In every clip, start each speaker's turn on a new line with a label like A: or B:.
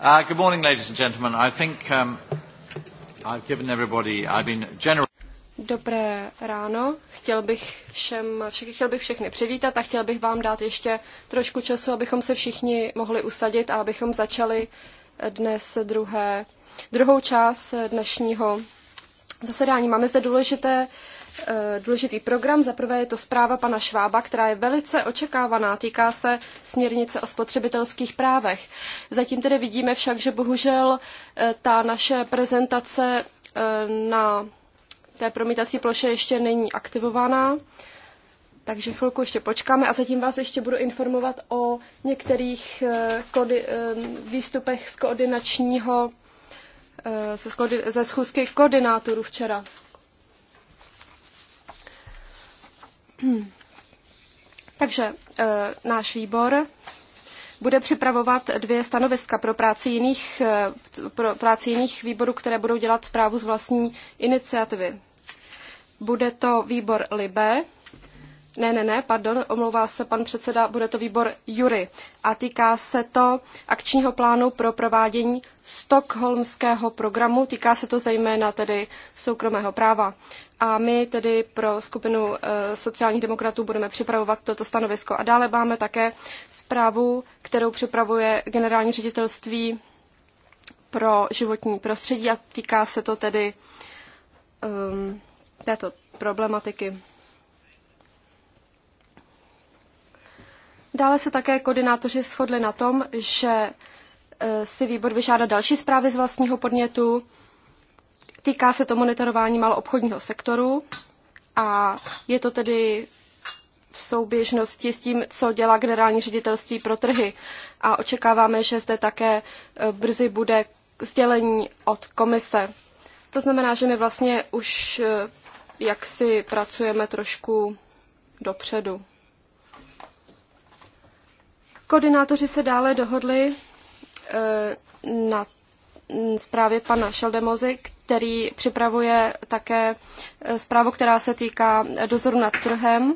A: Uh, good morning, ladies and gentlemen. I think um, I've given everybody, I've been general...
B: Dobré ráno. Chtěl bych, všem, všech, chtěl bych všechny přivítat a chtěl bych vám dát ještě trošku času, abychom se všichni mohli usadit a abychom začali dnes druhé, druhou část dnešního zasedání. Máme zde důležité uh, Eh, důležitý program. Za prvé je to zpráva pana Švába, která je velice očekávaná, týká se směrnice o spotřebitelských právech. Zatím tedy vidíme však, že bohužel eh, ta naše prezentace eh, na té promítací ploše ještě není aktivovaná. Takže chvilku ještě počkáme a zatím vás ještě budu informovat o některých výstupech z koordinačního ze schůzky koordinátorů včera. Takže e, náš výbor bude připravovat dvě stanoviska pro práci jiných, eh, pro práci jiných výborů, které budou dělat zprávu z vlastní iniciativy. Bude to výbor LIBE, ne, ne, ne, pardon, omlouvá se pan předseda, bude to výbor Jury. A týká se to akčního plánu pro provádění Stockholmského programu, týká se to zejména tedy soukromého práva. A my tedy pro skupinu e, sociálních demokratů budeme připravovat toto stanovisko. A dále máme také zprávu, kterou připravuje generální ředitelství pro životní prostředí a týká se to tedy um, této problematiky. Dále se také koordinátoři shodli na tom, že e, si výbor vyžádá další zprávy z vlastního podnětu. Týká se to monitorování maloobchodního sektoru a je to tedy v souběžnosti s tím, co dělá generální ředitelství pro trhy. A očekáváme, že zde také e, brzy bude sdělení od komise. To znamená, že my vlastně už e, jak si pracujeme trošku dopředu. Koordinátoři se dále dohodli eh, na zprávě pana Šeldemozy, který připravuje také eh, zprávu, která se týká dozoru nad trhem,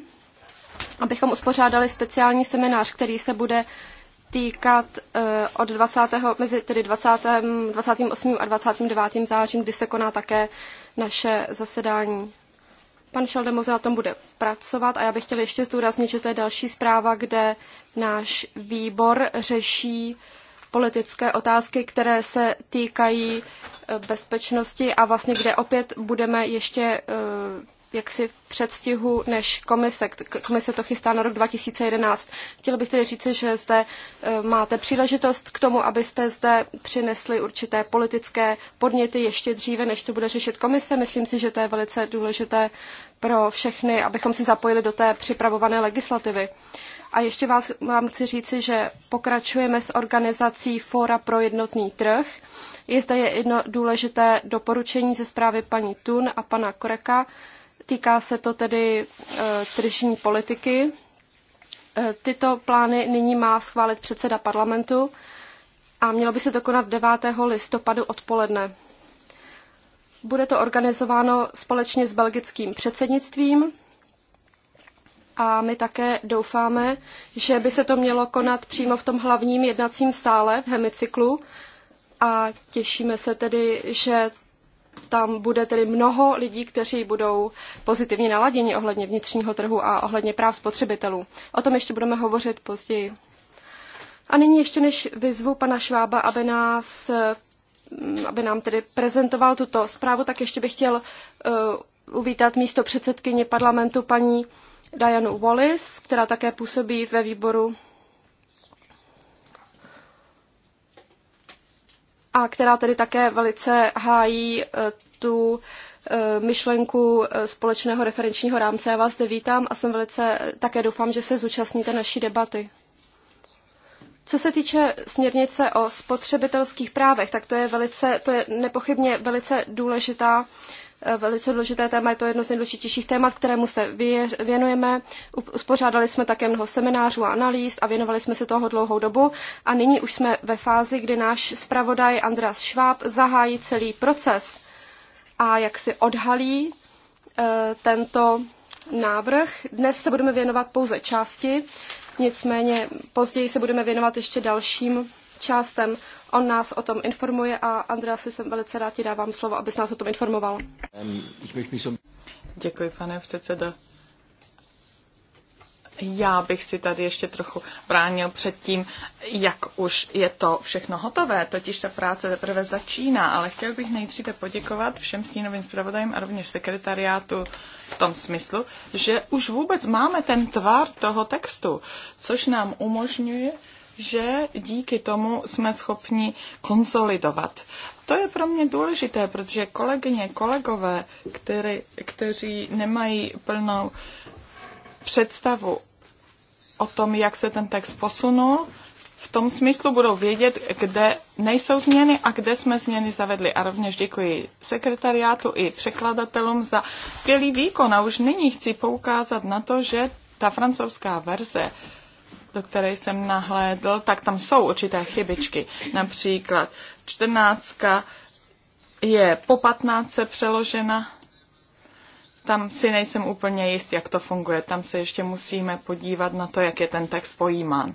B: abychom uspořádali speciální seminář, který se bude týkat eh, od 20. mezi tedy 20. 28. a 29. zářím, kdy se koná také naše zasedání. Pan Šaldemoze na tom bude pracovat a já bych chtěla ještě zdůraznit, že to je další zpráva, kde náš výbor řeší politické otázky, které se týkají eh, bezpečnosti a vlastně kde opět budeme ještě eh, jaksi v předstihu než komise. Komise to chystá na rok 2011. Chtěla bych tedy říci, že zde e, máte příležitost k tomu, abyste zde přinesli určité politické podněty ještě dříve, než to bude řešit komise. Myslím si, že to je velice důležité pro všechny, abychom se zapojili do té připravované legislativy. A ještě vás, vám chci říci, že pokračujeme s organizací Fóra pro jednotný trh. Je zde jedno důležité doporučení ze zprávy paní Tun a pana Koreka, Týká se to tedy eh, tržní politiky. Eh, tyto plány nyní má schválit předseda parlamentu a mělo by se to konat 9. listopadu odpoledne. Bude to organizováno společně s belgickým předsednictvím a my také doufáme, že by se to mělo konat přímo v tom hlavním jednacím sále v hemicyklu a těšíme se tedy, že tam bude tedy mnoho lidí, kteří budou pozitivně naladěni ohledně vnitřního trhu a ohledně práv spotřebitelů. O tom ještě budeme hovořit později. A nyní ještě než vyzvu pana Švába, aby nás mm, aby nám tedy prezentoval tuto zprávu, tak ještě bych chtěl uh, uvítat místo předsedkyně parlamentu paní Dianu Wallis, která také působí ve výboru a která tedy také velice hájí eh, tu eh, myšlenku eh, společného referenčního rámce. Já vás zde vítám a jsem velice, také doufám, že se zúčastníte naší debaty. Co se týče směrnice o spotřebitelských právech, tak to je, velice, to je nepochybně velice důležitá Eh, velice důležité téma, je to jedno z nejdůležitějších témat, kterému se věnujeme. Uspořádali jsme také mnoho seminářů a analýz a věnovali jsme se toho dlouhou dobu a nyní už jsme ve fázi, kdy náš zpravodaj Andreas Schwab zahájí celý proces a jak si odhalí eh, tento návrh. Dnes se budeme věnovat pouze části, nicméně později se budeme věnovat ještě dalším částem. On nás o tom informuje a Andreas, jsem velice rád ti dávám slovo, abys nás o tom informoval.
A: Děkuji, pane předsedo. Já bych si tady ještě trochu bránil před tím, jak už je to všechno hotové, totiž ta práce teprve začíná, ale chtěl bych nejdříve poděkovat všem stínovým zpravodajům a rovněž sekretariátu v tom smyslu, že už vůbec máme ten tvar toho textu, což nám umožňuje že díky tomu jsme schopni konsolidovat. To je pro mě důležité, protože kolegyně, kolegové, který, kteří nemají plnou představu o tom, jak se ten text posunul, v tom smyslu budou vědět, kde nejsou změny a kde jsme změny zavedli. A rovněž děkuji sekretariátu i překladatelům za skvělý výkon. A už nyní chci poukázat na to, že ta francouzská verze do které jsem nahlédl, tak tam jsou určité chybičky. Například čtrnáctka je po patnáctce přeložena. Tam si nejsem úplně jist, jak to funguje. Tam se ještě musíme podívat na to, jak je ten text pojímán.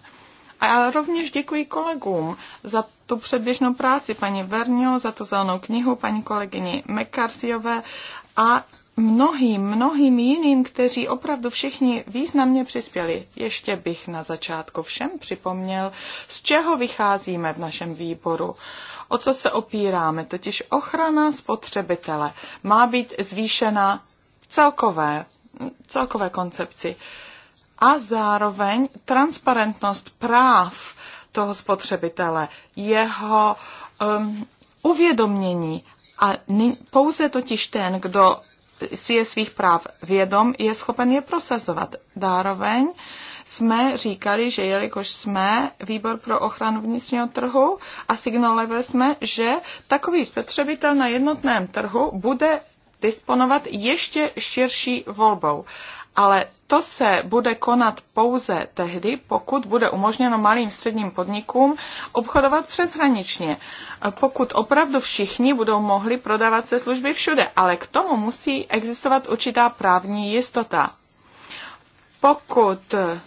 A: A já rovněž děkuji kolegům za tu předběžnou práci, paní Vernio, za tu zelenou knihu, paní kolegyni McCarthyové a mnohým, mnohým jiným, kteří opravdu všichni významně přispěli. Ještě bych na začátku všem připomněl, z čeho vycházíme v našem výboru. O co se opíráme, totiž ochrana spotřebitele má být zvýšena celkové, celkové koncepci a zároveň transparentnost práv toho spotřebitele, jeho um, uvědomění. A pouze totiž ten, kdo si je svých práv vědom, je schopen je prosazovat. Dároveň jsme říkali, že jelikož jsme výbor pro ochranu vnitřního trhu a signalovali jsme, že takový spotřebitel na jednotném trhu bude disponovat ještě širší volbou ale to se bude konat pouze tehdy, pokud bude umožněno malým středním podnikům obchodovat přeshraničně. Pokud opravdu všichni budou mohli prodávat se služby všude, ale k tomu musí existovat určitá právní jistota. Pokud eh,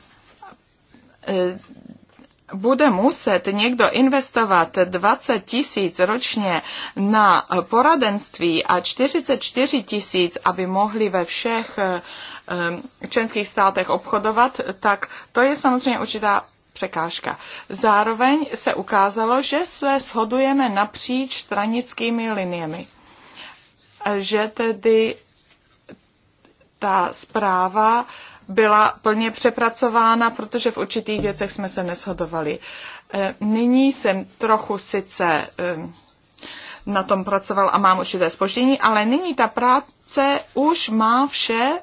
A: bude muset někdo investovat 20 tisíc ročně na poradenství a 44 tisíc, aby mohli ve všech eh, Ehm, členských státech obchodovat, tak to je samozřejmě určitá překážka. Zároveň se ukázalo, že se shodujeme napříč stranickými liniemi. Že tedy ta zpráva byla plně přepracována, protože v určitých věcech jsme se neshodovali. Ehm, nyní jsem trochu sice ehm, na tom pracoval a mám určité spoždění, ale nyní ta práce už má vše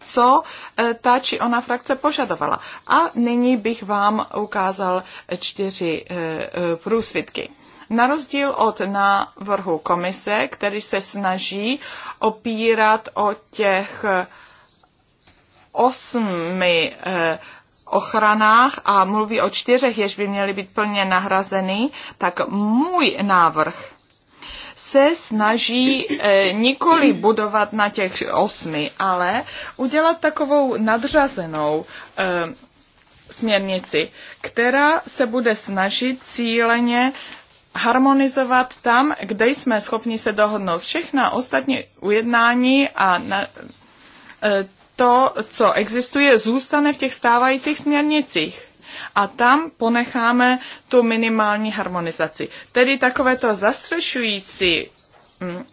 A: co eh, ta či ona frakce požadovala. A nyní bych vám ukázal čtyři eh, eh, průsvitky. Na rozdíl od návrhu komise, který se snaží opírat o těch osmi ochranách a mluví o čtyřech, jež by měly být plně nahrazeny, tak můj návrh se snaží eh, nikoli budovat na těch osmi, ale udělat takovou nadřazenou eh, směrnici, která se bude snažit cíleně harmonizovat tam, kde jsme schopni se dohodnout. Všechna ostatní ujednání a na, eh, to, co existuje, zůstane v těch stávajících směrnicích a tam ponecháme tu minimální harmonizaci. Tedy takovéto zastřešující mm,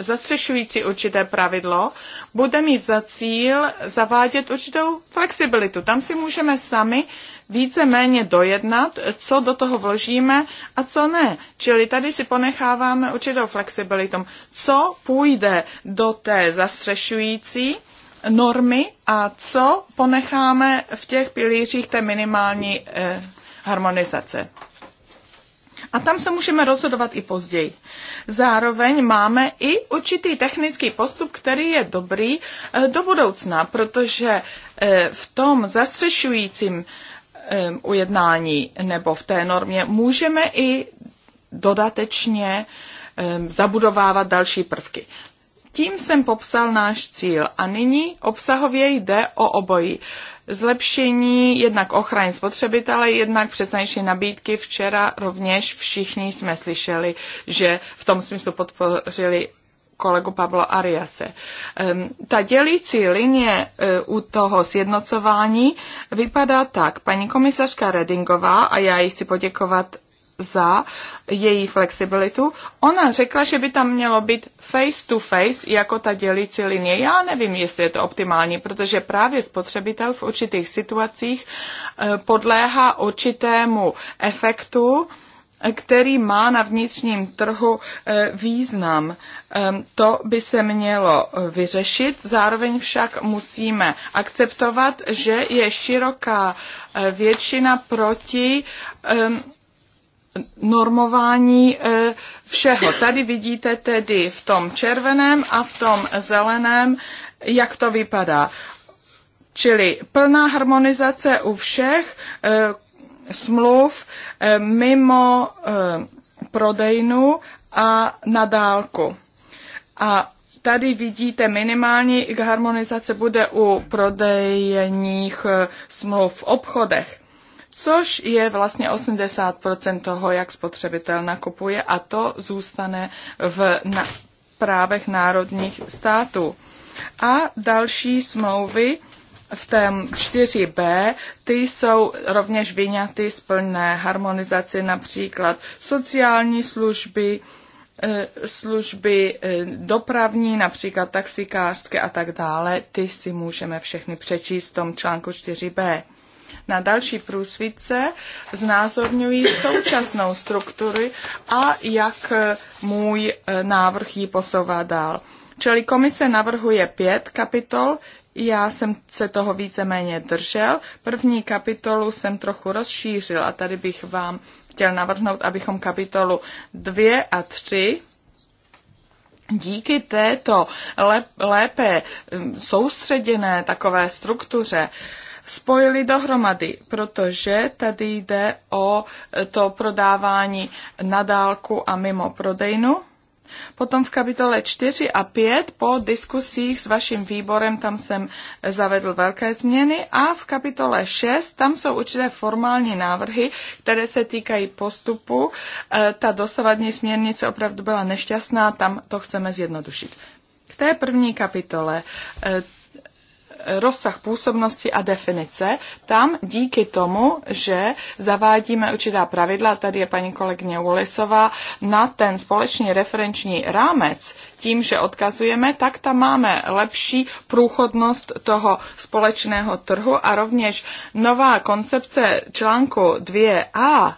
A: zastřešující určité pravidlo, bude mít za cíl zavádět určitou flexibilitu. Tam si můžeme sami více méně dojednat, co do toho vložíme a co ne. Čili tady si ponecháváme určitou flexibilitu, co půjde do té zastřešující normy a co ponecháme v těch pilířích té minimální eh, harmonizace. A tam se můžeme rozhodovat i později. Zároveň máme i určitý technický postup, který je dobrý eh, do budoucna, protože eh, v tom zastřešujícím eh, ujednání nebo v té normě můžeme i dodatečně zabudovávat další prvky. Tím jsem popsal náš cíl a nyní obsahově jde o obojí. Zlepšení jednak ochrany spotřebitele, jednak přesnější nabídky. Včera rovněž všichni jsme slyšeli, že v tom smyslu podpořili kolegu Pablo Ariase. Ehm, ta dělící linie eh, u toho sjednocování vypadá tak. Paní komisařka Redingová, a já jí chci poděkovat za její flexibilitu. Ona řekla, že by tam mělo být face to face jako ta dělící linie. Já nevím, jestli je to optimální, protože právě spotřebitel v určitých situacích eh, podléhá určitému efektu, který má na vnitřním trhu eh, význam. Ehm, to by se mělo eh, vyřešit, zároveň však musíme akceptovat, že je široká většina proti ehm, normování e, všeho. Tady vidíte tedy v tom červeném a v tom zeleném, jak to vypadá. Čili plná harmonizace u všech e, smluv e, mimo prodejnu a na dálku. A tady vidíte minimální harmonizace bude u prodejních smluv v obchodech což je vlastně 80% toho, jak spotřebitel nakupuje a to zůstane v na- právech národních států. A další smlouvy v tém 4b, ty jsou rovněž vyňaty z plné harmonizace, například sociální služby, eh, služby eh, dopravní, například taxikářské a tak dále, ty si můžeme všechny přečíst v tom článku 4b na další průsvitce znázorňují současnou strukturu a jak můj eh, návrh ji posouvá dál. Čili komise navrhuje pět kapitol, já jsem se toho víceméně držel. První kapitolu jsem trochu rozšířil a tady bych vám chtěl navrhnout, abychom kapitolu 2 a 3 díky této lépe hm, soustředěné takové struktuře spojili dohromady, protože tady jde o to prodávání na dálku a mimo prodejnu. Potom v kapitole 4 a 5 po diskusích s vaším výborem tam jsem zavedl velké změny a v kapitole 6 tam jsou určité formální návrhy, které se týkají postupu. E, ta dosavadní směrnice opravdu byla nešťastná, tam to chceme zjednodušit. K té první kapitole e, rozsah působnosti a definice, tam díky tomu, že zavádíme určitá pravidla, tady je paní kolegyně Ulisová, na ten společný referenční rámec, tím, že odkazujeme, tak tam máme lepší průchodnost toho společného trhu a rovněž nová koncepce článku 2a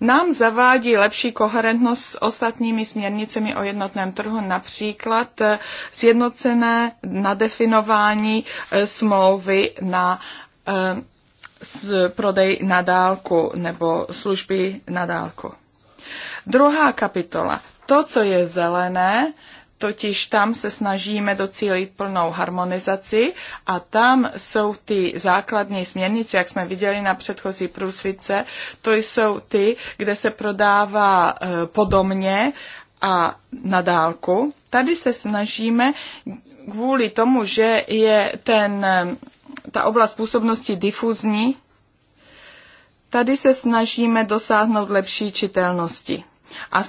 A: nám zavádí lepší koherentnost s ostatními směrnicemi o jednotném trhu, například eh, sjednocené nadefinování eh, smlouvy na eh, prodej na dálku nebo služby na dálku. Druhá kapitola. To, co je zelené, totiž tam se snažíme docílit plnou harmonizaci a tam jsou ty základní směrnice, jak jsme viděli na předchozí průsvice, to jsou ty, kde se prodává eh, podobně a na dálku. Tady se snažíme kvůli tomu, že je ten, eh, ta oblast působnosti difuzní, tady se snažíme dosáhnout lepší čitelnosti a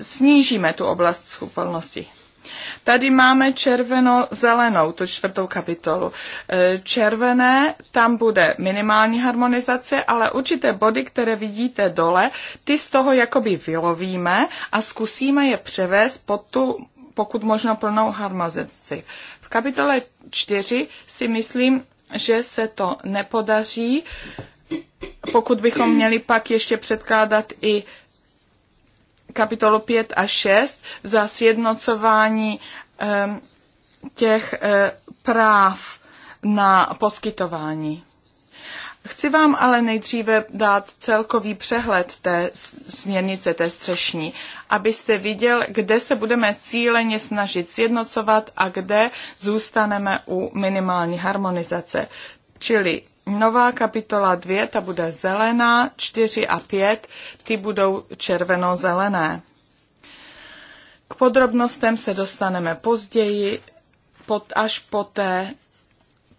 A: snížíme tu oblast schopnosti. Tady máme červeno-zelenou, tu čtvrtou kapitolu. E, červené, tam bude minimální harmonizace, ale určité body, které vidíte dole, ty z toho jakoby vylovíme a zkusíme je převést pod tu pokud možno plnou harmonizaci. V kapitole 4 si myslím, že se to nepodaří, pokud bychom měli pak ještě předkládat i kapitolu 5 a 6 za sjednocování těch eh, práv na poskytování. Chci vám ale nejdříve dát celkový přehled té směrnice, té střešní, abyste viděl, kde se budeme cíleně snažit sjednocovat a kde zůstaneme u minimální harmonizace. Čili Nová kapitola 2, ta bude zelená, 4 a 5, ty budou červeno-zelené. K podrobnostem se dostaneme později, pod, až poté,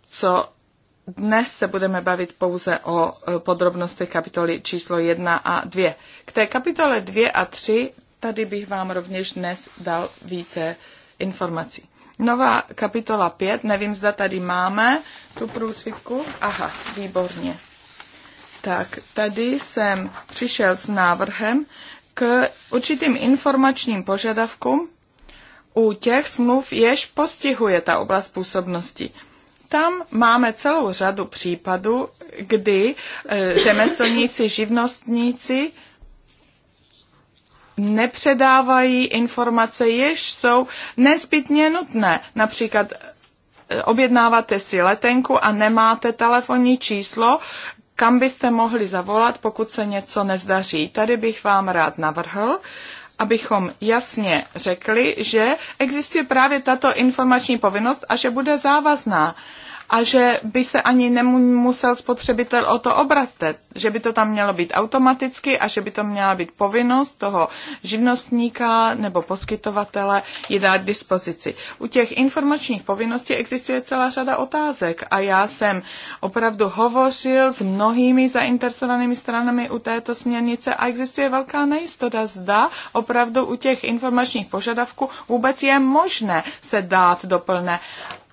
A: co dnes se budeme bavit pouze o e, podrobnostech kapitoly číslo 1 a 2. K té kapitole 2 a 3 tady bych vám rovněž dnes dal více informací. Nová kapitola 5, nevím, zda tady máme tu průsvitku. Aha, výborně. Tak tady jsem přišel s návrhem k určitým informačním požadavkům u těch smluv, jež postihuje ta oblast působnosti. Tam máme celou řadu případů, kdy eh, řemeslníci, živnostníci nepředávají informace, jež jsou nezbytně nutné. Například e, objednáváte si letenku a nemáte telefonní číslo, kam byste mohli zavolat, pokud se něco nezdaří. Tady bych vám rád navrhl, abychom jasně řekli, že existuje právě tato informační povinnost a že bude závazná a že by se ani nemusel spotřebitel o to obracet, že by to tam mělo být automaticky a že by to měla být povinnost toho živnostníka nebo poskytovatele je dát k dispozici. U těch informačních povinností existuje celá řada otázek a já jsem opravdu hovořil s mnohými zainteresovanými stranami u této směrnice a existuje velká nejistota, zda opravdu u těch informačních požadavků vůbec je možné se dát do plné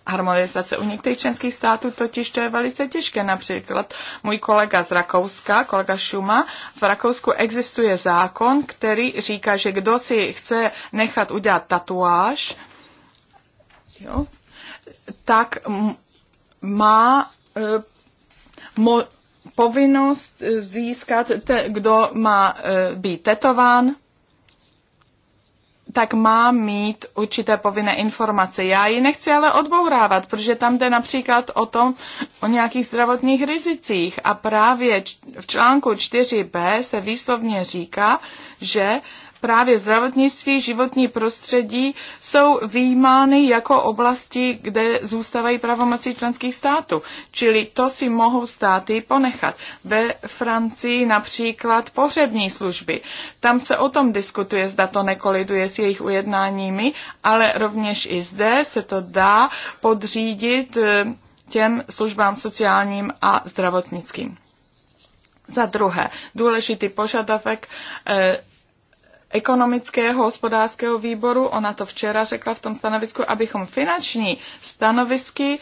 A: harmonizace. U některých členských států totiž to je velice těžké. Například můj kolega z Rakouska, kolega Šuma, v Rakousku existuje zákon, který říká, že kdo si chce nechat udělat tatuáž, jo, tak má eh, mo, povinnost získat, te, kdo má eh, být tetován, tak má mít určité povinné informace. Já ji nechci ale odbourávat, protože tam jde například o tom, o nějakých zdravotních rizicích. A právě v článku 4b se výslovně říká, že uh, právě zdravotnictví, životní prostředí jsou výjímány jako oblasti, kde zůstávají pravomoci členských států. Čili to si mohou státy ponechat. Ve Francii například pohřební služby. Tam se o tom diskutuje, zda to nekoliduje s jejich ujednáními, ale rovněž i zde se to dá podřídit eh, těm službám sociálním a zdravotnickým. Za druhé, důležitý požadavek eh, ekonomického hospodářského výboru, ona to včera řekla v tom stanovisku, abychom finanční stanovisky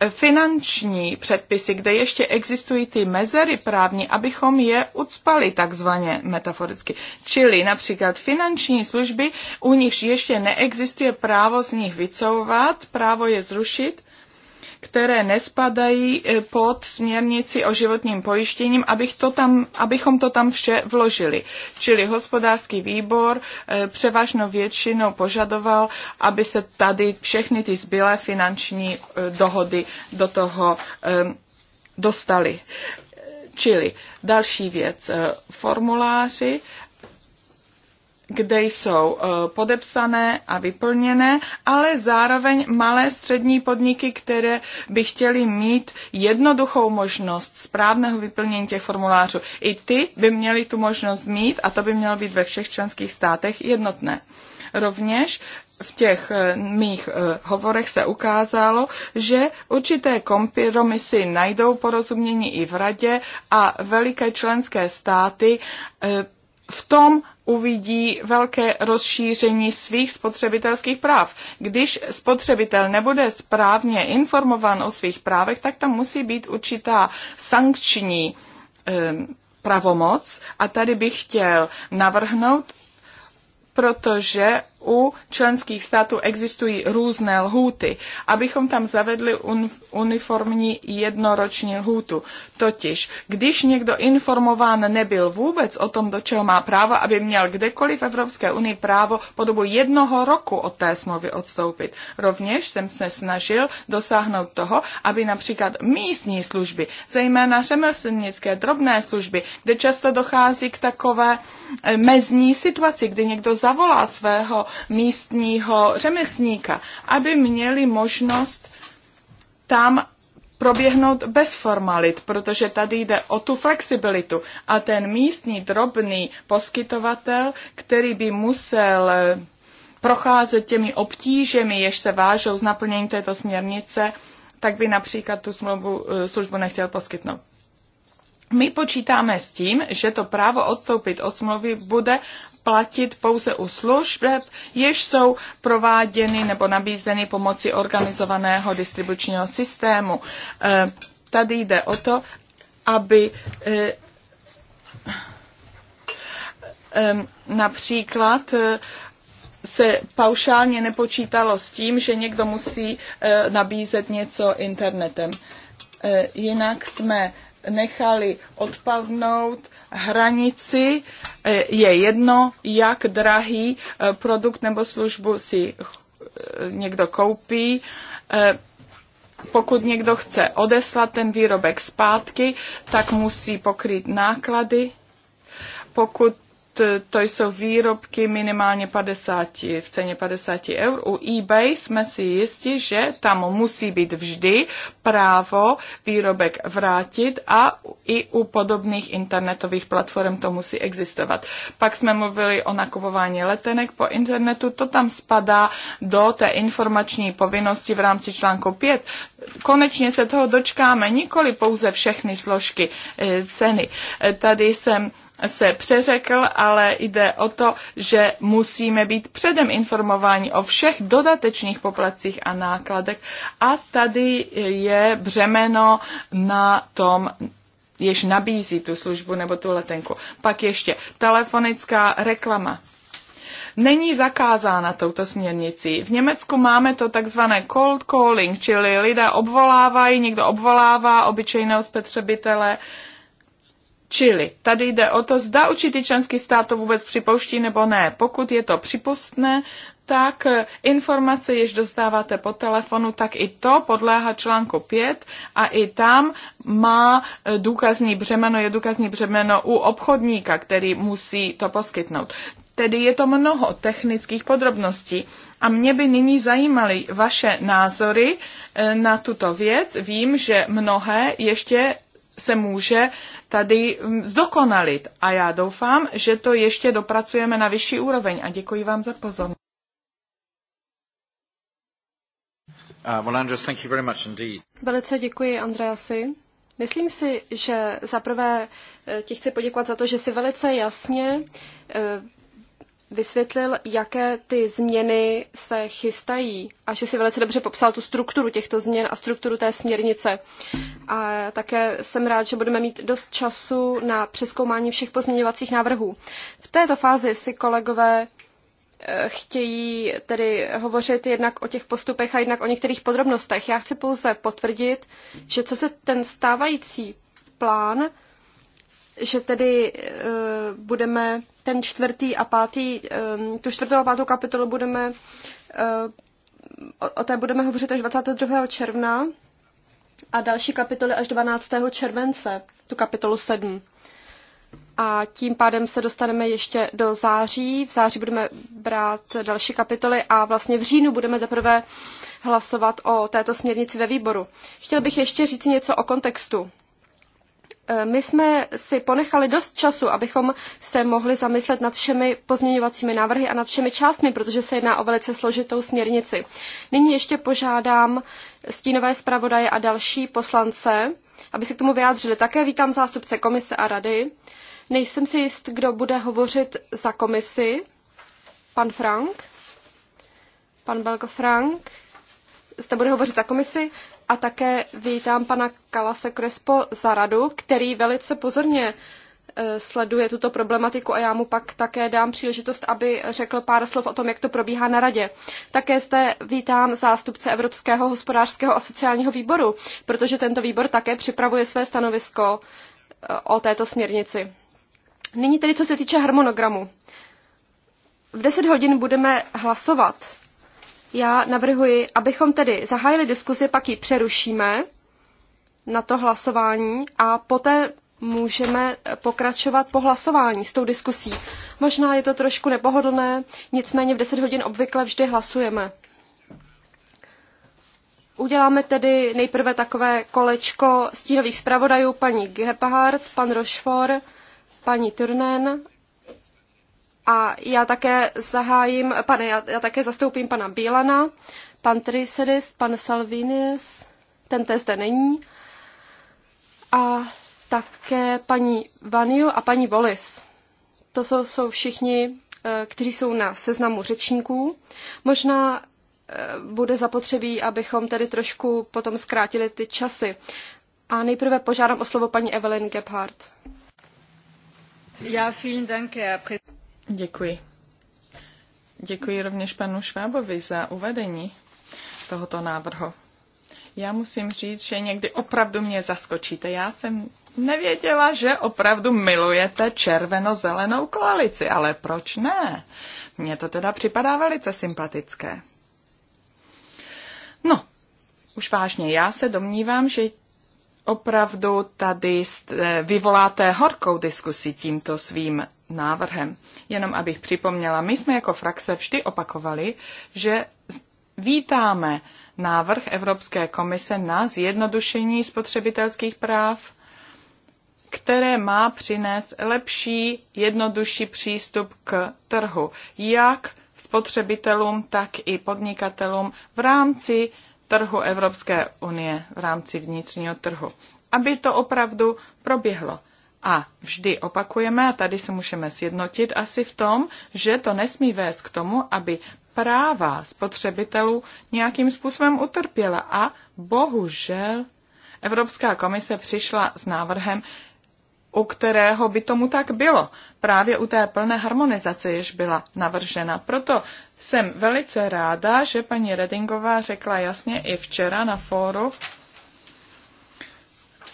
A: eh, finanční předpisy, kde ještě existují ty mezery právní, abychom je ucpali takzvaně metaforicky. Čili například finanční služby, u nichž ještě neexistuje právo z nich vycouvat, právo je zrušit, které nespadají e, pod směrnici o životním pojištěním, abych to tam, abychom to tam vše vložili. Čili hospodářský výbor e, převážnou většinou požadoval, aby se tady všechny ty zbylé finanční e, dohody do toho dostali. Čili další věc, formuláři kde jsou eh, podepsané a vyplněné, ale zároveň malé střední podniky, které by chtěly mít jednoduchou možnost správného vyplnění těch formulářů. I ty by měly tu možnost mít a to by mělo být ve všech členských státech jednotné. Rovněž v těch eh, mých eh, hovorech se ukázalo, že určité kompromisy najdou porozumění i v radě a veliké členské státy v tom uvidí velké rozšíření svých spotřebitelských práv. Když spotřebitel nebude správně informován o svých právech, tak tam musí být určitá sankční ehm, pravomoc. A tady bych chtěl navrhnout, protože u členských států existují různé lhůty, abychom tam zavedli uniformní jednoroční lhůtu. Totiž, když někdo informován nebyl vůbec o tom, do čeho má právo, aby měl kdekoliv v Evropské unii právo po dobu jednoho roku od té smlouvy odstoupit. Rovněž jsem se snažil dosáhnout toho, aby například místní služby, zejména řemeslnické drobné služby, kde často dochází k takové eh, mezní situaci, kdy někdo zavolá svého místního řemeslníka, aby měli možnost tam proběhnout bez formalit, protože tady jde o tu flexibilitu. A ten místní drobný poskytovatel, který by musel eh, procházet těmi obtížemi, jež se vážou z naplnění této směrnice, tak by například tu smlouvu, eh, službu nechtěl poskytnout. My počítáme s tím, že to právo odstoupit od smlouvy bude platit pouze u služeb, jež jsou prováděny nebo nabízeny pomocí organizovaného distribučního systému. Eh, tady jde o to, aby eh, eh, například se paušálně nepočítalo s tím, že někdo musí nabízet něco internetem. Jinak jsme nechali odpadnout hranici eh, je jedno, jak drahý eh, produkt nebo službu si eh, někdo koupí. Pokud někdo chce odeslat ten výrobek zpátky, tak musí pokryt náklady. Pokud to jsou výrobky minimálně 50, v ceně 50 eur. U eBay jsme si jistí, že tam musí být vždy právo výrobek vrátit a i u podobných internetových platform to musí existovat. Pak jsme mluvili o nakupování letenek po internetu, to tam spadá do té informační povinnosti v rámci článku 5. Konečně se toho dočkáme, nikoli pouze všechny složky eh, ceny. Eh, tady jsem se přeřekl, ale jde o to, že musíme být předem informováni o všech dodatečných poplacích a nákladech a tady je břemeno na tom jež nabízí tu službu nebo tu letenku. Pak ještě telefonická reklama není zakázána touto směrnicí. V Německu máme to takzvané cold calling, čili lidé obvolávají, někdo obvolává obyčejného spotřebitele Čili tady jde o to, zda určitý členský stát to vůbec připouští nebo ne. Pokud je to připustné, tak informace, jež dostáváte po telefonu, tak i to podléhá článku 5 a i tam má důkazní břemeno, je důkazní břemeno u obchodníka, který musí to poskytnout. Tedy je to mnoho technických podrobností. A mě by nyní zajímaly vaše názory eh, na tuto věc. Vím, že mnohé ještě se může tady mm, zdokonalit. A já doufám, že to ještě dopracujeme na vyšší úroveň. A děkuji vám za pozornost. Uh, well, Andres, thank you very much indeed.
B: Velice děkuji, Andreasi. Myslím si, že zaprvé eh, ti chci poděkovat za to, že si velice jasně eh, vysvětlil, jaké ty změny se chystají a že si velice dobře popsal tu strukturu těchto změn a strukturu té směrnice. A také jsem rád, že budeme mít dost času na přeskoumání všech pozměňovacích návrhů. V této fázi si kolegové eh, chtějí tedy hovořit jednak o těch postupech a jednak o některých podrobnostech. Já chci pouze potvrdit, že co se ten stávající plán že tedy uh, budeme ten čtvrtý a pátý, um, tu čtvrtou a pátou kapitolu budeme, uh, o, té budeme hovořit až 22. června a další kapitoly až 12. července, tu kapitolu 7. A tím pádem se dostaneme ještě do září. V září budeme brát další kapitoly a vlastně v říjnu budeme teprve hlasovat o této směrnici ve výboru. Chtěl bych ještě říct něco o kontextu. Eh, my jsme si ponechali dost času, abychom se mohli zamyslet nad všemi pozměňovacími návrhy a nad všemi částmi, protože se jedná o velice složitou směrnici. Nyní ještě požádám stínové zpravodaje a další poslance, aby se k tomu vyjádřili. Také vítám zástupce komise a rady. Nejsem si jist, kdo bude hovořit za komisi. Pan Frank? Pan Belko Frank? zde bude hovořit za komisi? A také vítám pana Kalase Krespo za radu, který velice pozorně e, sleduje tuto problematiku a já mu pak také dám příležitost, aby řekl pár slov o tom, jak to probíhá na radě. Také zde vítám zástupce Evropského hospodářského a sociálního výboru, protože tento výbor také připravuje své stanovisko e, o této směrnici. Nyní tedy, co se týče harmonogramu. V 10 hodin budeme hlasovat já navrhuji, abychom tedy zahájili diskuzi, pak ji přerušíme na to hlasování a poté můžeme pokračovat po hlasování s tou diskusí. Možná je to trošku nepohodlné, nicméně v 10 hodin obvykle vždy hlasujeme. Uděláme tedy nejprve takové kolečko stínových zpravodajů paní Gephardt, pan Rochefort, paní Turnen a já také zahájím, pane, já, já také zastoupím pana Bílana, pan Trisedis, pan Salvinius, ten zde není, a také paní Vaniu a paní Volis. To jsou, jsou všichni, eh, kteří jsou na seznamu řečníků. Možná eh, bude zapotřebí, abychom tedy trošku potom zkrátili ty časy. A nejprve požádám o slovo paní Evelyn Gebhardt.
A: Já vielen Dank, Herr Děkuji. Děkuji rovněž panu Švábovi za uvedení tohoto návrhu. Já musím říct, že někdy opravdu mě zaskočíte. Já jsem nevěděla, že opravdu milujete červeno-zelenou koalici, ale proč ne? Mně to teda připadá velice sympatické. No, už vážně, já se domnívám, že opravdu tady vyvoláte horkou diskusi tímto svým návrhem. Jenom abych připomněla, my jsme jako frakce vždy opakovali, že vítáme návrh Evropské komise na zjednodušení spotřebitelských práv, které má přinést lepší, jednodušší přístup k trhu, jak spotřebitelům, tak i podnikatelům v rámci trhu Evropské unie, v rámci vnitřního trhu. Aby to opravdu proběhlo. A vždy opakujeme, a tady se můžeme sjednotit asi v tom, že to nesmí vést k tomu, aby práva spotřebitelů nějakým způsobem utrpěla. A bohužel Evropská komise přišla s návrhem, u kterého by tomu tak bylo. Právě u té plné harmonizace, jež byla navržena. Proto jsem velice ráda, že paní Redingová řekla jasně i včera na fóru,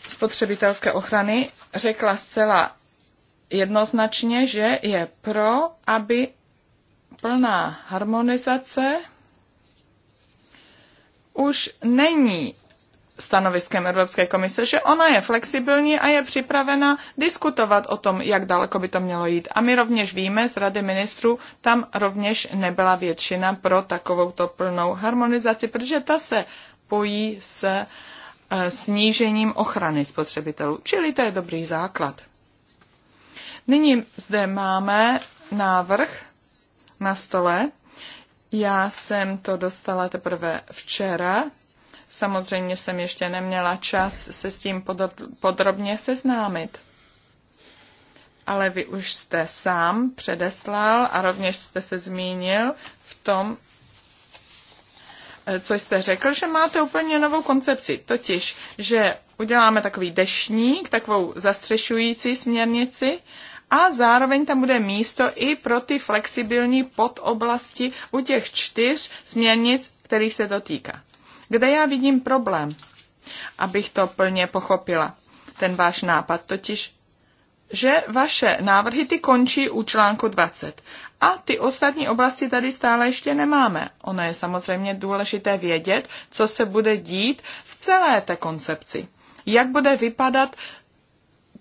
A: spotřebitelské ochrany řekla zcela jednoznačně, že je pro, aby plná harmonizace už není stanoviskem Evropské komise, že ona je flexibilní a je připravena diskutovat o tom, jak daleko by to mělo jít. A my rovněž víme z Rady ministrů, tam rovněž nebyla většina pro takovouto plnou harmonizaci, protože ta se pojí uh, E, snížením ochrany spotřebitelů. Čili to je dobrý základ. Nyní zde máme návrh na stole. Já jsem to dostala teprve včera. Samozřejmě jsem ještě neměla čas se s tím podrobně seznámit. Ale vy už jste sám předeslal a rovněž jste se zmínil v tom, Eh, co jste řekl, že máte úplně novou koncepci, totiž, že uděláme takový dešník, takovou zastřešující směrnici a zároveň tam bude místo i pro ty flexibilní podoblasti u těch čtyř směrnic, kterých se to týká. Kde já vidím problém, abych to plně pochopila, ten váš nápad, totiž že vaše návrhy ty končí u článku 20. A ty ostatní oblasti tady stále ještě nemáme. Ono je samozřejmě důležité vědět, co se bude dít v celé té koncepci. Jak bude vypadat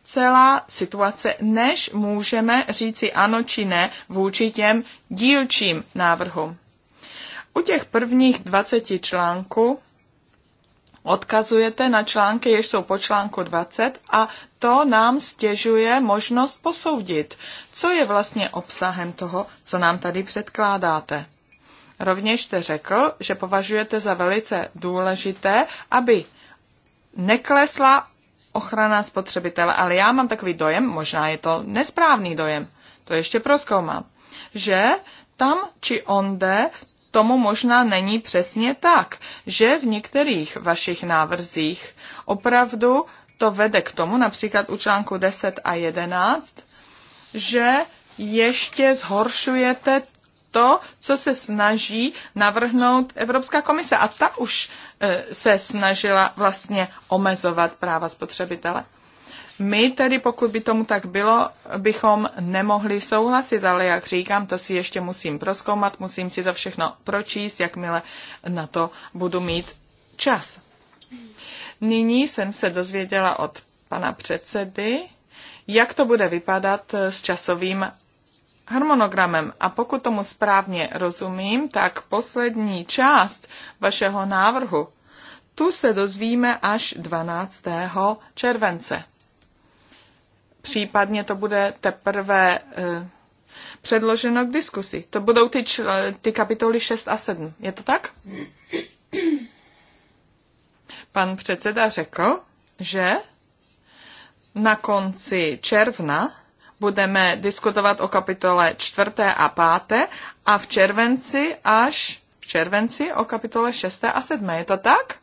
A: celá situace, než můžeme říci ano či ne vůči těm dílčím návrhům. U těch prvních 20 článků odkazujete na články, jež jsou po článku 20 a to nám stěžuje možnost posoudit, co je vlastně obsahem toho, co nám tady předkládáte. Rovněž jste řekl, že považujete za velice důležité, aby neklesla ochrana spotřebitele, ale já mám takový dojem, možná je to nesprávný dojem, to ještě proskoumám, že tam či onde tomu možná není přesně tak, že v některých vašich návrzích opravdu to vede k tomu, například u článku 10 a 11, že ještě zhoršujete to, co se snaží navrhnout Evropská komise. A ta už eh, se snažila vlastně omezovat práva spotřebitele. My tedy, pokud by tomu tak bylo, bychom nemohli souhlasit, ale jak říkám, to si ještě musím proskoumat, musím si to všechno pročíst, jakmile na to budu mít čas. Nyní jsem se dozvěděla od pana předsedy, jak to bude vypadat s časovým harmonogramem. A pokud tomu správně rozumím, tak poslední část vašeho návrhu, tu se dozvíme až 12. července. Případně to bude teprve eh, předloženo k diskusi. To budou ty, čl- ty kapitoly 6 a 7. Je to tak? Pan předseda řekl, že na konci června budeme diskutovat o kapitole čtvrté a páté a v červenci až v červenci o kapitole šesté a sedmé. Je to tak?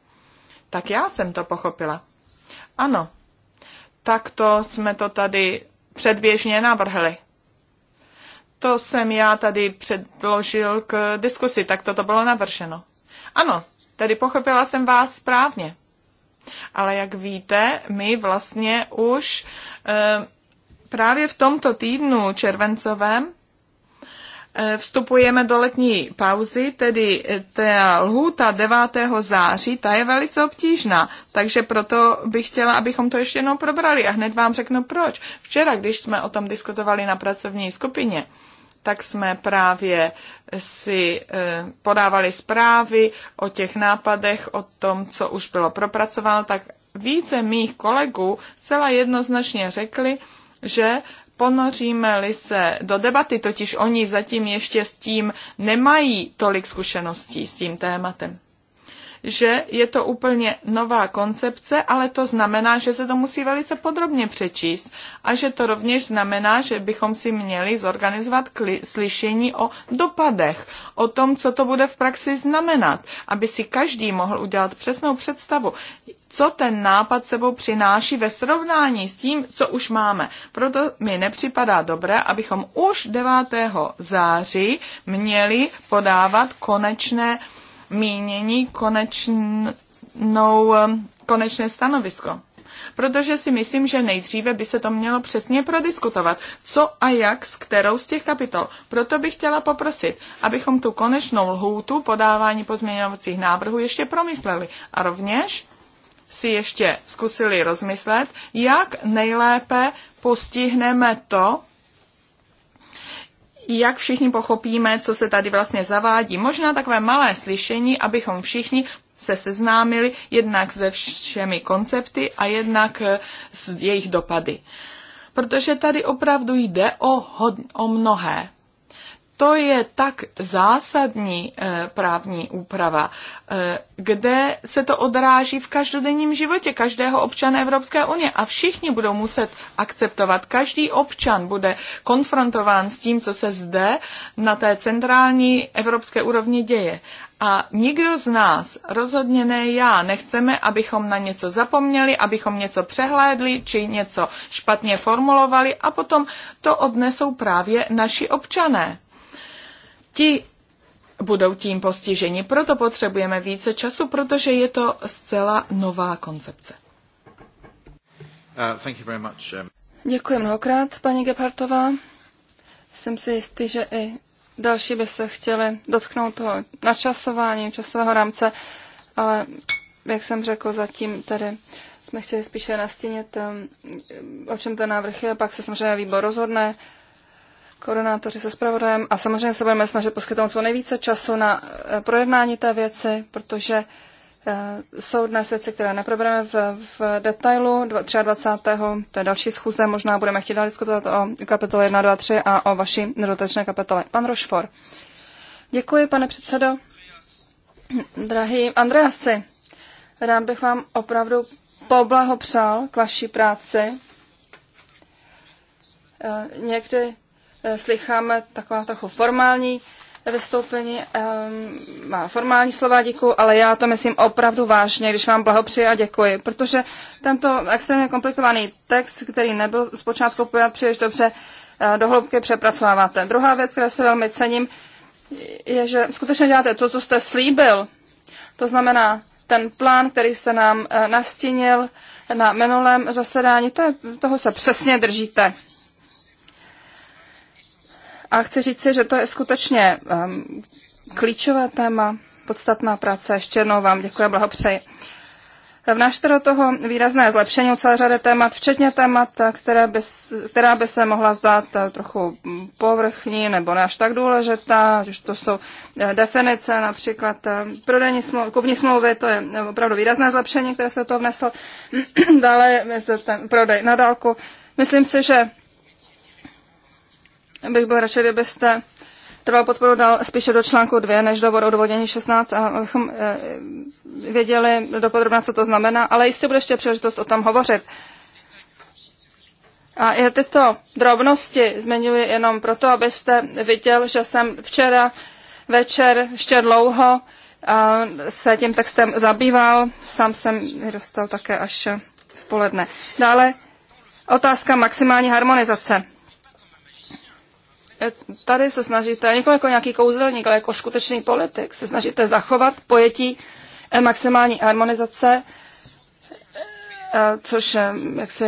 A: Tak já jsem to pochopila. Ano, Takto jsme to tady předběžně navrhli. To jsem já tady předložil k diskusi, tak toto bylo navrženo. Ano, tedy pochopila jsem vás správně. Ale jak víte, my vlastně už e, právě v tomto týdnu červencovém Eh, vstupujeme do letní pauzy, tedy eh, ta lhůta 9. září, ta je velice obtížná, takže proto bych chtěla, abychom to ještě jednou probrali a hned vám řeknu proč. Včera, když jsme o tom diskutovali na pracovní skupině, tak jsme právě si eh, podávali zprávy o těch nápadech, o tom, co už bylo propracováno, tak více mých kolegů zcela jednoznačně řekli, že Ponoříme-li se do debaty, totiž oni zatím ještě s tím nemají tolik zkušeností s tím tématem že je to úplně nová koncepce, ale to znamená, že se to musí velice podrobně přečíst a že to rovněž znamená, že bychom si měli zorganizovat slyšení o dopadech, o tom, co to bude v praxi znamenat, aby si každý mohl udělat přesnou představu, co ten nápad sebou přináší ve srovnání s tím, co už máme. Proto mi nepřipadá dobré, abychom už 9. září měli podávat konečné mínění konečnou, eh, konečné stanovisko. Protože si myslím, že nejdříve by se to mělo přesně prodiskutovat, co a jak s kterou z těch kapitol. Proto bych chtěla poprosit, abychom tu konečnou lhůtu podávání pozměňovacích návrhů ještě promysleli a rovněž si ještě zkusili rozmyslet, jak nejlépe postihneme to, jak všichni pochopíme, co se tady vlastně zavádí. Možná takové malé slyšení, abychom všichni se seznámili jednak se všemi koncepty a jednak eh, s jejich dopady. Protože tady opravdu jde o, hod, o mnohé. To je tak zásadní eh, právní úprava, eh, kde se to odráží v každodenním životě každého občana Evropské unie a všichni budou muset akceptovat. Každý občan bude konfrontován s tím, co se zde na té centrální evropské úrovni děje. A nikdo z nás, rozhodně ne já, nechceme, abychom na něco zapomněli, abychom něco přehlédli či něco špatně formulovali a potom to odnesou právě naši občané ti budou tím postiženi. Proto potřebujeme více času, protože je to zcela nová koncepce. Uh, thank you very much. Um. Děkuji
C: mnohokrát, paní Gebhartová. Jsem si jistý, že i další by se chtěli dotknout toho načasování, časového rámce, ale jak jsem řekl, zatím tedy jsme chtěli spíše nastínit, um, o čem ten návrh je, pak se samozřejmě výbor rozhodne koordinátoři se zpravodajem a samozřejmě se budeme snažit poskytnout co nejvíce času na eh, projednání té věci, protože eh, jsou dnes věci, které neprobereme v, v detailu. 23. to je další schůze, možná budeme chtít diskutovat o kapitole 1, 2, 3 a o vaší nedotečné kapitole. Pan Rošfor. Děkuji, pane předsedo. Drahý Andreasi, rád bych vám opravdu poblahopřál k vaší práci. Eh, někdy Eh, slycháme taková trochu formální vystoupení, ehm, má formální slova děkuji, ale já to myslím opravdu vážně, když vám blahopřeji a děkuji, protože tento extrémně komplikovaný text, který nebyl zpočátku pojat příliš dobře, eh, hloubky přepracováváte. Druhá věc, které se velmi cením, je, že skutečně děláte to, co jste slíbil. To znamená, ten plán, který jste nám eh, nastínil na minulém zasedání, to je, toho se přesně držíte. A chci říci, že to je skutečně um, klíčové téma, podstatná práce. Ještě jednou vám děkuji a blahopřeji. Vnášte do toho výrazné zlepšení u celé řady témat, včetně témat, které by, která by se mohla zdát eh, trochu povrchní nebo ne až tak důležitá, že to jsou eh, definice, například eh, prodejní smlouvy, kupní smlouvy, to je opravdu výrazné zlepšení, které se to vneslo. Dále je zde ten prodej na dálku. Myslím si, že bych byl radši, kdybyste trval podporu dal spíše do článku 2 než do odvodění 16, a abychom eh, věděli dopodrobně, co to znamená, ale jistě bude ještě příležitost o tom hovořit. A já tyto drobnosti zmiňuji jenom proto, abyste viděl, že jsem včera večer ještě dlouho eh, se tím textem zabýval. Sám jsem dostal také až v poledne. Dále otázka maximální harmonizace tady se snažíte, nikoli jako nějaký kouzelník, ale jako skutečný politik, se snažíte zachovat pojetí eh, maximální harmonizace, eh, což, eh, jak si,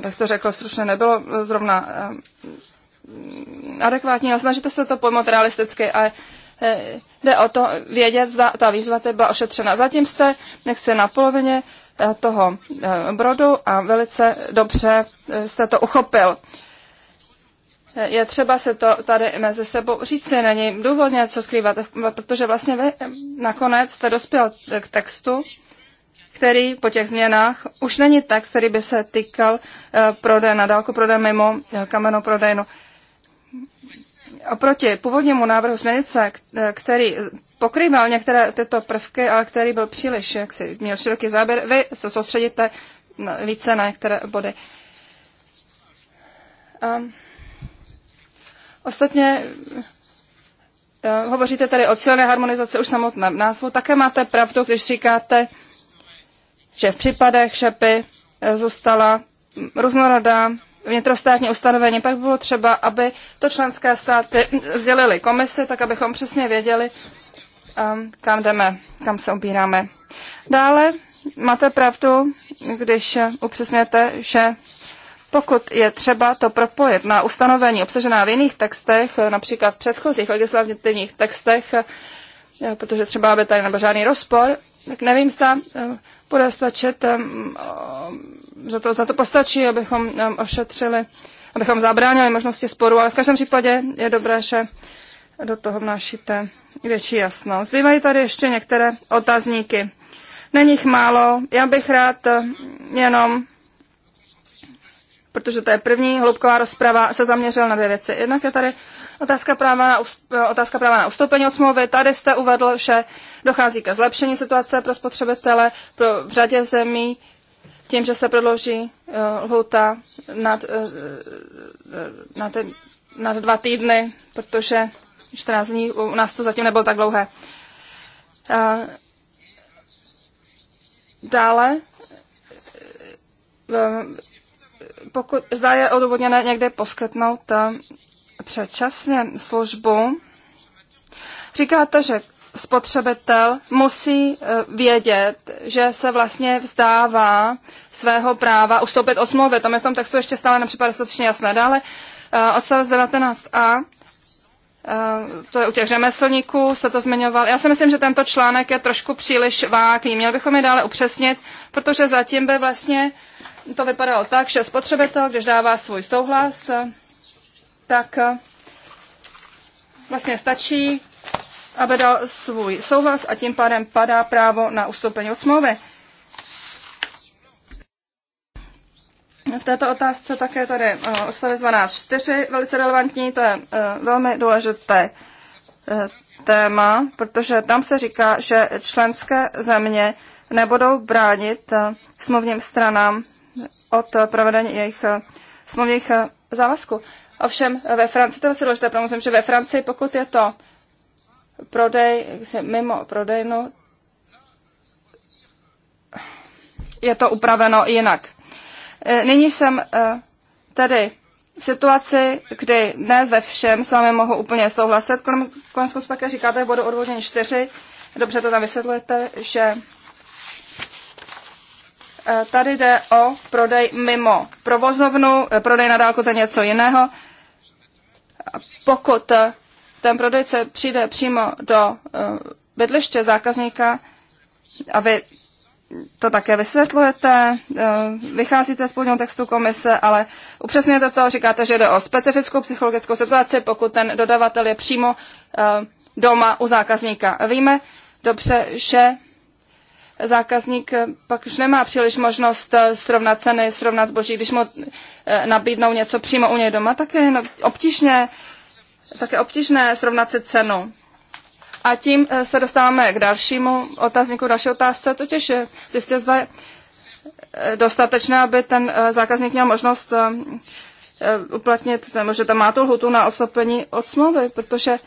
C: bych to řekl stručně, nebylo zrovna adekvátní, ale snažíte se to pojmout realisticky a jde o to vědět, zda ta výzva byla ošetřena. Zatím jste, jak se na polovině toho brodu a velice dobře jste to uchopil je třeba se to tady mezi sebou říci, není důvodně, co skrývat, protože vlastně vy nakonec jste dospěl k textu, který po těch změnách už není text, který by se týkal eh, prodeje na dálku prodeje mimo eh, kamenou prodejnu. Oproti původnímu návrhu směrnice, eh, který pokrýval některé tyto prvky, ale který byl příliš, jak si měl široký záběr, vy se soustředíte více na některé body. Um, Ostatně eh, hovoříte tady o silné harmonizaci už samotném názvu. Také máte pravdu, když říkáte, že v případech šepy eh, zůstala různorodá vnitrostátní ustanovení, pak bylo třeba, aby to členské státy sdělili komisi, tak abychom přesně věděli, eh, kam jdeme, kam se ubíráme. Dále máte pravdu, když upřesňujete, že pokud je třeba to propojit na ustanovení obsažená v jiných textech, například v předchozích legislativních textech, eh, protože třeba by tady nebyl žádný rozpor, tak nevím, zda eh, bude stačit, eh, mm, za to, za to postačí, abychom ošetřili, abychom zabránili možnosti sporu, ale v každém případě je dobré, že do toho vnášíte větší jasnost. Zbývají tady ještě některé otazníky. Není jich málo, já bych rád jenom protože to je první hloubková rozprava, se zaměřil na dvě věci. Jednak je tady otázka práva na, otázka práva na ustoupení od smlouvy. Tady jste uvedl, že dochází ke zlepšení situace pro spotřebitele pro, v řadě zemí tím, že se prodlouží uh, eh, lhouta nad, uh, eh, eh, na, ten, nad dva týdny, protože 14 dní u nás to zatím nebylo tak dlouhé. Uh, dále uh, pokud zda je odůvodněné někde poskytnout eh, předčasně službu, říkáte, že spotřebitel musí eh, vědět, že se vlastně vzdává svého práva ustoupit od smlouvy. Tam je v tom textu ještě stále nepřipadá dostatečně jasné. Dále eh, odstavec 19a, to je u těch řemeslníků, jste to zmiňoval. Já si myslím, že tento článek je trošku příliš vágní. Měl bychom je dále upřesnit, protože zatím by vlastně uh, to vypadalo tak, že spotřebitel, když dává svůj souhlas, tak eh, vlastně stačí, aby dal svůj souhlas a tím pádem padá právo na ustoupení od smlouvy. V této otázce také tady eh, odstavec 12.4 velice relevantní, to je eh, velmi důležité téma, protože tam se říká, že členské země nebudou bránit smluvním stranám od eh, provedení jejich eh, smluvních eh, závazků. Ovšem ve Francii, to je asi důležité, protože že ve Francii, pokud je to prodej mimo prodejnu, je to upraveno jinak. Nyní jsem tedy v situaci, kdy ne ve všem s vámi mohu úplně souhlasit, konec konců také říkáte v bodu odvodnění 4, dobře to tam vysvětlujete, že Eh, tady jde o prodej mimo provozovnu, eh, prodej na dálku to je něco jiného. Pokud eh, ten prodejce přijde přímo do bydliště zákazníka a vy to také vysvětlujete, vycházíte z původního textu komise, ale upřesněte to, říkáte, že jde o specifickou psychologickou situaci, pokud ten dodavatel je přímo doma u zákazníka. Víme dobře, že zákazník pak už nemá příliš možnost eh, srovnat ceny, srovnat zboží. Když mu eh, nabídnou něco přímo u něj doma, tak je obtížně, také obtížné srovnat si cenu. A tím eh, se dostáváme k dalšímu otázníku, další otázce, totiž zjistě zda je dostatečné, aby ten zákazník měl možnost uplatnit, že tam má tu lhutu na oslopení od smlouvy, protože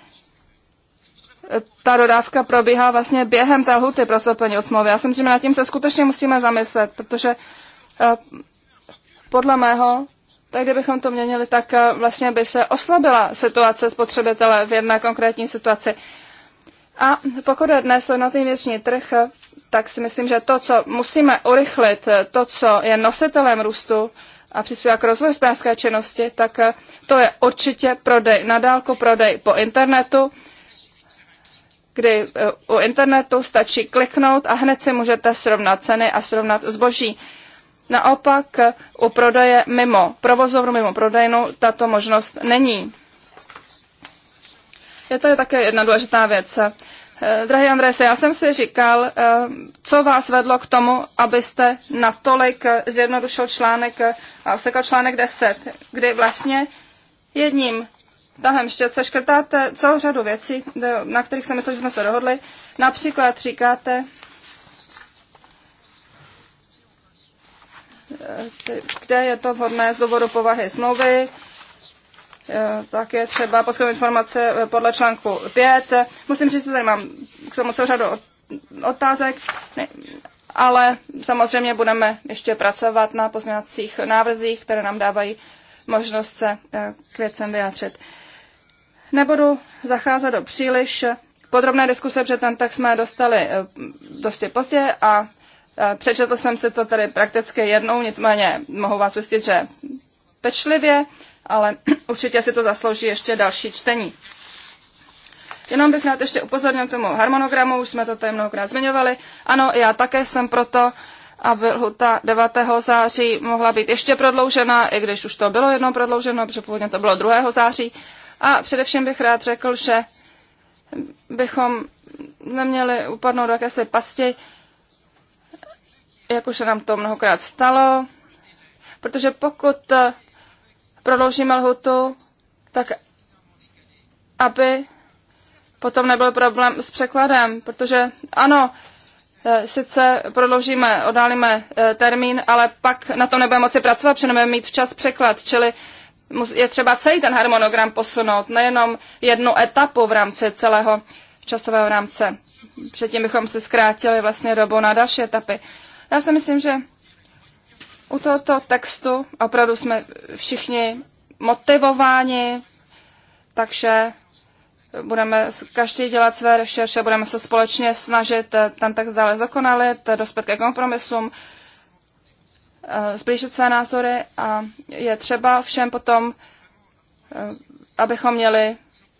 C: ta dodávka probíhá vlastně během té lhuty pro stoupení od smlouvy. Já si myslím, že nad tím se skutečně musíme zamyslet, protože eh, podle mého, tak kdybychom to měnili, tak eh, vlastně by se oslabila situace spotřebitele v jedné konkrétní situaci. A pokud je dnes jednotný věční trh, tak si myslím, že to, co musíme urychlit, eh, to, co je nositelem růstu a přispívá k rozvoji hospodářské činnosti, tak to je určitě prodej nadálku prodej po internetu, kdy eh, u internetu stačí kliknout a hned si můžete srovnat ceny a srovnat zboží. Naopak eh, u prodeje mimo provozovnu, mimo prodejnu tato možnost není. Je tady také jedna důležitá věc. Eh, drahý Andrese, já jsem si říkal, co vás vedlo k tomu, abyste natolik zjednodušil článek a článek 10, kdy vlastně jedním tahem štětce škrtáte celou řadu věcí, na kterých jsem myslel, že jsme se dohodli. Například říkáte, eh, kde je to vhodné z důvodu povahy smlouvy, eh, tak je třeba poskytnout informace eh, podle článku 5. Musím říct, že tady mám k tomu celou řadu otázek, ale samozřejmě budeme ještě pracovat na pozměňovacích návrzích, které nám dávají možnost se k věcem vyjádřit. Nebudu zacházet do příliš podrobné diskuse, protože ten text jsme dostali eh, dosti pozdě a eh, přečetl jsem si to tady prakticky jednou, nicméně mohu vás ujistit, že pečlivě, ale určitě si to zaslouží ještě další čtení. Jenom bych rád ještě upozornil k tomu harmonogramu, už jsme to tady mnohokrát zmiňovali. Ano, já také jsem proto, aby lhuta 9. září mohla být ještě prodloužena, i když už to bylo jednou prodlouženo, protože původně to bylo 2. září, a především bych rád řekl, že bychom neměli upadnout do jakési pasti, jak už se nám to mnohokrát stalo, protože pokud prodloužíme lhutu, tak aby potom nebyl problém s překladem, protože ano, eh, sice prodloužíme, odálíme eh, termín, ale pak na tom nebudeme moci pracovat, protože nebudeme mít včas překlad, čili je třeba celý ten harmonogram posunout, nejenom jednu etapu v rámci celého časového rámce. Předtím bychom si zkrátili vlastně dobu na další etapy. Já si myslím, že u tohoto textu opravdu jsme všichni motivováni, takže budeme každý dělat své rešerše, budeme se společně snažit ten text dále zdokonalit, dospět ke kompromisům, zblížit eh, své názory a je třeba všem potom, eh, abychom měli,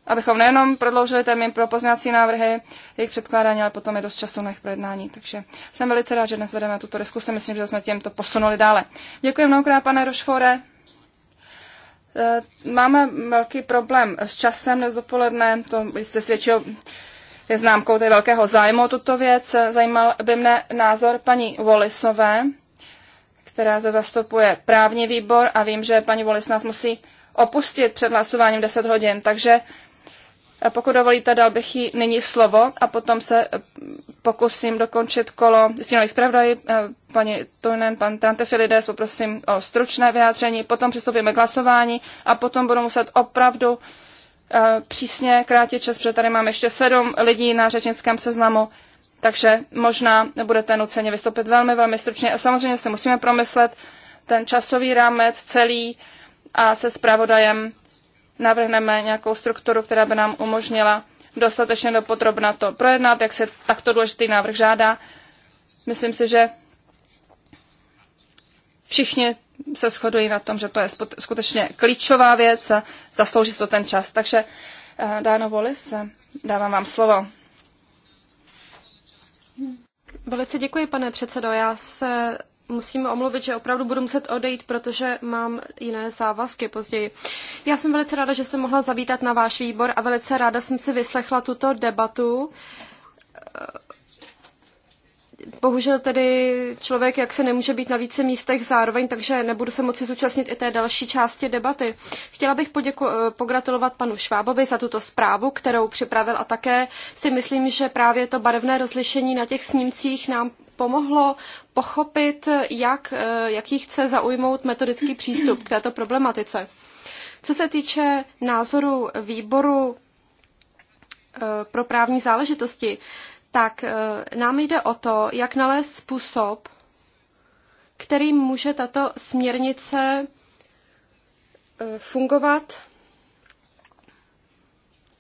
C: abychom nejenom prodloužili termín pro pozměňovací návrhy, jejich předkládání, ale potom je dost času na jejich projednání. Takže jsem velice rád, že dnes vedeme tuto diskusi. Myslím, že jsme tím to posunuli dále. Děkuji mnohokrát, pane Rošfore. Eh, máme velký problém s časem dnes dopoledne, to jste svědčil je známkou té velkého zájmu o tuto věc. Zajímal by mne názor paní Wallisové která se zastupuje právní výbor a vím, že paní Volis nás musí opustit před hlasováním 10 hodin, takže eh, pokud dovolíte, dal bych jí nyní slovo a potom se eh, pokusím dokončit kolo stínových zpravodají. Eh, paní Tunen, pan Tantefilides, poprosím o stručné vyjádření, potom přistoupíme k hlasování a potom budu muset opravdu přísně krátit čas, protože tady máme ještě sedm lidí na řečnickém seznamu takže možná budete nuceni vystoupit velmi, velmi stručně. A samozřejmě si musíme promyslet ten časový rámec celý a se zpravodajem navrhneme nějakou strukturu, která by nám umožnila dostatečně dopodrobna to projednat, jak se takto důležitý návrh žádá. Myslím si, že všichni se shodují na tom, že to je skutečně klíčová věc a zaslouží to ten čas. Takže eh, Dáno Volis, eh, dávám
B: vám slovo. Velice děkuji, pane předsedo. Já se musím omluvit, že opravdu budu muset odejít, protože mám jiné závazky později. Já jsem velice ráda, že jsem mohla zavítat na váš výbor a velice ráda jsem si vyslechla tuto debatu bohužel tedy člověk jak se nemůže být na více místech zároveň, takže nebudu se moci zúčastnit i té další části debaty. Chtěla bych poděku- pogratulovat panu Švábovi za tuto zprávu, kterou připravil a také si myslím, že právě to barevné rozlišení na těch snímcích nám pomohlo pochopit, jak, eh, jaký chce zaujmout metodický přístup k této problematice. Co se týče názoru výboru eh, pro právní záležitosti, tak e, nám jde o to, jak nalézt způsob, kterým může tato směrnice e, fungovat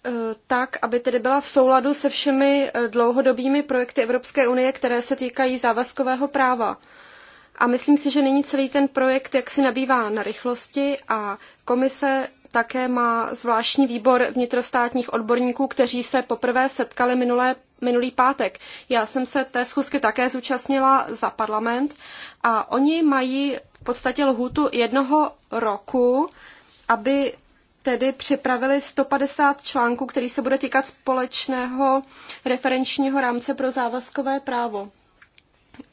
B: e, tak, aby tedy byla v souladu se všemi dlouhodobými projekty Evropské unie, které se týkají závazkového práva. A myslím si, že nyní celý ten projekt jaksi nabývá na rychlosti a komise také má zvláštní výbor vnitrostátních odborníků, kteří se poprvé setkali minulé, minulý pátek. Já jsem se té schůzky také zúčastnila za parlament a oni mají v podstatě lhůtu jednoho roku, aby tedy připravili 150 článků, který se bude týkat společného referenčního rámce pro závazkové právo.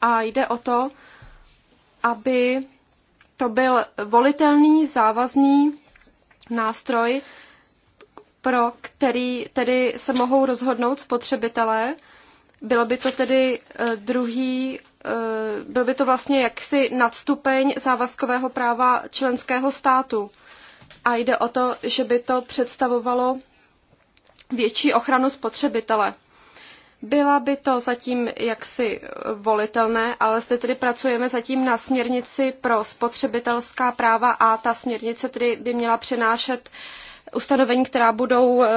B: A jde o to, aby to byl volitelný, závazný nástroj, pro který tedy se mohou rozhodnout spotřebitelé. Bylo by to tedy eh, druhý, eh, byl by to vlastně jaksi nadstupeň závazkového práva členského státu. A jde o to, že by to představovalo větší ochranu spotřebitele. Byla by to zatím jaksi e, volitelné, ale zde tedy pracujeme zatím na směrnici pro spotřebitelská práva a ta směrnice tedy by měla přenášet ustanovení, která budou, e,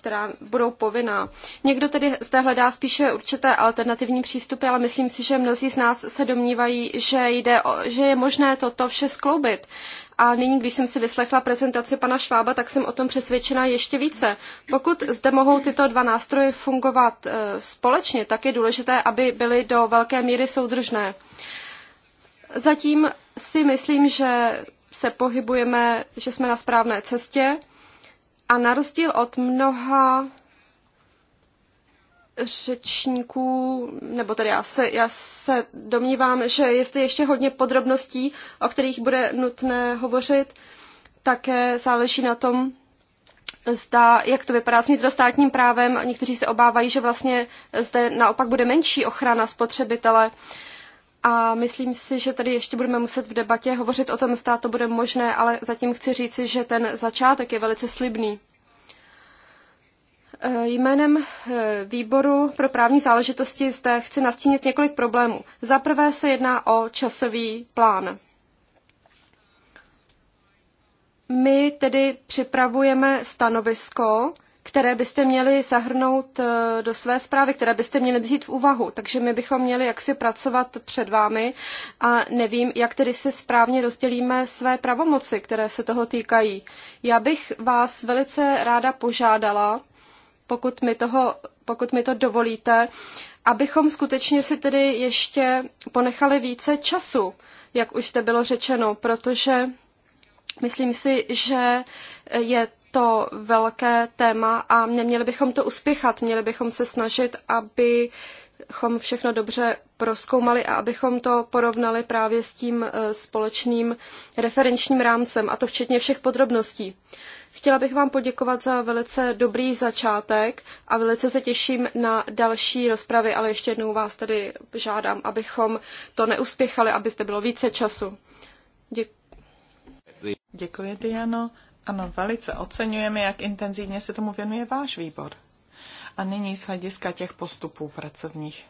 B: která budou povinná. Někdo tedy zde hledá spíše určité alternativní přístupy, ale myslím si, že mnozí z nás se domnívají, že, jde o, že je možné toto vše skloubit. A nyní, když jsem si vyslechla prezentaci pana Švába, tak jsem o tom přesvědčena ještě více. Pokud zde mohou tyto dva nástroje fungovat e, společně, tak je důležité, aby byly do velké míry soudržné. Zatím si myslím, že se pohybujeme, že jsme na správné cestě a na rozdíl od mnoha řečníků, nebo tedy já se, já se domnívám, že jestli ještě hodně podrobností, o kterých bude nutné hovořit, také záleží na tom, zda, jak to vypadá s vnitrostátním právem. Někteří se obávají, že vlastně zde naopak bude menší ochrana spotřebitele. A myslím si, že tady ještě budeme muset v debatě hovořit o tom, zda to bude možné, ale zatím chci říci, že ten začátek je velice slibný. Jménem eh, výboru pro právní záležitosti zde chci nastínit několik problémů. Za prvé se jedná o časový plán. My tedy připravujeme stanovisko, které byste měli zahrnout eh, do své zprávy, které byste měli vzít v úvahu. Takže my bychom měli jaksi pracovat před vámi a nevím, jak tedy se správně rozdělíme své pravomoci, které se toho týkají. Já bych vás velice ráda požádala, pokud mi, toho, pokud mi to dovolíte, abychom skutečně si tedy ještě ponechali více času, jak už jste bylo řečeno, protože myslím si, že je to velké téma a neměli bychom to uspěchat, měli bychom se snažit, aby abychom všechno dobře proskoumali a abychom to porovnali právě s tím eh, společným referenčním rámcem, a to včetně všech podrobností. Chtěla bych vám poděkovat za velice dobrý začátek a velice se těším na další rozpravy, ale ještě jednou vás tedy žádám, abychom to
A: neuspěchali, abyste bylo více času. Děkuji. Děkuji, Diano. Ano, velice oceňujeme, jak intenzivně se tomu věnuje váš výbor. A nyní z hlediska těch postupů pracovních.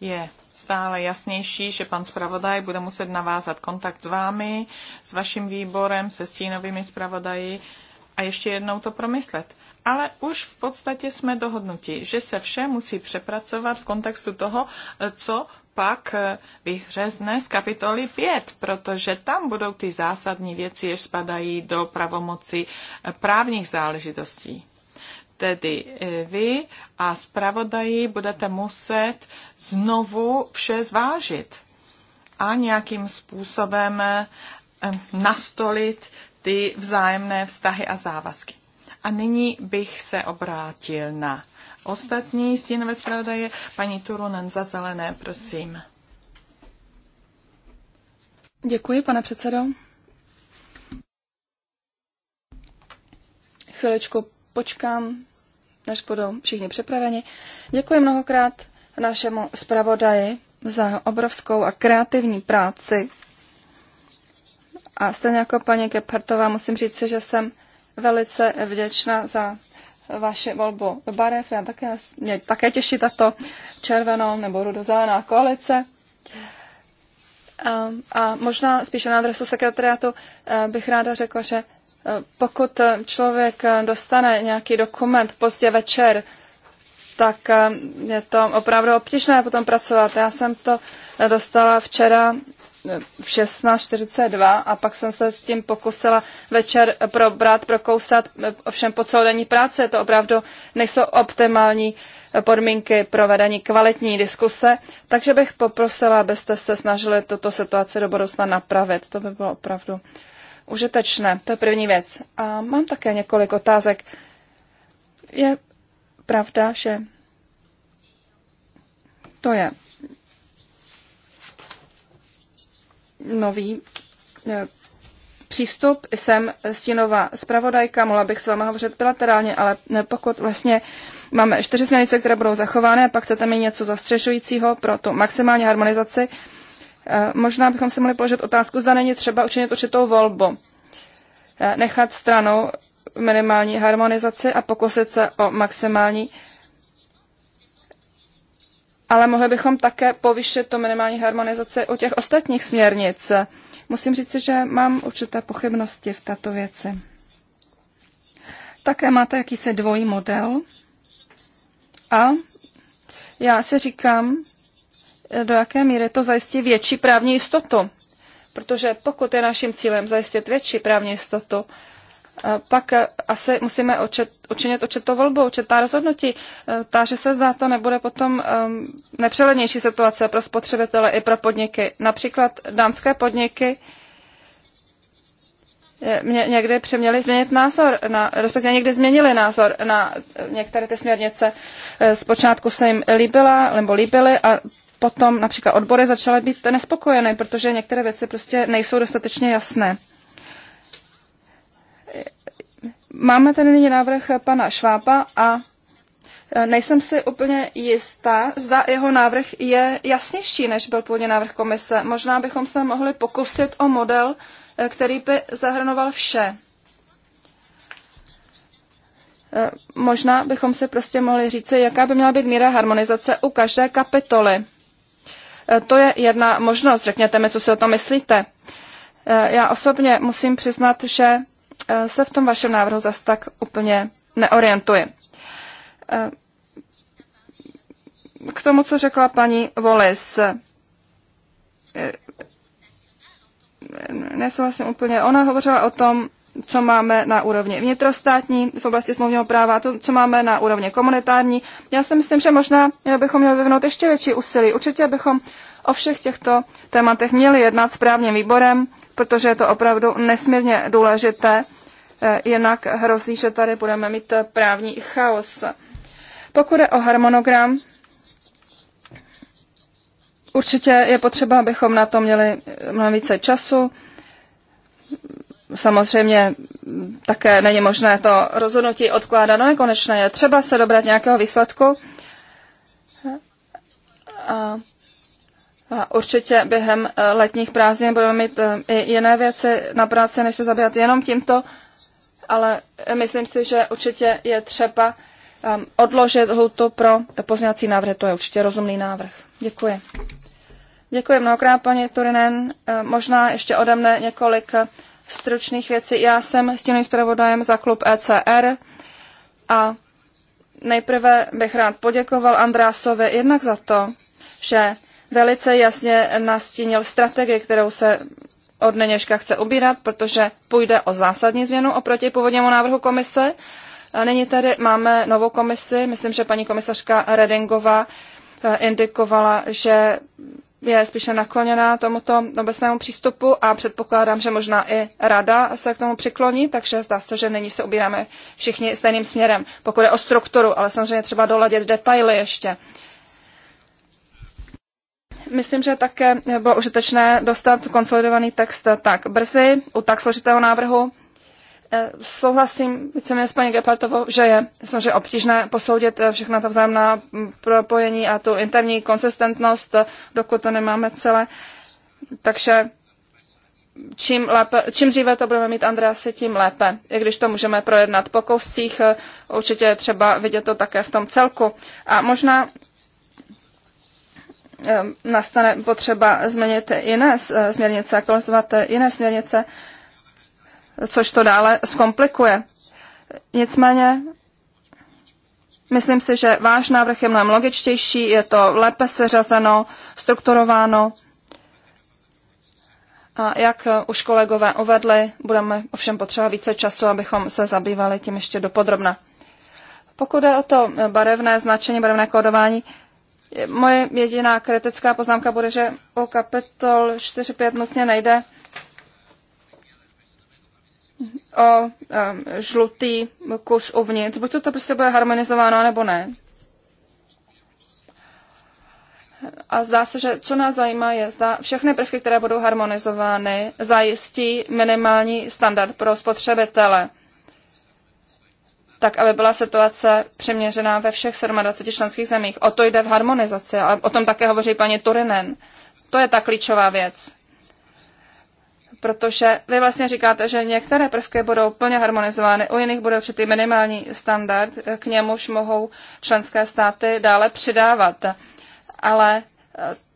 A: Je stále jasnější, že pan zpravodaj bude muset navázat kontakt s vámi, s vaším výborem, se stínovými zpravodaji, a ještě jednou to promyslet. Ale už v podstatě jsme dohodnuti, že se vše musí přepracovat v kontextu toho, co pak vyhřezne z kapitoly 5, protože tam budou ty zásadní věci, jež spadají do pravomoci právních záležitostí. Tedy eh, vy a zpravodaji budete muset znovu vše zvážit a nějakým způsobem eh, nastolit ty vzájemné vztahy a závazky. A nyní bych se obrátil na ostatní stínové zpravodaje. Paní Turunen za zelené, prosím.
C: Děkuji, pane předsedo. Chviličku počkám, než budou všichni připraveni. Děkuji mnohokrát našemu zpravodaji za obrovskou a kreativní práci, a stejně jako paní Gepardová musím říct, že jsem velice vděčná za vaši volbu barev. Já také, mě také těší tato červenou nebo rudozelená koalice. A, ehm, a možná spíše na adresu sekretariátu eh, bych ráda řekla, že eh, pokud člověk dostane nějaký dokument pozdě večer, tak eh, je to opravdu obtížné potom pracovat. Já jsem to dostala včera v 16.42 a pak jsem se s tím pokusila večer probrat, prokousat, ovšem po celodenní práce to opravdu nejsou optimální podmínky pro vedení kvalitní diskuse, takže bych poprosila, abyste se snažili tuto situaci do budoucna napravit. To by bylo opravdu užitečné. To je první věc. A mám také několik otázek. Je pravda, že to je nový eh, přístup. Jsem stínová zpravodajka, mohla bych s váma hovořit bilaterálně, ale eh, pokud vlastně máme čtyři směrnice, které budou zachovány, pak chcete mít něco zastřešujícího pro tu maximální harmonizaci, eh, možná bychom si mohli položit otázku, zda není třeba učinit určitou volbu. Nechat stranou minimální harmonizaci a pokusit se o maximální ale mohli bychom také povyšit to minimální harmonizace u těch ostatních směrnic. Musím říct, že mám určité pochybnosti v této věci. Také máte jakýsi dvojí model a já si říkám, do jaké míry to zajistí větší právní jistotu. Protože pokud je naším cílem zajistit větší právní jistotu, pak eh, asi musíme očet, učinit očetou volbu, očetá rozhodnutí. Eh, Táže se zdá, to nebude potom um, situace pro spotřebitele i pro podniky. Například dánské podniky eh, mě někdy přeměli změnit názor, na, respektive někdy změnili názor na některé ty směrnice. Zpočátku se jim líbila, nebo líbily a potom například odbory začaly být nespokojené, protože některé věci prostě nejsou dostatečně jasné. Máme tady nyní návrh pana Švápa a e, nejsem si úplně jistá, zda jeho návrh je jasnější, než byl původně návrh komise. Možná bychom se mohli pokusit o model, e, který by zahrnoval vše. E, možná bychom se prostě mohli říci, jaká by měla být míra harmonizace u každé kapitoly. To je jedna možnost. Řekněte mi, co si o tom myslíte. Já osobně musím přiznat, že Eh, se v tom vašem návrhu zase tak úplně neorientuji. Eh, k tomu, co řekla paní Wallis, eh, nesouhlasím úplně. Ona hovořila o tom, co máme na úrovni vnitrostátní v oblasti smluvního práva, to, co máme na úrovni komunitární. Já si myslím, že možná bychom měli vyvinout ještě větší úsilí. Určitě bychom o všech těchto tématech měli jednat s právním výborem, protože je to opravdu nesmírně důležité Eh, jinak hrozí, že tady budeme mít eh, právní chaos. Pokud je o harmonogram, určitě je potřeba, abychom na to měli eh, mnohem více času. Samozřejmě také není možné to rozhodnutí odkládat no Je třeba se dobrat nějakého výsledku. A a určitě během letních prázdnin budeme mít i jiné věci na práci, než se zabývat jenom tímto ale myslím si, že určitě je třeba um, odložit lhutu pro pozněvací návrhy. To je určitě rozumný návrh. Děkuji. Děkuji mnohokrát, paní Turinen. Um, možná ještě ode mne několik stručných věcí. Já jsem s tím zpravodajem za klub ECR a nejprve bych rád poděkoval Andrásovi jednak za to, že velice jasně nastínil strategii, kterou se od Něněžka chce ubírat, protože půjde o zásadní změnu oproti původnímu návrhu komise. A nyní tady máme novou komisi. Myslím, že paní komisařka Redingová eh, indikovala, že je spíše nakloněná tomuto obecnému přístupu a předpokládám, že možná i rada se k tomu přikloní, takže zdá se, že nyní se ubíráme všichni stejným směrem, pokud je o strukturu, ale samozřejmě třeba doladit detaily ještě. Myslím, že také bylo užitečné dostat konsolidovaný text tak brzy u tak složitého návrhu. Eh, souhlasím víceméně s paní Gepartovou, že je samozřejmě obtížné posoudit eh, všechna ta vzájemná mm, propojení a tu interní konsistentnost, eh, dokud to nemáme celé. Takže čím, lépe, čím dříve to budeme mít Andreasi, tím lépe. I když to můžeme projednat po kouscích, určitě je třeba vidět to také v tom celku. A možná Ehm, nastane potřeba změnit jiné eh, směrnice, aktualizovat jiné směrnice, což to dále zkomplikuje. Nicméně myslím si, že váš návrh je mnohem logičtější, je to lépe seřazeno, strukturováno. A jak už kolegové uvedli, budeme ovšem potřeba více času, abychom se zabývali tím ještě dopodrobna. Pokud je o to barevné značení, barevné kódování, Moje jediná kritická poznámka bude, že o kapitol 4.5 nutně nejde o um, žlutý kus uvnitř. Buď to, to prostě bude harmonizováno, nebo ne. A zdá se, že co nás zajímá je, zda všechny prvky, které budou harmonizovány, zajistí minimální standard pro spotřebitele tak aby byla situace přiměřená ve všech 27 členských zemích. O to jde v harmonizaci a o tom také hovoří paní Turinen. To je ta klíčová věc. Protože vy vlastně říkáte, že některé prvky budou plně harmonizovány, u jiných bude určitý minimální standard, k němuž mohou členské státy dále přidávat. Ale e,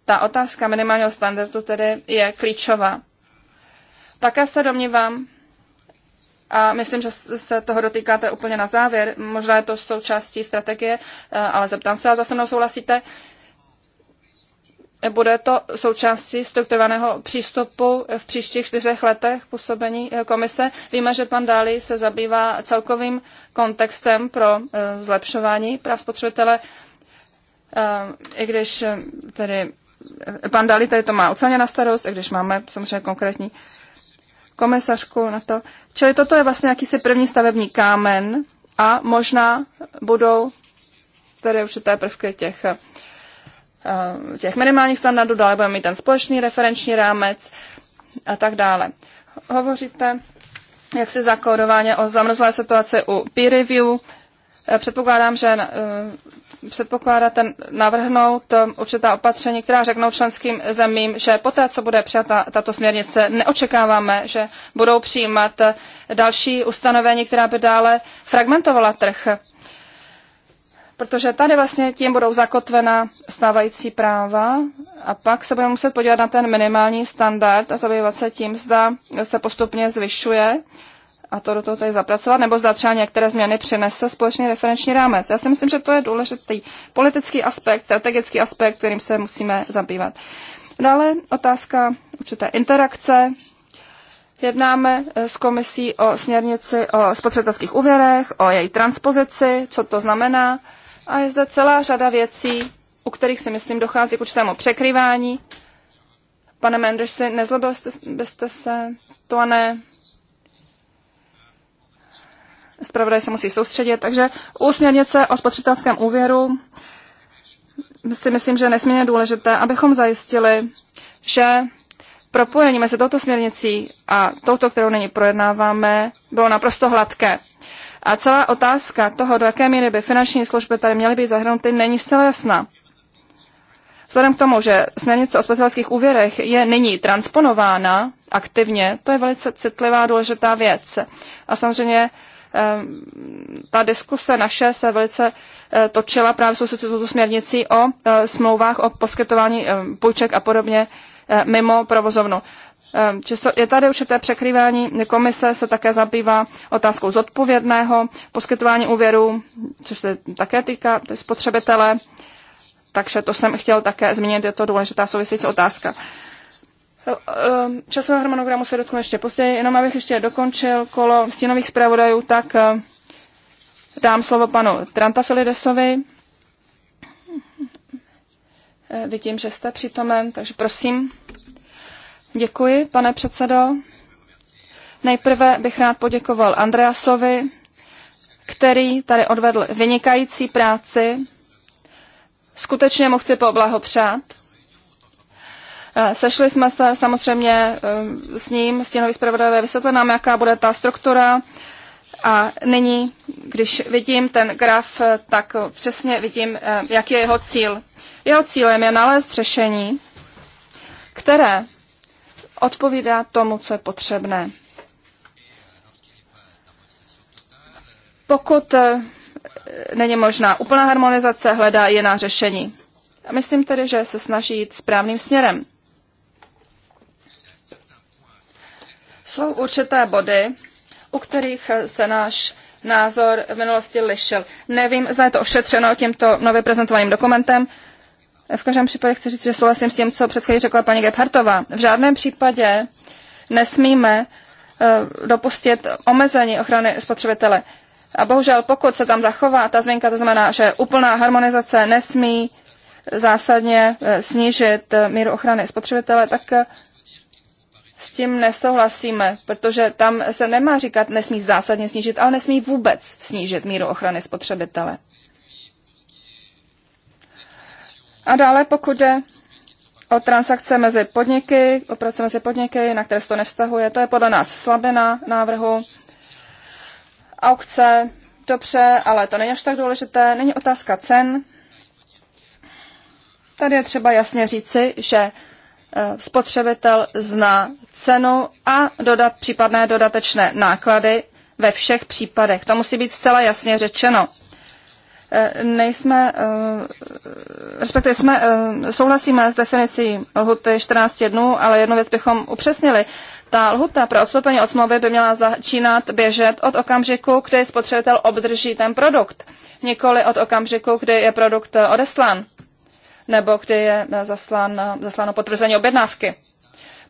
C: ta otázka minimálního standardu tedy je klíčová. Také se domnívám, a myslím, že se toho dotýkáte úplně na závěr. Možná je to součástí strategie, eh, ale zeptám se, a zase mnou souhlasíte. Bude to součástí strukturovaného přístupu v příštích čtyřech letech působení eh, komise. Víme, že pan Dálí se zabývá celkovým kontextem pro eh, zlepšování práv spotřebitele, i když tedy pan Dálí tady to má oceně na starost, i když máme samozřejmě konkrétní komisařku na to. Čili toto je vlastně jakýsi první stavební kámen a možná budou tedy určité prvky těch, eh, těch minimálních standardů, dále budeme mít ten společný referenční rámec a tak dále. Hovoříte, jak si zakódování o zamrzlé situaci u peer review. Eh, předpokládám, že eh, předpokládáte navrhnout um, určitá opatření, která řeknou členským zemím, že poté, co bude přijata tato směrnice, neočekáváme, že budou přijímat uh, další ustanovení, která by dále fragmentovala trh. Protože tady vlastně tím budou zakotvena stávající práva a pak se budeme muset podívat na ten minimální standard a zabývat se tím, zda se postupně zvyšuje a to do toho tady zapracovat, nebo zda třeba některé změny přinese společný referenční rámec. Já si myslím, že to je důležitý politický aspekt, strategický aspekt, kterým se musíme zabývat. Dále otázka určité interakce. Jednáme eh, s komisí o směrnici o spotřebitelských úvěrech, o její transpozici, co to znamená. A je zde celá řada věcí, u kterých si myslím dochází k určitému překrývání. Pane Mendersi, nezlobil jste, byste se, to ne, zpravodaj se musí soustředit, takže u směrnice o spotřebitelském úvěru si myslím, že je nesmírně důležité, abychom zajistili, že propojení mezi touto směrnicí a touto, kterou nyní projednáváme, bylo naprosto hladké. A celá otázka toho, do jaké míry by finanční služby tady měly být zahrnuty, není zcela jasná. Vzhledem k tomu, že směrnice o spotřebitelských úvěrech je nyní transponována aktivně, to je velice citlivá důležitá věc. A samozřejmě Ehm, ta diskuse naše se velice eh, točila právě s tuto směrnicí o eh, smlouvách o poskytování ehm, půjček a podobně eh, mimo provozovnu. Ehm, je tady určité překrývání. Komise se také zabývá otázkou zodpovědného poskytování úvěru, což se také týká spotřebitele. Takže to jsem chtěl také zmínit, je to důležitá související otázka. Ehm, Časového harmonogramu se dotknu ještě později, jenom abych ještě dokončil kolo stínových zpravodajů, tak ehm, dám slovo panu Trantafilidesovi. Eh, vidím, že jste přítomen, takže prosím. Děkuji, pane předsedo. Nejprve bych rád poděkoval Andreasovi, který tady odvedl vynikající práci. Skutečně mu chci poblahopřát. Eh, sešli jsme se samozřejmě eh, s ním, těmi zpravodajové, vysvětlil nám, jaká bude ta struktura. A nyní, když vidím ten graf, eh, tak přesně vidím, jak je jeho cíl. Jeho cílem je nalézt řešení, které odpovídá tomu, co je potřebné. Pokud není možná úplná harmonizace, hledá jiná řešení. A myslím tedy, že se snaží jít správným směrem. Jsou určité body, u kterých se náš názor v minulosti lišil. Nevím, zda je to ošetřeno tímto nově prezentovaným dokumentem. V každém případě chci říct, že souhlasím s tím, co před chvílí řekla paní Gebhartová. V žádném případě nesmíme eh, dopustit omezení ochrany spotřebitele. A bohužel, pokud se tam zachová ta zmínka, to znamená, že úplná harmonizace nesmí zásadně eh, snížit eh, míru ochrany spotřebitele, tak s tím nesouhlasíme, protože tam se nemá říkat, nesmí zásadně snížit, ale nesmí vůbec snížit míru ochrany spotřebitele. A dále, pokud jde o transakce mezi podniky, o práce mezi podniky, na které se to nevztahuje, to je podle nás slabina návrhu. Aukce, dobře, ale to není až tak důležité, není otázka cen. Tady je třeba jasně říci, že Eh, spotřebitel zná cenu a dodat případné dodatečné náklady ve všech případech. To musí být zcela jasně řečeno. Eh, nejsme, eh, respektive jsme, souhlasíme s definicí lhuty 14 dnů, ale jednu věc bychom upřesnili. Ta lhuta pro odstoupení od smlouvy by měla začínat běžet od okamžiku, kdy spotřebitel obdrží ten produkt, nikoli od okamžiku, kdy je produkt odeslán nebo kdy je eh, zaslán, eh, zasláno potvrzení objednávky.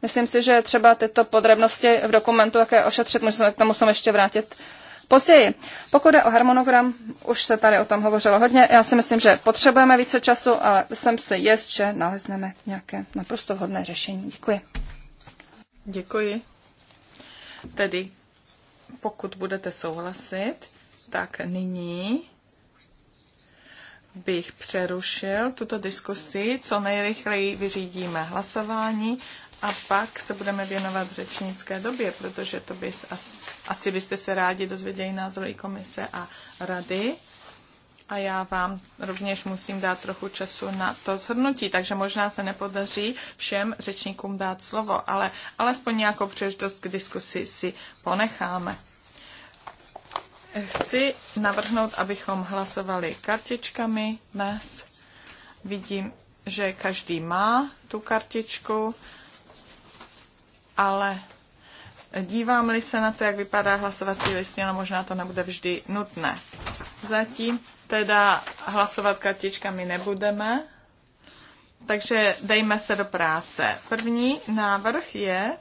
C: Myslím si, že třeba tyto podrobnosti v dokumentu, jaké ošetřit, můžeme k tomu ještě vrátit později. Pokud je o harmonogram, už se tady o tom hovořilo hodně. Já si myslím, že potřebujeme více času, ale jsem si jist, že nalezneme nějaké naprosto hodné řešení. Děkuji.
A: Děkuji. Tedy, pokud budete souhlasit, tak nyní bych přerušil tuto diskusi, co nejrychleji vyřídíme hlasování a pak se budeme věnovat řečnické době, protože to bys asi, byste se rádi dozvěděli názory komise a rady. A já vám rovněž musím dát trochu času na to zhrnutí, takže možná se nepodaří všem řečníkům dát slovo, ale alespoň nějakou příležitost k diskusi si ponecháme. Chci navrhnout, abychom hlasovali kartičkami dnes. Vidím, že každý má tu kartičku, ale dívám-li se na to, jak vypadá hlasovací listina, možná to nebude vždy nutné. Zatím teda hlasovat kartičkami nebudeme, takže dejme se do práce. První návrh je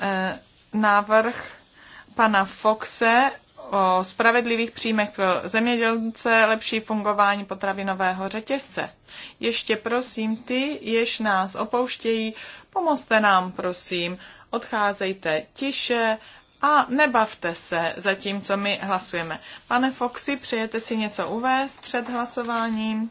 A: eh, návrh pana Foxe o spravedlivých příjmech pro zemědělce, lepší fungování potravinového řetězce. Ještě prosím ty, jež nás opouštějí, pomozte nám prosím, odcházejte tiše a nebavte se za tím, co my hlasujeme. Pane Foxy, přejete si něco uvést před hlasováním?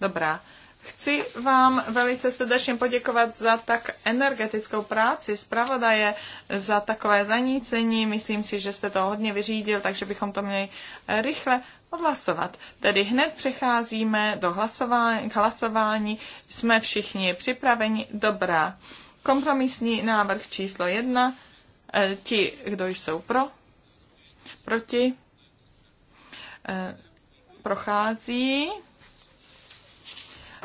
A: Dobrá. Chci vám velice srdečně poděkovat za tak energetickou práci zpravodaje, za takové zanícení. Myslím si, že jste to hodně vyřídil, takže bychom to měli eh, rychle odhlasovat. Tedy hned přecházíme do hlasování, k hlasování. Jsme všichni připraveni. Dobrá. Kompromisní návrh číslo jedna. Eh, ti, kdo jsou pro, proti, eh, prochází.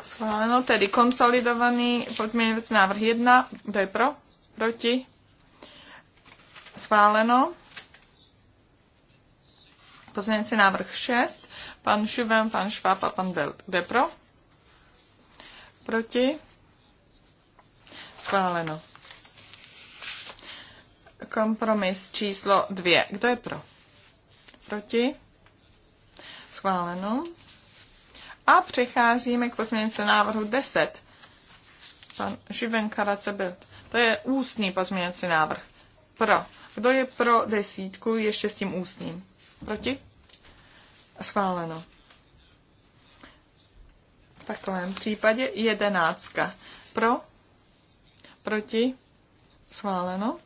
A: Schváleno, tedy konsolidovaný pozměňovací návrh 1. Kdo je pro? Proti? Schváleno. Pozměňovací návrh 6. Pan Šuven, pan Šváb a pan Belt. Kdo je pro? Proti? Schváleno. Kompromis číslo 2. Kdo je pro? Proti? Schváleno. A přecházíme k pozměnice návrhu 10. Pan Živenka Racebelt. To je ústní pozměnice návrh. Pro. Kdo je pro desítku ještě s tím ústním? Proti? Schváleno. V takovém případě jedenáctka. Pro? Proti? Schváleno.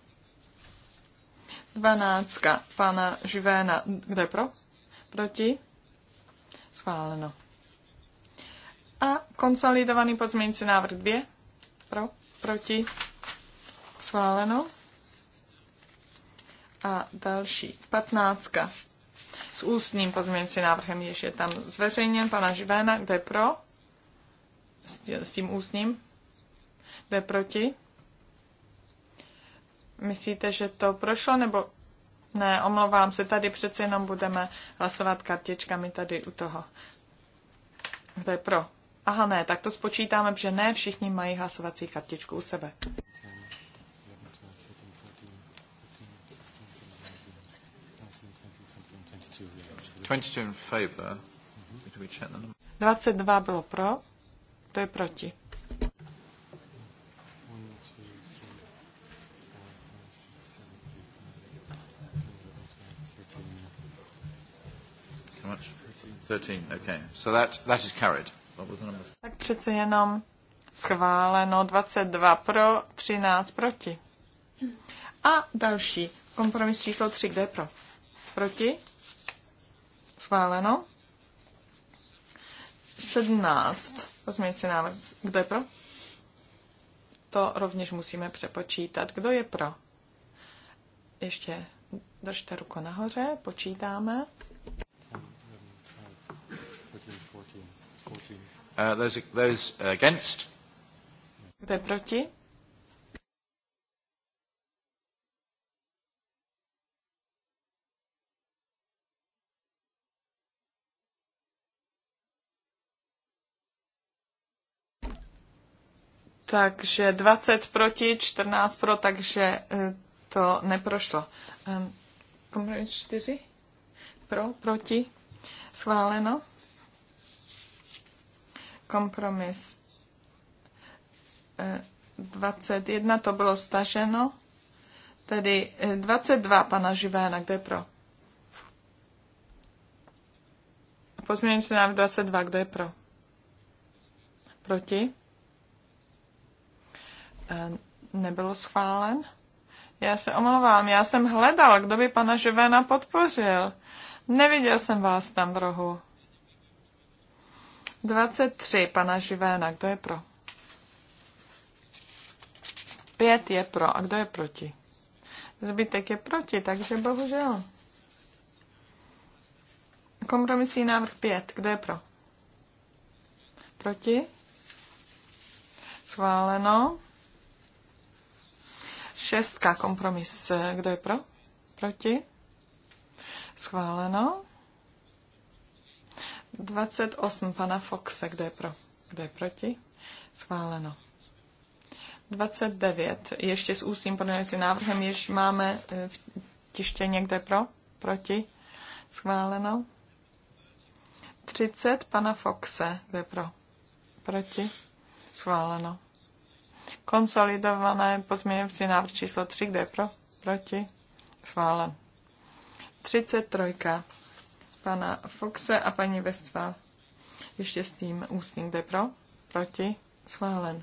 A: Dvanáctka pana Živéna. Kde pro? Proti? Schváleno. A konsolidovaný pozměňující návrh 2. Pro, proti, schváleno. A další, patnáctka. S ústním pozměňujícím návrhem, jež je tam zveřejněn, pana Živéna, kde pro, s tím ústním, kde proti. Myslíte, že to prošlo, nebo ne, omlouvám se, tady přece jenom budeme hlasovat kartičkami tady u toho. Kde pro, Aha, ne, tak to spočítáme, že ne všichni mají hlasovací kartičku u sebe. in dva bylo pro, to je proti. Thirteen. okay. So that, that is carried. Tak přece jenom schváleno 22 pro, 13 proti. A další, kompromis číslo 3, kde je pro? Proti? Schváleno. 17, si návrh, kde je pro? To rovněž musíme přepočítat. Kdo je pro? Ještě držte ruku nahoře, počítáme.
B: Uh, those, those against?
A: proti? Takže 20 proti, 14 pro, takže eh, to neprošlo. Ehm, kompromis 4? Pro, proti? Schváleno? Kompromis 21 eh, to bylo staženo, tedy 22 eh, pana Živéna, kde pro? Pozměňující nám 22, kde je pro? Proti? Eh, nebylo schválen? Já se omlouvám, já jsem hledal, kdo by pana Živéna podpořil. Neviděl jsem vás tam v rohu. 23 pana Živéna, kdo je pro? 5 je pro, a kdo je proti? Zbytek je proti, takže bohužel. Kompromisní návrh 5, kdo je pro? Proti? Schváleno. Šestka kompromis, kdo je pro? Proti? Schváleno. 28 pana Foxe, kde je pro, kde je proti? Schváleno. 29, ještě s ústním podnějícím návrhem, jež máme e, v tiště někde pro, proti? Schváleno. 30 pana Foxe, kde je pro, proti? Schváleno. Konsolidované pozměňovací návrh číslo 3, kde je pro, proti? Schválen. 33 pana Foxe a paní Vestva. Ještě s tím ústním jde pro, proti, schválen.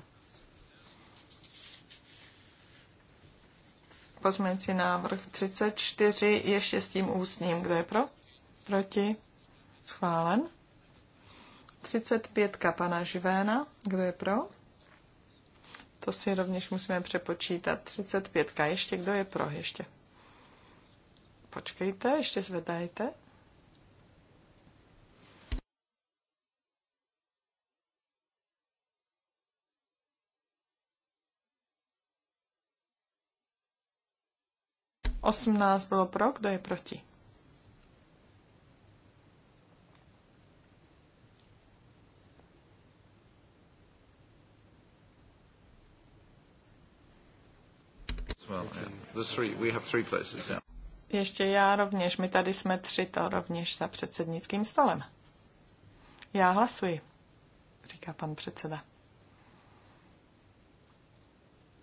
A: Pozměňující návrh 34, ještě s tím ústním, kdo je pro, proti, schválen. 35 pana Živéna, kdo je pro, to si rovněž musíme přepočítat. 35. Ještě kdo je pro? Ještě. Počkejte, ještě zvedajte. 18 bylo pro, kdo je proti? Ještě já rovněž, my tady jsme tři, to rovněž za předsednickým stolem. Já hlasuji, říká pan předseda.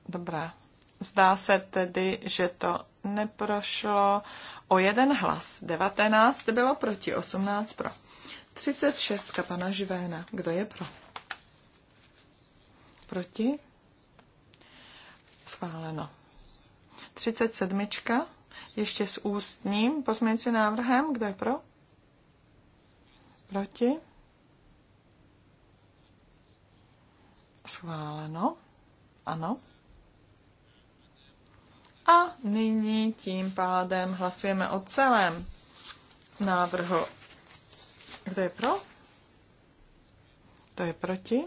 A: Dobrá. Zdá se tedy, že to neprošlo o jeden hlas. 19 bylo proti, 18 pro. 36 pana Živéna. Kdo je pro? Proti? Schváleno. 37. Ještě s ústním pozměňujícím návrhem. Kdo je pro? Proti? Schváleno. Ano. A nyní tím pádem hlasujeme o celém návrhu. Kdo je pro? Kdo je proti?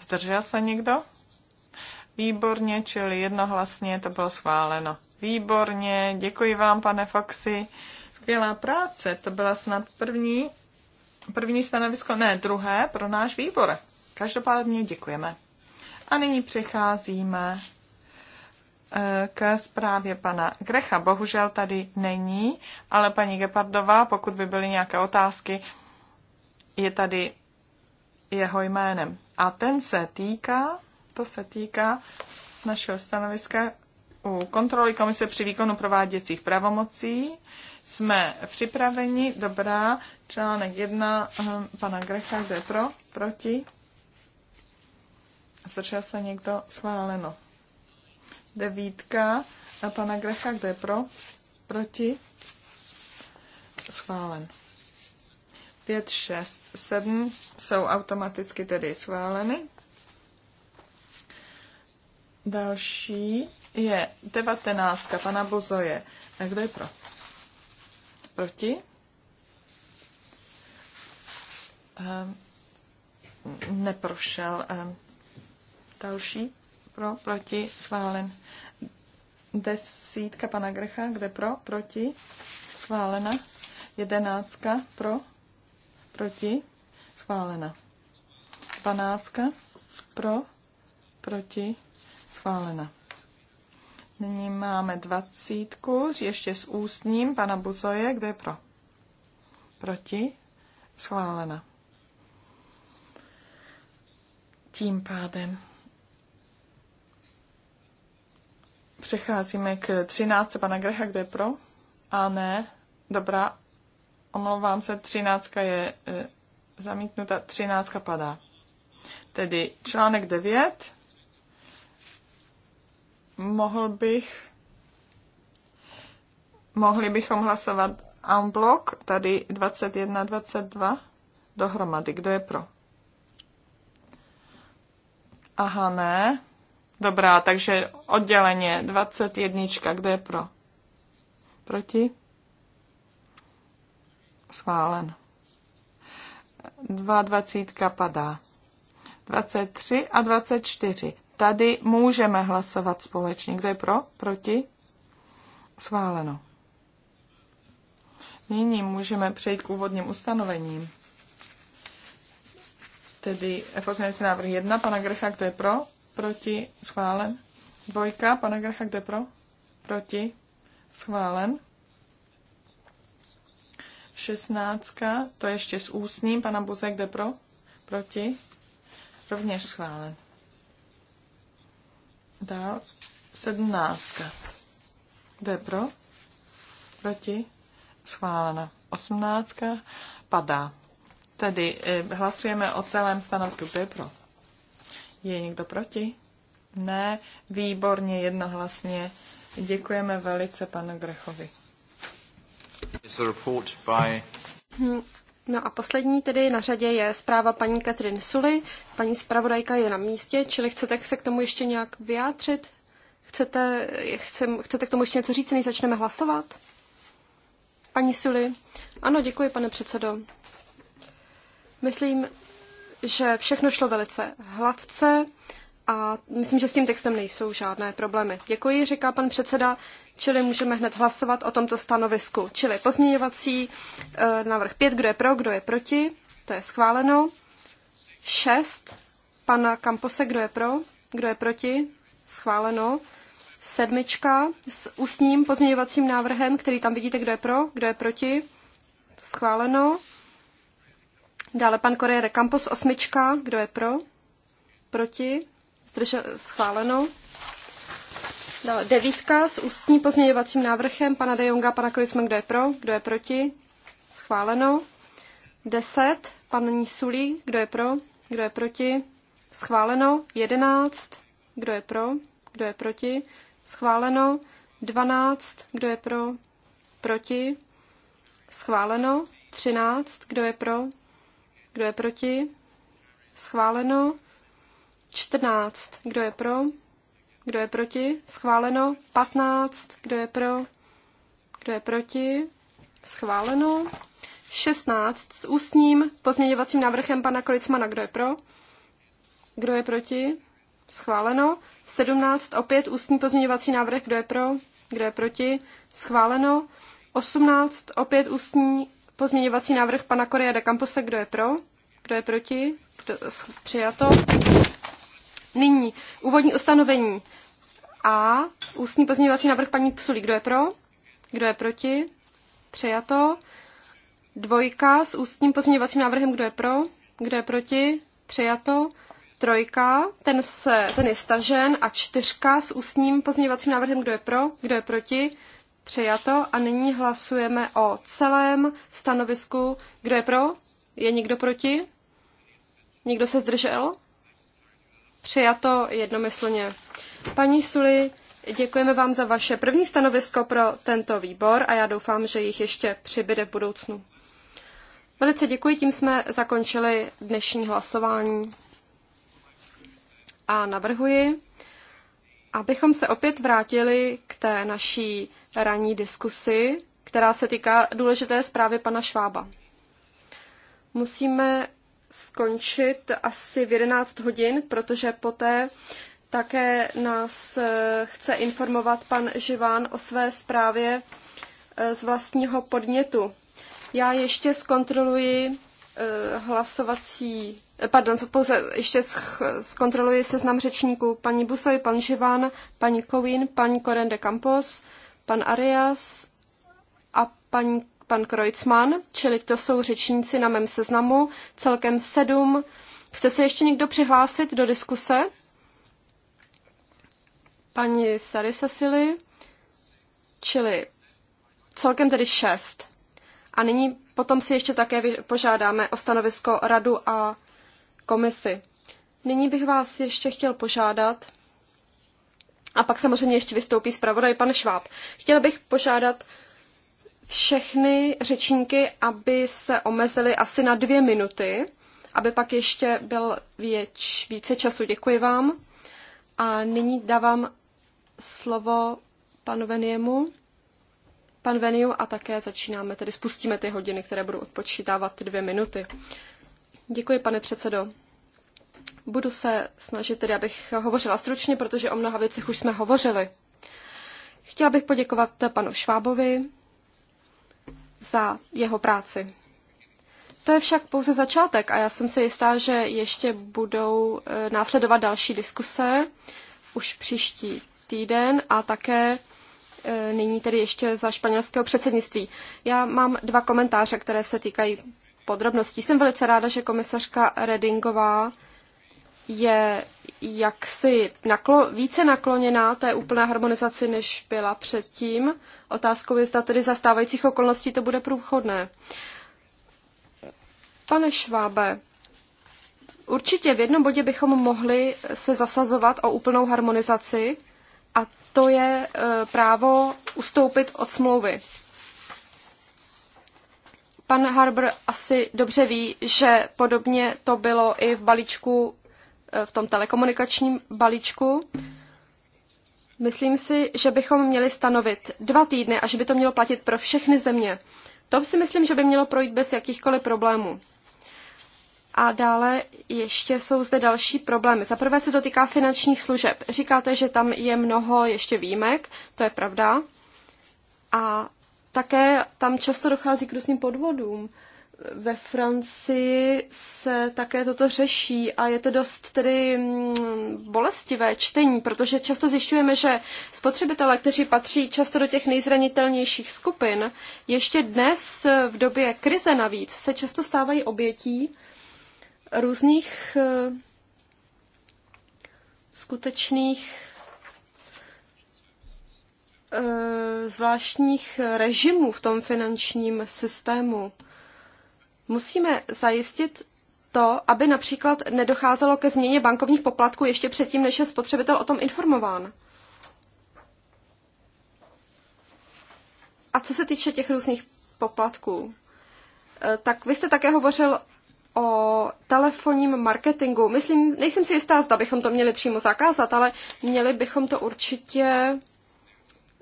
A: Zdržel se někdo? Výborně, čili jednohlasně to bylo schváleno. Výborně, děkuji vám, pane Foxy. Skvělá práce, to byla snad první, první stanovisko, ne, druhé pro náš výbor. Každopádně děkujeme. A nyní přecházíme Eh, k zprávě pana Grecha. Bohužel tady není, ale paní Gepardová, pokud by byly nějaké otázky, je tady jeho jménem. A ten se týká, to se týká našeho stanoviska u kontroly komise při výkonu prováděcích pravomocí. Jsme připraveni, dobrá, článek jedna, eh, pana Grecha, kde pro, proti. Zdržel se někdo schváleno. Devítka a pana Grecha, kde je pro? Proti? Schválen. 5, 6, 7 jsou automaticky tedy schváleny. Další je 19. Pana Bozoje. A kdo je pro? Proti? Um, neprošel. Um, další pro, proti, schválen. Desítka pana Grecha, kde pro, proti, schválena. Jedenáctka pro, proti, schválena. Dvanáctka pro, proti, schválena. Nyní máme dvacítku, ještě s ústním pana Buzoje, kde je pro. Proti, schválena. Tím pádem Přecházíme k 13. pana Grecha, kde je pro? A ne, dobrá, omlouvám se, 13. je e, zamítnuta, 13. padá. Tedy článek 9. Mohl bych, mohli bychom hlasovat en blok, tady 21, 22 dohromady. Kdo je pro? Aha, ne. Dobrá, takže odděleně 21. Kdo je pro? Proti? Schválen. 22 padá. 23 a 24. Tady můžeme hlasovat společně. Kdo je pro? Proti? Schváleno. Nyní můžeme přejít k úvodním ustanovením. Tedy eh, poslanecký návrh 1, pana Grecha, kdo je pro? proti, schválen. Dvojka, pana Gracha, kde pro? Proti, schválen. Šestnáctka, to ještě s ústním, pana Buze, kde pro? Proti, rovněž schválen. Dál, sedmnáctka, kde pro? Proti, schválena. Osmnáctka, padá. Tedy eh, hlasujeme o celém stanovisku, kde pro? Je někdo proti? Ne, výborně, jednohlasně. Děkujeme velice panu Grechovi. Hmm.
B: No a poslední tedy na řadě je zpráva paní Katrin Suly. Paní zpravodajka je na místě, čili chcete se k tomu ještě nějak vyjádřit? Chcete, chcem, chcete k tomu ještě něco říct, než začneme hlasovat? Paní Suly. Ano, děkuji, pane předsedo. Myslím, že všechno šlo velice hladce a myslím, že s tím textem nejsou žádné problémy. Děkuji, říká pan předseda, čili můžeme hned hlasovat o tomto stanovisku. Čili pozměňovací eh, návrh 5, kdo je pro, kdo je proti, to je schváleno. 6, pana Kampose, kdo je pro, kdo je proti, schváleno. Sedmička s ústním pozměňovacím návrhem, který tam vidíte, kdo je pro, kdo je proti, schváleno. Dále pan Korea Campos osmička, kdo je pro? Proti? Zdržel, schváleno. Dále devítka s ústní pozměňovacím návrhem pana De Jonga, pana Kolicma, kdo je pro? Kdo je proti? Schváleno. Deset, pan Sulí, kdo je pro? Kdo je proti? Schváleno. Jedenáct, kdo je pro? Kdo je proti? Schváleno. Dvanáct, kdo je pro? Proti? Schváleno. Třináct, kdo je pro? Kdo je proti? Schváleno. 14. Kdo je pro? Kdo je proti? Schváleno. 15. Kdo je pro? Kdo je proti? Schváleno. 16. S ústním pozměňovacím návrhem pana Kolicmana. Kdo je pro? Kdo je proti? Schváleno. 17. Opět ústní pozměňovací návrh. Kdo je pro? Kdo je proti? Schváleno. 18. Opět ústní Pozměňovací návrh pana Korea de Campose, kdo je pro? Kdo je proti? Kdo, přijato. Nyní úvodní ustanovení A. Ústní pozměňovací návrh paní Psulí. Kdo je pro? Kdo je proti? Přijato. Dvojka s ústním pozměňovacím návrhem. Kdo je pro? Kdo je proti? Přijato. Trojka, ten, se, ten je stažen. A čtyřka s ústním pozměňovacím návrhem. Kdo je pro? Kdo je proti? Přijato a nyní hlasujeme o celém stanovisku. Kdo je pro? Je někdo proti? Někdo se zdržel? Přijato jednomyslně. Paní Suli, děkujeme vám za vaše první stanovisko pro tento výbor a já doufám, že jich ještě přibyde v budoucnu. Velice děkuji, tím jsme zakončili dnešní hlasování. A navrhuji, abychom se opět vrátili k té naší ranní diskusi, která se týká důležité zprávy pana Švába. Musíme skončit asi v 11 hodin, protože poté také nás eh, chce informovat pan Živán o své zprávě eh, z vlastního podnětu. Já ještě zkontroluji eh, hlasovací Pardon, pouze ještě zkontroluji seznam řečníků. Paní Busoj, pan Živan, paní Coin, paní Koren de Campos, pan Arias a paní, pan Kreutzmann, čili to jsou řečníci na mém seznamu, celkem sedm. Chce se ještě někdo přihlásit do diskuse? Paní Sary Sasily, čili celkem tedy šest. A nyní potom si ještě také požádáme o stanovisko radu a komisi. Nyní bych vás ještě chtěl požádat, a pak samozřejmě ještě vystoupí zpravodaj pan Šváb. Chtěl bych požádat všechny řečníky, aby se omezili asi na dvě minuty, aby pak ještě byl věč, více času. Děkuji vám. A nyní dávám slovo panu Veniemu. Pan Veniu a také začínáme, tedy spustíme ty hodiny, které budou odpočítávat ty dvě minuty. Děkuji, pane předsedo. Budu se snažit tedy, abych hovořila stručně, protože o mnoha věcech už jsme hovořili. Chtěla bych poděkovat panu Švábovi za jeho práci. To je však pouze začátek a já jsem si jistá, že ještě budou eh, následovat další diskuse už příští týden a také eh, nyní tedy ještě za španělského předsednictví. Já mám dva komentáře, které se týkají podrobností. Jsem velice ráda, že komisařka Redingová je jaksi naklo, více nakloněná té úplné harmonizaci, než byla předtím. Otázkou je, zda tedy za stávajících okolností to bude průchodné. Pane Švábe, určitě v jednom bodě bychom mohli se zasazovat o úplnou harmonizaci a to je e, právo ustoupit od smlouvy. Pan Harbour asi dobře ví, že podobně to bylo i v balíčku, e, v tom telekomunikačním balíčku. Myslím si, že bychom měli stanovit dva týdny a že by to mělo platit pro všechny země. To si myslím, že by mělo projít bez jakýchkoliv problémů. A dále ještě jsou zde další problémy. Za prvé se to týká finančních služeb. Říkáte, že tam je mnoho ještě výjimek, to je pravda. A také tam často dochází k různým podvodům. Ve Francii se také toto řeší a je to dost tedy mm, bolestivé čtení, protože často zjišťujeme, že spotřebitelé, kteří patří často do těch nejzranitelnějších skupin, ještě dnes v době krize navíc se často stávají obětí různých eh, skutečných Eh, zvláštních režimů v tom finančním systému. Musíme zajistit to, aby například nedocházelo ke změně bankovních poplatků ještě předtím, než je spotřebitel o tom informován. A co se týče těch různých poplatků, eh, tak vy jste také hovořil o telefonním marketingu. Myslím, nejsem si jistá, zda bychom to měli přímo zakázat, ale měli bychom to určitě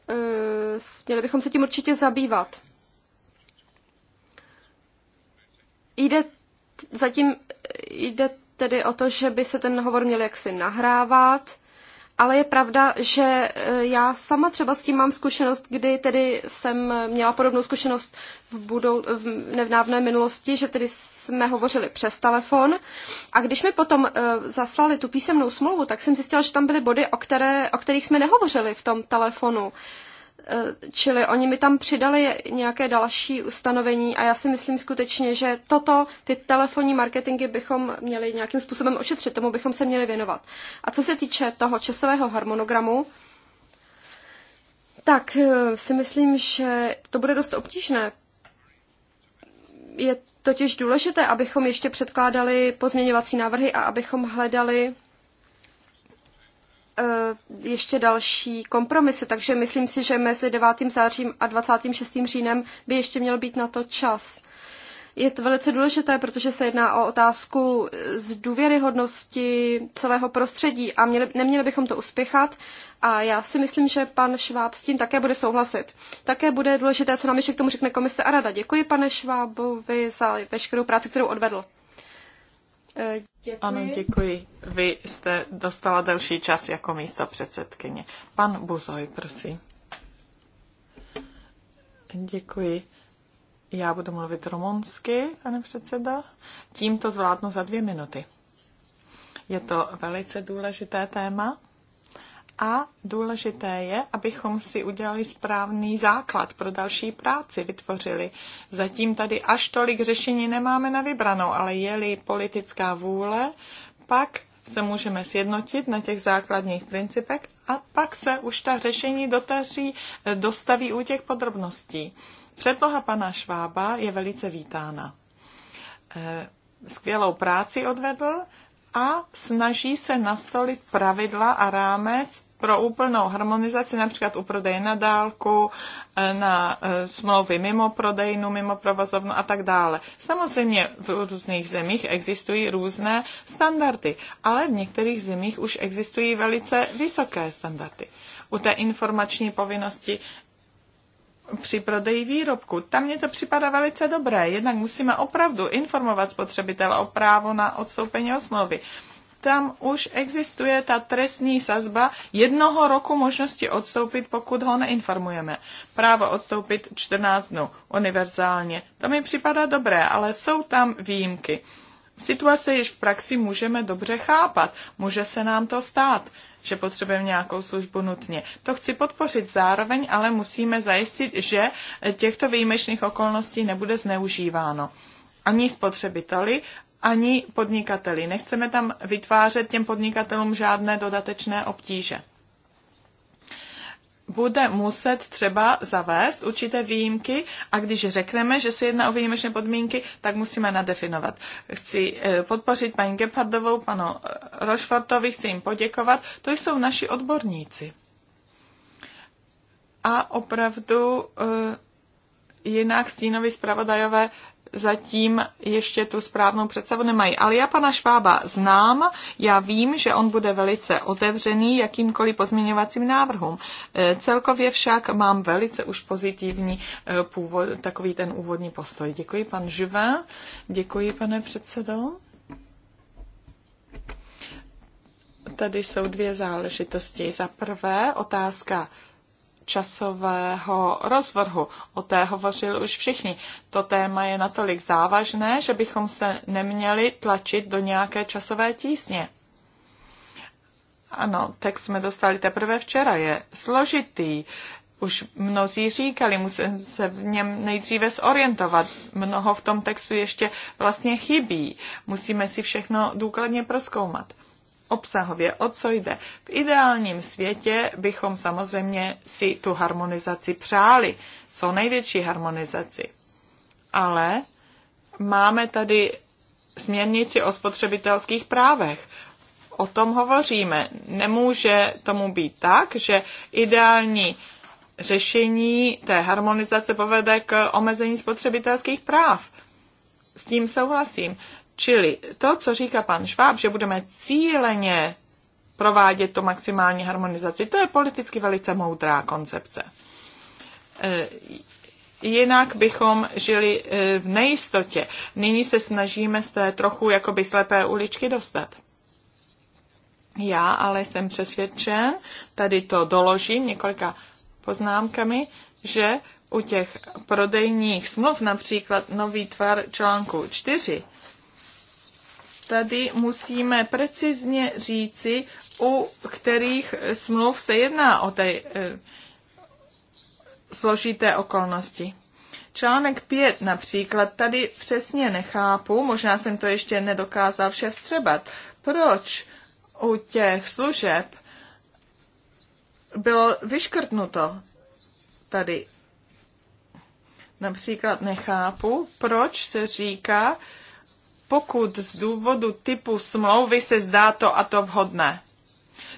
B: Eh, měli bychom se tím určitě zabývat. Jde zatím eh, jde tedy o to, že by se ten hovor měl jaksi nahrávat, ale je pravda, že eh, já sama třeba s tím mám zkušenost, kdy tedy jsem měla podobnou zkušenost v, budou, v nevnávné minulosti, že tedy jsme hovořili přes telefon. A když mi potom uh, zaslali tu písemnou smlouvu, tak jsem zjistila, že tam byly body, o, které, o kterých jsme nehovořili v tom telefonu. Uh, Eh, čili oni mi tam přidali nějaké další ustanovení a já si myslím skutečně, že toto, ty telefonní marketingy bychom měli nějakým způsobem ošetřit, tomu bychom se měli věnovat. A co se týče toho časového harmonogramu, tak eh, si myslím, že to bude dost obtížné. Je totiž důležité, abychom ještě předkládali pozměňovací návrhy a abychom hledali Eh, ještě další kompromisy, takže myslím si, že mezi 9. zářím a 26. říjnem by ještě měl být na to čas. Je to velice důležité, protože se jedná o otázku z důvěryhodnosti celého prostředí a měli, neměli bychom to uspěchat. A já si myslím, že pan Šváb s tím také bude souhlasit. Také bude důležité, co nám ještě k tomu řekne komise a rada. Děkuji, pane Švábovi, za veškerou práci, kterou odvedl. Eh, děkuji. Ano,
A: děkuji. Vy jste dostala delší čas jako místo předsedkyně. Pan Buzoj, prosím. Děkuji. Já budu mluvit romonsky, pane předseda. Tím to zvládnu za dvě minuty. Je to velice důležité téma a důležité je, abychom si udělali správný základ pro další práci, vytvořili. Zatím tady až tolik řešení nemáme na vybranou, ale je-li politická vůle, pak se můžeme sjednotit na těch základních principech a pak se už ta řešení dotaří, eh, dostaví u těch podrobností. Předloha pana Švába je velice vítána. Eh, skvělou práci odvedl a snaží se nastolit pravidla a rámec pro úplnou harmonizaci, například u prodeje na dálku, eh, na eh, smlouvy mimo prodejnu, mimo provozovnu a tak dále. Samozřejmě v různých zemích existují různé standardy, ale v některých zemích už existují velice vysoké standardy. U té informační povinnosti při prodeji výrobku. Tam mě to připadá velice dobré. Jednak musíme opravdu informovat spotřebitele o právo na odstoupení od smlouvy tam už existuje ta trestní sazba jednoho roku možnosti odstoupit, pokud ho neinformujeme. Právo odstoupit 14 dnů univerzálně. To mi připadá dobré, ale jsou tam výjimky. Situace již v praxi můžeme dobře chápat. Může se nám to stát, že potřebujeme nějakou službu nutně. To chci podpořit zároveň, ale musíme zajistit, že těchto výjimečných okolností nebude zneužíváno ani spotřebiteli, ani podnikateli. Nechceme tam vytvářet těm podnikatelům žádné dodatečné obtíže. Bude muset třeba zavést určité výjimky a když řekneme, že se jedná o výjimečné podmínky, tak musíme nadefinovat. Chci eh, podpořit paní Gebhardovou, panu eh, Rošfortovi, chci jim poděkovat. To jsou naši odborníci. A opravdu eh, jinak stínovi zpravodajové zatím ještě tu správnou představu nemají. Ale já pana Švába znám, já vím, že on bude velice otevřený jakýmkoliv pozměňovacím návrhům. E, celkově však mám velice už pozitivní e, původ, takový ten úvodní postoj. Děkuji, pan Živin. Děkuji, pane předsedo. Tady jsou dvě záležitosti. Za prvé otázka časového rozvrhu. O té hovořili už všichni. To téma je natolik závažné, že bychom se neměli tlačit do nějaké časové tísně. Ano, text jsme dostali teprve včera, je složitý. Už mnozí říkali, musím se v něm nejdříve zorientovat. Mnoho v tom textu ještě vlastně chybí. Musíme si všechno důkladně proskoumat obsahově, o co jde. V ideálním světě bychom samozřejmě si tu harmonizaci přáli, co největší harmonizaci. Ale máme tady směrnici o spotřebitelských právech. O tom hovoříme. Nemůže tomu být tak, že ideální řešení té harmonizace povede k omezení spotřebitelských práv. S tím souhlasím. Čili to, co říká pan Šváb, že budeme cíleně provádět tu maximální harmonizaci, to je politicky velice moudrá koncepce. E, jinak bychom žili e, v nejistotě. Nyní se snažíme z té trochu jakoby slepé uličky dostat. Já ale jsem přesvědčen, tady to doložím několika poznámkami, že u těch prodejních smluv, například nový tvar článku 4, tady musíme precizně říci, u kterých smluv se jedná o té e, složité okolnosti. Článek 5 například tady přesně nechápu, možná jsem to ještě nedokázal vše střebat. proč u těch služeb bylo vyškrtnuto tady. Například nechápu, proč se říká, pokud z důvodu typu smlouvy se zdá to a to vhodné.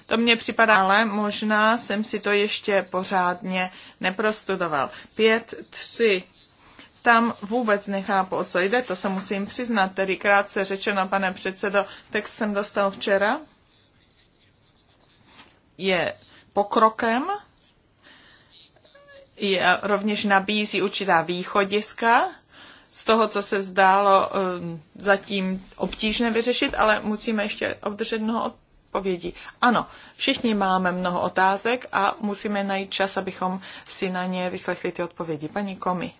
A: To mně připadá, ale možná jsem si to ještě pořádně neprostudoval. tři, Tam vůbec nechápu, o co jde, to se musím přiznat. Tedy krátce řečeno, pane předsedo, text jsem dostal včera. Je pokrokem, je, rovněž nabízí určitá východiska, z toho, co se zdálo ehm, zatím obtížné vyřešit, ale musíme ještě obdržet mnoho odpovědí. Ano, všichni máme mnoho otázek a musíme najít čas, abychom si na ně vyslechli ty odpovědi. Paní Komi.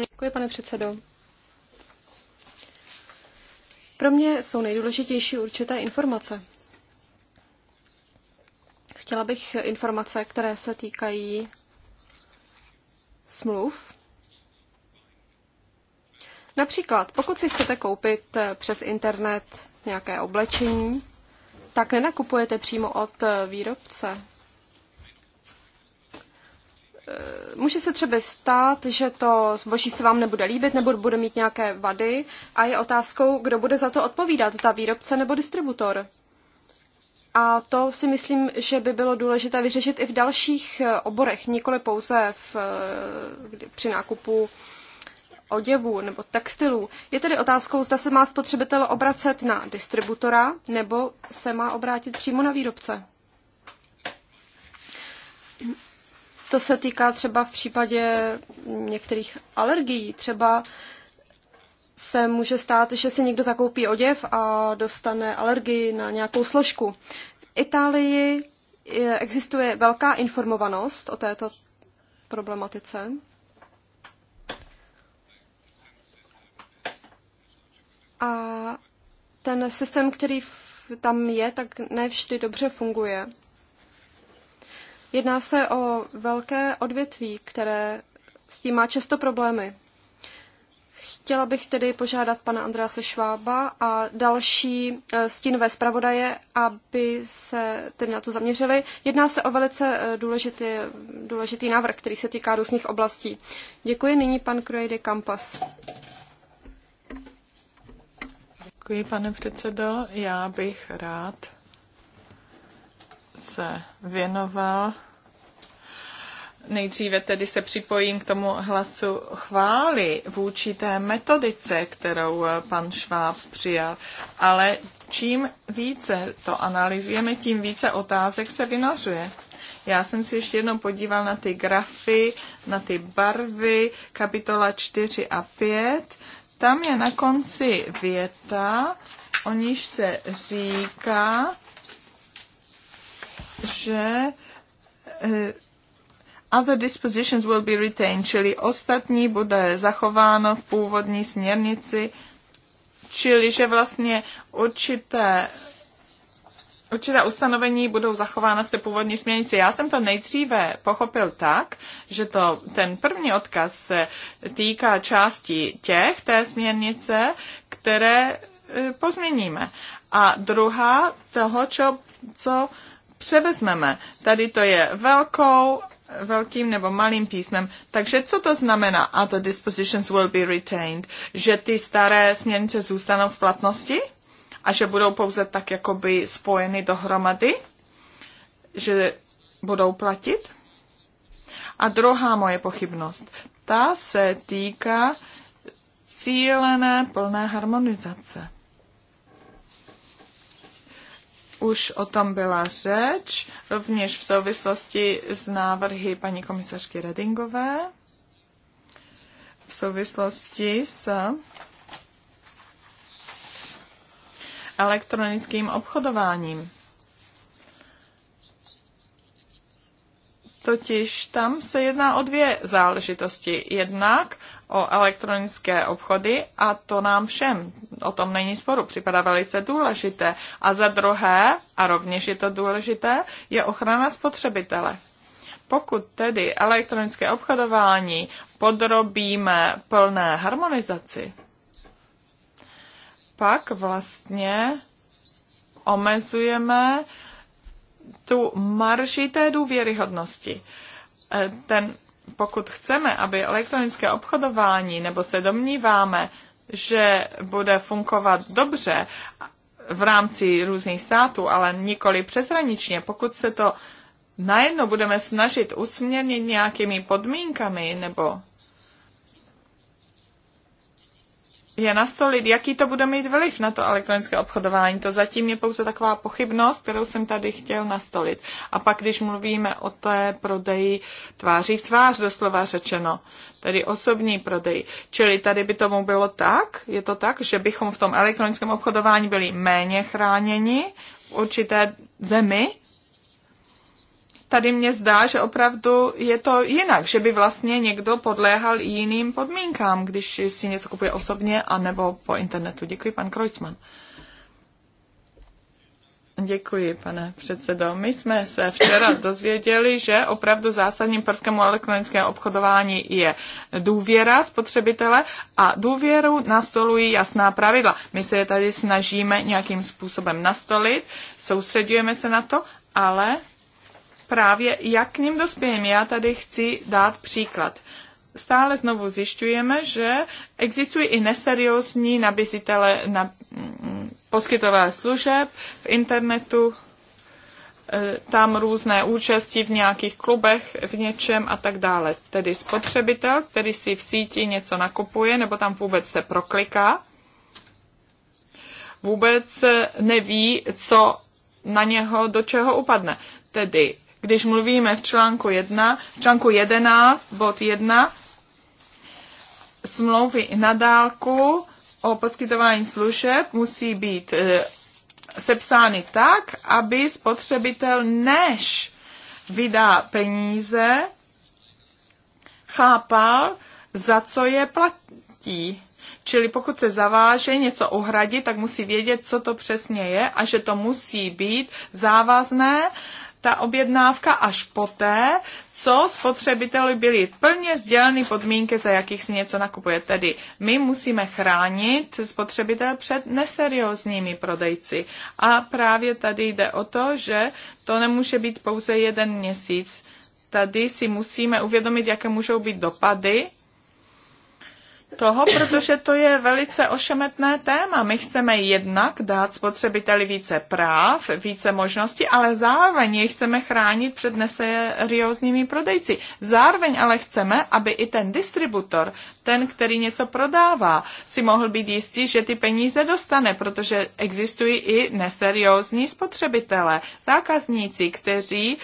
B: Děkuji, pane předsedo. Pro mě jsou nejdůležitější určité informace. Chtěla bych informace, které se týkají smluv, Například, pokud si chcete koupit eh, přes internet nějaké oblečení, tak nenakupujete přímo od eh, výrobce. Eh, může se třeba stát, že to zboží se vám nebude líbit nebo bude mít nějaké vady a je otázkou, kdo bude za to odpovídat, zda výrobce nebo distributor. A to si myslím, že by bylo důležité vyřešit i v dalších oborech, nikoli pouze v, při nákupu oděvů nebo textilů. Je tedy otázkou, zda se má spotřebitel obracet na distributora nebo se má obrátit přímo na výrobce. To se týká třeba v případě některých alergií. Třeba se může stát, že si někdo zakoupí oděv a dostane alergii na nějakou složku. V Itálii existuje velká informovanost o této problematice. A ten systém, který tam je, tak ne vždy dobře funguje. Jedná se o velké odvětví, které s tím má často problémy. Chtěla bych tedy požádat pana Andrease Švába a další eh, stínové zpravodaje, aby se tedy na to zaměřili. Jedná se o velice eh, důležitý, důležitý návrh, který se týká různých oblastí. Děkuji nyní pan Krojde Kampas.
A: Děkuji, pane předsedo. Já bych rád se věnoval. Nejdříve tedy se připojím k tomu hlasu chvály vůči té metodice, kterou pan Šváb přijal. Ale čím více to analyzujeme, tím více otázek se vynořuje. Já jsem si ještě jednou podíval na ty grafy, na ty barvy, kapitola 4 a 5, tam je na konci věta, o níž se říká, že eh, other dispositions will be retained, čili ostatní bude zachováno v původní směrnici, čili že vlastně určité určitá ustanovení budou zachována z té původní směrnice. Já jsem to nejdříve pochopil tak, že to, ten první odkaz se týká části těch té směrnice, které e, pozměníme. A druhá toho, čo, co převezmeme. Tady to je velkou velkým nebo malým písmem. Takže co to znamená? A the dispositions will be retained. Že ty staré směrnice zůstanou v platnosti? a že budou pouze tak jakoby spojeny dohromady, že budou platit. A druhá moje pochybnost, ta se týká cílené plné harmonizace. Už o tom byla řeč, rovněž v souvislosti s návrhy paní komisařky Redingové, v souvislosti s elektronickým obchodováním. Totiž tam se jedná o dvě záležitosti. Jednak o elektronické obchody a to nám všem, o tom není sporu, připadá velice důležité. A za druhé, a rovněž je to důležité, je ochrana spotřebitele. Pokud tedy elektronické obchodování podrobíme plné harmonizaci, pak vlastně omezujeme tu marži té důvěryhodnosti. E, ten, pokud chceme, aby elektronické obchodování, nebo se domníváme, že bude fungovat dobře v rámci různých států, ale nikoli přeshraničně, pokud se to najednou budeme snažit usměrnit nějakými podmínkami nebo je nastolit, jaký to bude mít vliv na to elektronické obchodování. To zatím je pouze taková pochybnost, kterou jsem tady chtěl nastolit. A pak, když mluvíme o té prodeji tváří v tvář, doslova řečeno, tedy osobní prodej, čili tady by tomu bylo tak, je to tak, že bychom v tom elektronickém obchodování byli méně chráněni v určité zemi, tady mě zdá, že opravdu je to jinak, že by vlastně někdo podléhal jiným podmínkám, když si něco kupuje osobně anebo po internetu. Děkuji, pan Kreutzmann. Děkuji, pane předsedo. My jsme se včera dozvěděli, že opravdu zásadním prvkem elektronického obchodování je důvěra spotřebitele a důvěru nastolují jasná pravidla. My se je tady snažíme nějakým způsobem nastolit, soustředujeme se na to, ale právě, jak k ním dospějeme. Já tady chci dát příklad. Stále znovu zjišťujeme, že existují i neseriózní nabízitele na mm, poskytové služeb v internetu, e, tam různé účasti v nějakých klubech, v něčem a tak dále. Tedy spotřebitel, který si v síti něco nakupuje nebo tam vůbec se prokliká, vůbec neví, co na něho, do čeho upadne. Tedy když mluvíme v článku 1, v článku 11, bod 1, smlouvy na dálku o poskytování služeb musí být e, sepsány tak, aby spotřebitel než vydá peníze, chápal, za co je platí. Čili pokud se zaváže něco uhradit, tak musí vědět, co to přesně je a že to musí být závazné ta objednávka až poté, co spotřebiteli byly plně sděleny podmínky, za jakých si něco nakupuje. Tedy my musíme chránit spotřebitel před neseriózními prodejci. A právě tady jde o to, že to nemůže být pouze jeden měsíc. Tady si musíme uvědomit, jaké můžou být dopady toho, protože to je velice ošemetné téma. My chceme jednak dát spotřebiteli více práv, více možností, ale zároveň je chceme chránit před neseriózními prodejci. Zároveň ale chceme, aby i ten distributor, ten, který něco prodává, si mohl být jistý, že ty peníze dostane, protože existují i neseriózní spotřebitele, zákazníci, kteří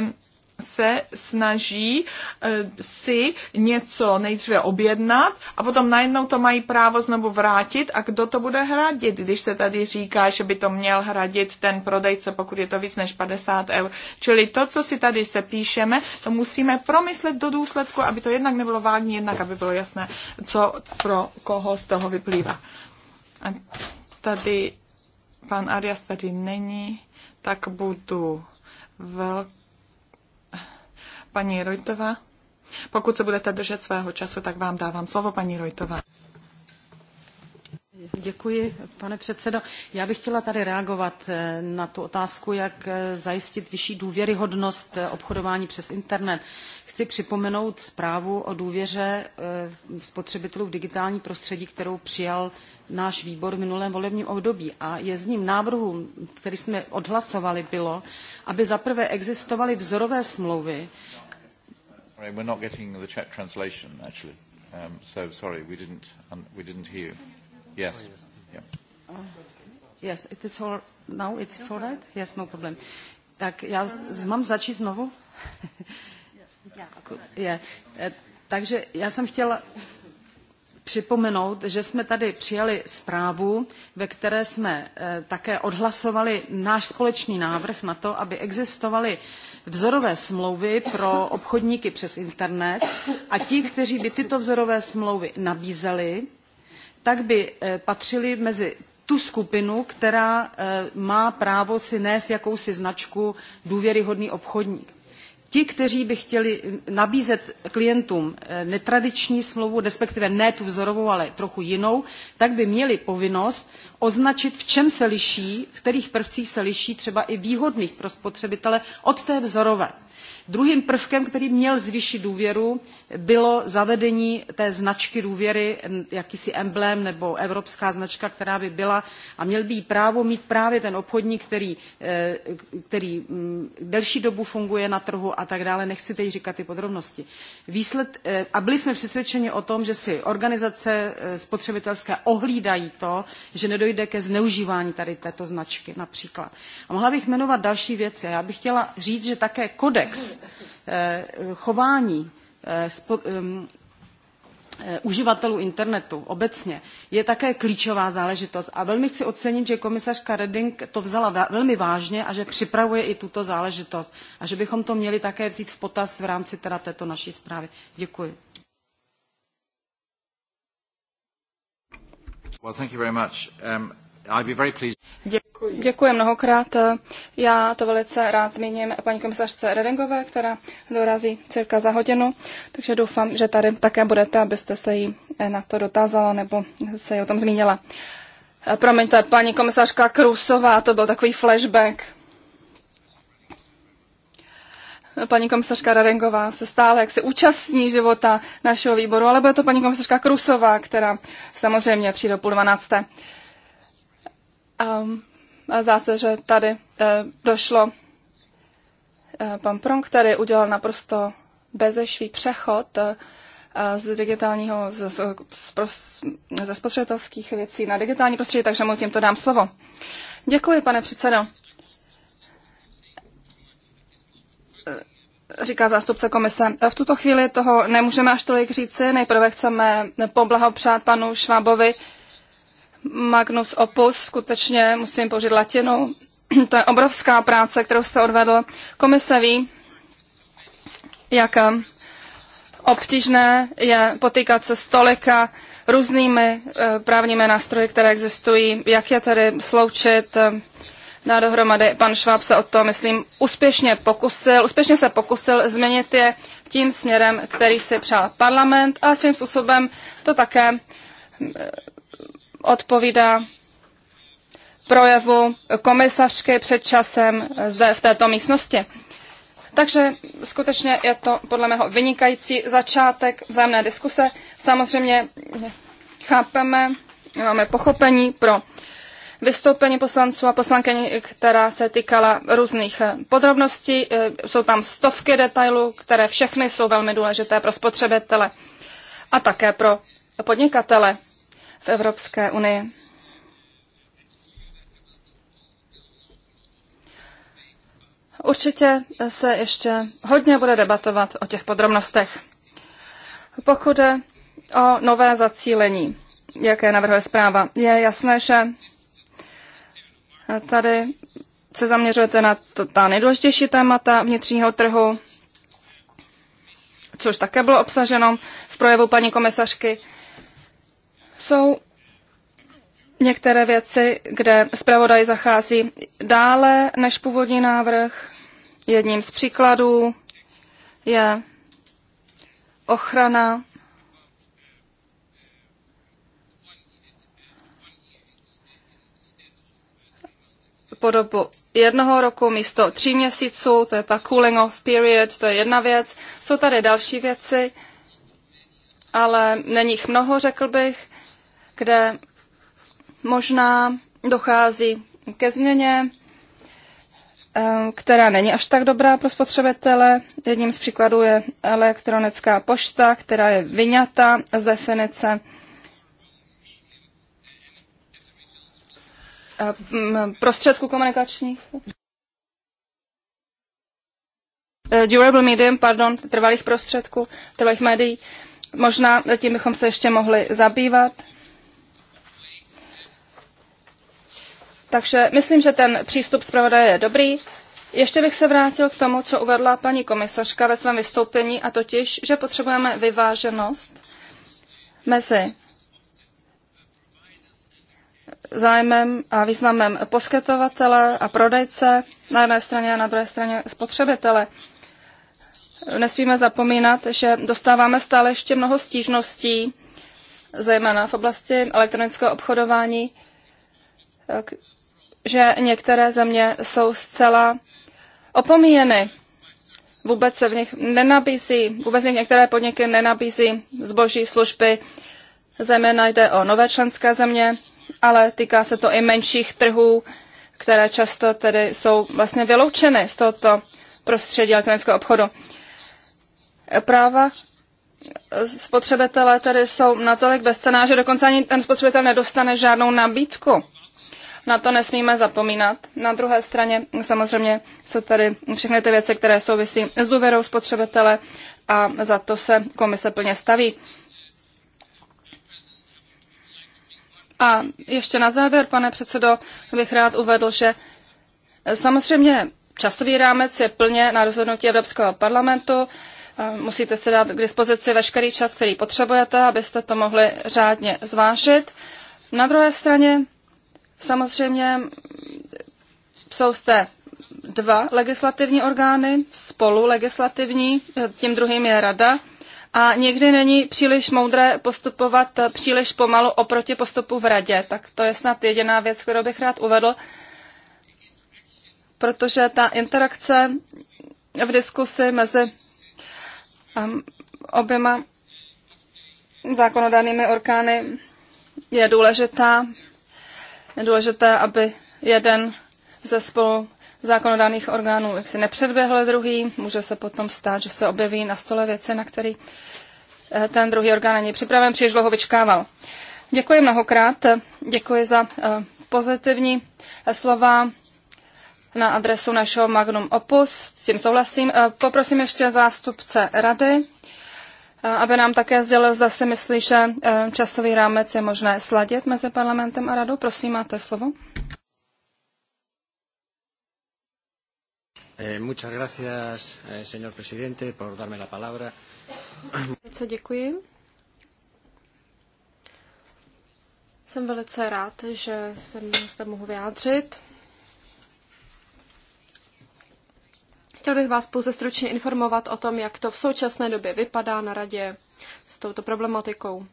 A: um, se snaží e, si něco nejdříve objednat a potom najednou to mají právo znovu vrátit a kdo to bude hradit, když se tady říká, že by to měl hradit ten prodejce, pokud je to víc než 50 eur. Čili to, co si tady píšeme, to musíme promyslet do důsledku, aby to jednak nebylo vágní, jednak aby bylo jasné, co pro koho z toho vyplývá. A tady pan Arias tady není, tak budu velký Paní Rojtová, pokud se budete držet svého času, tak vám dávám slovo, paní Rojtová. Děkuji, pane předsedo. Já bych chtěla tady reagovat eh, na tu
D: otázku, jak eh, zajistit vyšší důvěryhodnost eh, obchodování přes internet. Chci připomenout zprávu o důvěře spotřebitelů v digitální prostředí, kterou přijal náš výbor v minulém volebním období. A je z ním návrhu, který jsme odhlasovali, bylo, aby zaprvé existovaly vzorové smlouvy,
A: Sorry, we're not getting the Czech translation, actually. Um, so sorry, we didn't, um, we didn't hear Yes. Yeah.
D: Uh, yes, it is all, now it is all right? Yes, no problem. Tak já mám začít znovu? Je. Eh, takže já jsem chtěla připomenout, že jsme tady přijali zprávu, ve které jsme eh, také odhlasovali náš společný návrh na to, aby existovaly vzorové smlouvy pro obchodníky přes internet a ti, kteří by tyto vzorové smlouvy nabízeli, tak by eh, patřili mezi tu skupinu, která eh, má právo si nést jakousi značku důvěryhodný obchodník. Ti, kteří by chtěli nabízet klientům eh, netradiční smlouvu, respektive ne tu vzorovou, ale trochu jinou, tak by měli povinnost označit, v čem se liší, v kterých prvcích se liší třeba i výhodných pro spotřebitele od té vzorové. Druhým prvkem, který měl zvýšit důvěru, bylo zavedení té značky důvěry, jakýsi emblém nebo evropská značka, která by byla a měl by jí právo mít právě ten obchodník, který, eh, který mm, delší dobu funguje na trhu a tak dále. Nechci teď říkat ty podrobnosti. Výsled, eh, a byli jsme přesvědčeni o tom, že si organizace eh, spotřebitelské ohlídají to, že nedojde ke zneužívání tady této značky například. A mohla bych jmenovat další věci. Já bych chtěla říct, že také kodex chování Eh, eh, uživatelů internetu obecně je také klíčová záležitost a velmi chci ocenit, že komisařka Reding to vzala velmi vážně a že připravuje i tuto záležitost a že bychom to měli také vzít v potaz v rámci teda této naší zprávy. Děkuji.
C: Well, thank you very much. Um, Děkuji. mnohokrát. Já to velice rád zmíním paní komisařce Redingové, která dorazí cirka za hodinu, takže doufám, že tady také budete, abyste se jí na to dotázala nebo se jí o tom zmínila. Promiňte, paní komisařka Krusová, to byl takový flashback. Paní komisařka Radengová se stále jak se účastní života našeho výboru, ale bude to paní komisařka Krusová, která samozřejmě přijde o půl dvanácté. Ehm, a zase, že tady eh, došlo eh, pan Prong, který udělal naprosto bezešvý přechod eh, z digitálního, z, z, z, ze spotřebitelských věcí na digitální prostředí, takže mu tímto dám slovo. Děkuji, pane předsedo. Říká zástupce komise. V tuto chvíli toho nemůžeme až tolik říci. Nejprve chceme poblahopřát panu Švábovi magnus opus, skutečně musím použít latinu. To je obrovská práce, kterou jste odvedl. Komise ví, jak obtížné je potýkat se stolika různými eh, právními nástroji, které existují, jak je tedy sloučit, Na eh, dohromady. Pan Šváb se o to, myslím, úspěšně pokusil, úspěšně se pokusil změnit je tím směrem, který si přál parlament a svým způsobem to také eh, odpovídá projevu komisařky před časem zde v této místnosti. Takže skutečně je to podle mého vynikající začátek vzájemné diskuse. Samozřejmě chápeme, máme pochopení pro vystoupení poslanců a poslankyní, která se týkala různých podrobností. Jsou tam stovky detailů, které všechny jsou velmi důležité pro spotřebitele a také pro podnikatele v Evropské unii. Určitě se ještě hodně bude debatovat o těch podrobnostech. Pokud je o nové zacílení, jaké navrhuje zpráva, je jasné, že tady se zaměřujete na to, ta nejdůležitější témata vnitřního trhu, což také bylo obsaženo v projevu paní komisařky. Jsou některé věci, kde zpravodaj zachází dále než původní návrh. Jedním z příkladů je ochrana po dobu jednoho roku místo tří měsíců, to je ta cooling off period, to je jedna věc. Jsou tady další věci, ale není jich mnoho, řekl bych kde možná dochází ke změně, eh, která není až tak dobrá pro spotřebitele. Jedním z příkladů je elektronická pošta, která je vyňata z definice mm, prostředku komunikačních. Eh, durable medium, pardon, trvalých prostředků, trvalých médií. Možná tím bychom se ještě mohli zabývat. Takže myslím, že ten přístup zpravodaje je dobrý. Ještě bych se vrátil k tomu, co uvedla paní komisařka ve svém vystoupení, a totiž, že potřebujeme vyváženost mezi zájmem a významem poskytovatele a prodejce na jedné straně a na druhé straně spotřebitele. Nesmíme zapomínat, že dostáváme stále ještě mnoho stížností, zejména v oblasti elektronického obchodování, že některé země jsou zcela opomíjeny. Vůbec se v nich nenabízí, vůbec v nich některé podniky nenabízí zboží, služby. Zejména jde o nové členské země, ale týká se to i menších trhů, které často tedy jsou vlastně vyloučeny z tohoto prostředí elektronického obchodu. Práva spotřebitele tedy jsou natolik bezcená, že dokonce ani ten spotřebitel nedostane žádnou nabídku. Na to nesmíme zapomínat. Na druhé straně samozřejmě jsou tady všechny ty věci, které souvisí s důvěrou spotřebitele a za to se komise plně staví. A ještě na závěr, pane předsedo, bych rád uvedl, že samozřejmě časový rámec je plně na rozhodnutí Evropského parlamentu. Musíte si dát k dispozici veškerý čas, který potřebujete, abyste to mohli řádně zvážit. Na druhé straně Samozřejmě jsou zde dva legislativní orgány, spolu legislativní, tím druhým je rada. A někdy není příliš moudré postupovat příliš pomalu oproti postupu v radě. Tak to je snad jediná věc, kterou bych rád uvedl, protože ta interakce v diskusi mezi um, oběma zákonodanými orgány je důležitá je důležité, aby jeden ze spolu zákonodárných orgánů jak si nepředběhl druhý. Může se potom stát, že se objeví na stole věci, na které eh, ten druhý orgán není připraven, příliš dlouho vyčkával. Děkuji mnohokrát, děkuji za eh, pozitivní eh, slova na adresu našeho Magnum Opus, s tím souhlasím. Poprosím ještě zástupce rady. Eh, aby nám také sdělil, zda si myslí, že eh, časový rámec je možné sladit mezi parlamentem a radou. Prosím, máte slovo.
B: Eh, muchas gracias, señor presidente, por darme la palabra. Velice děkuji. Jsem velice rád, že se zde mohu vyjádřit. Chtěl bych vás pouze stručně informovat o tom, jak to v současné době vypadá na radě s touto problematikou.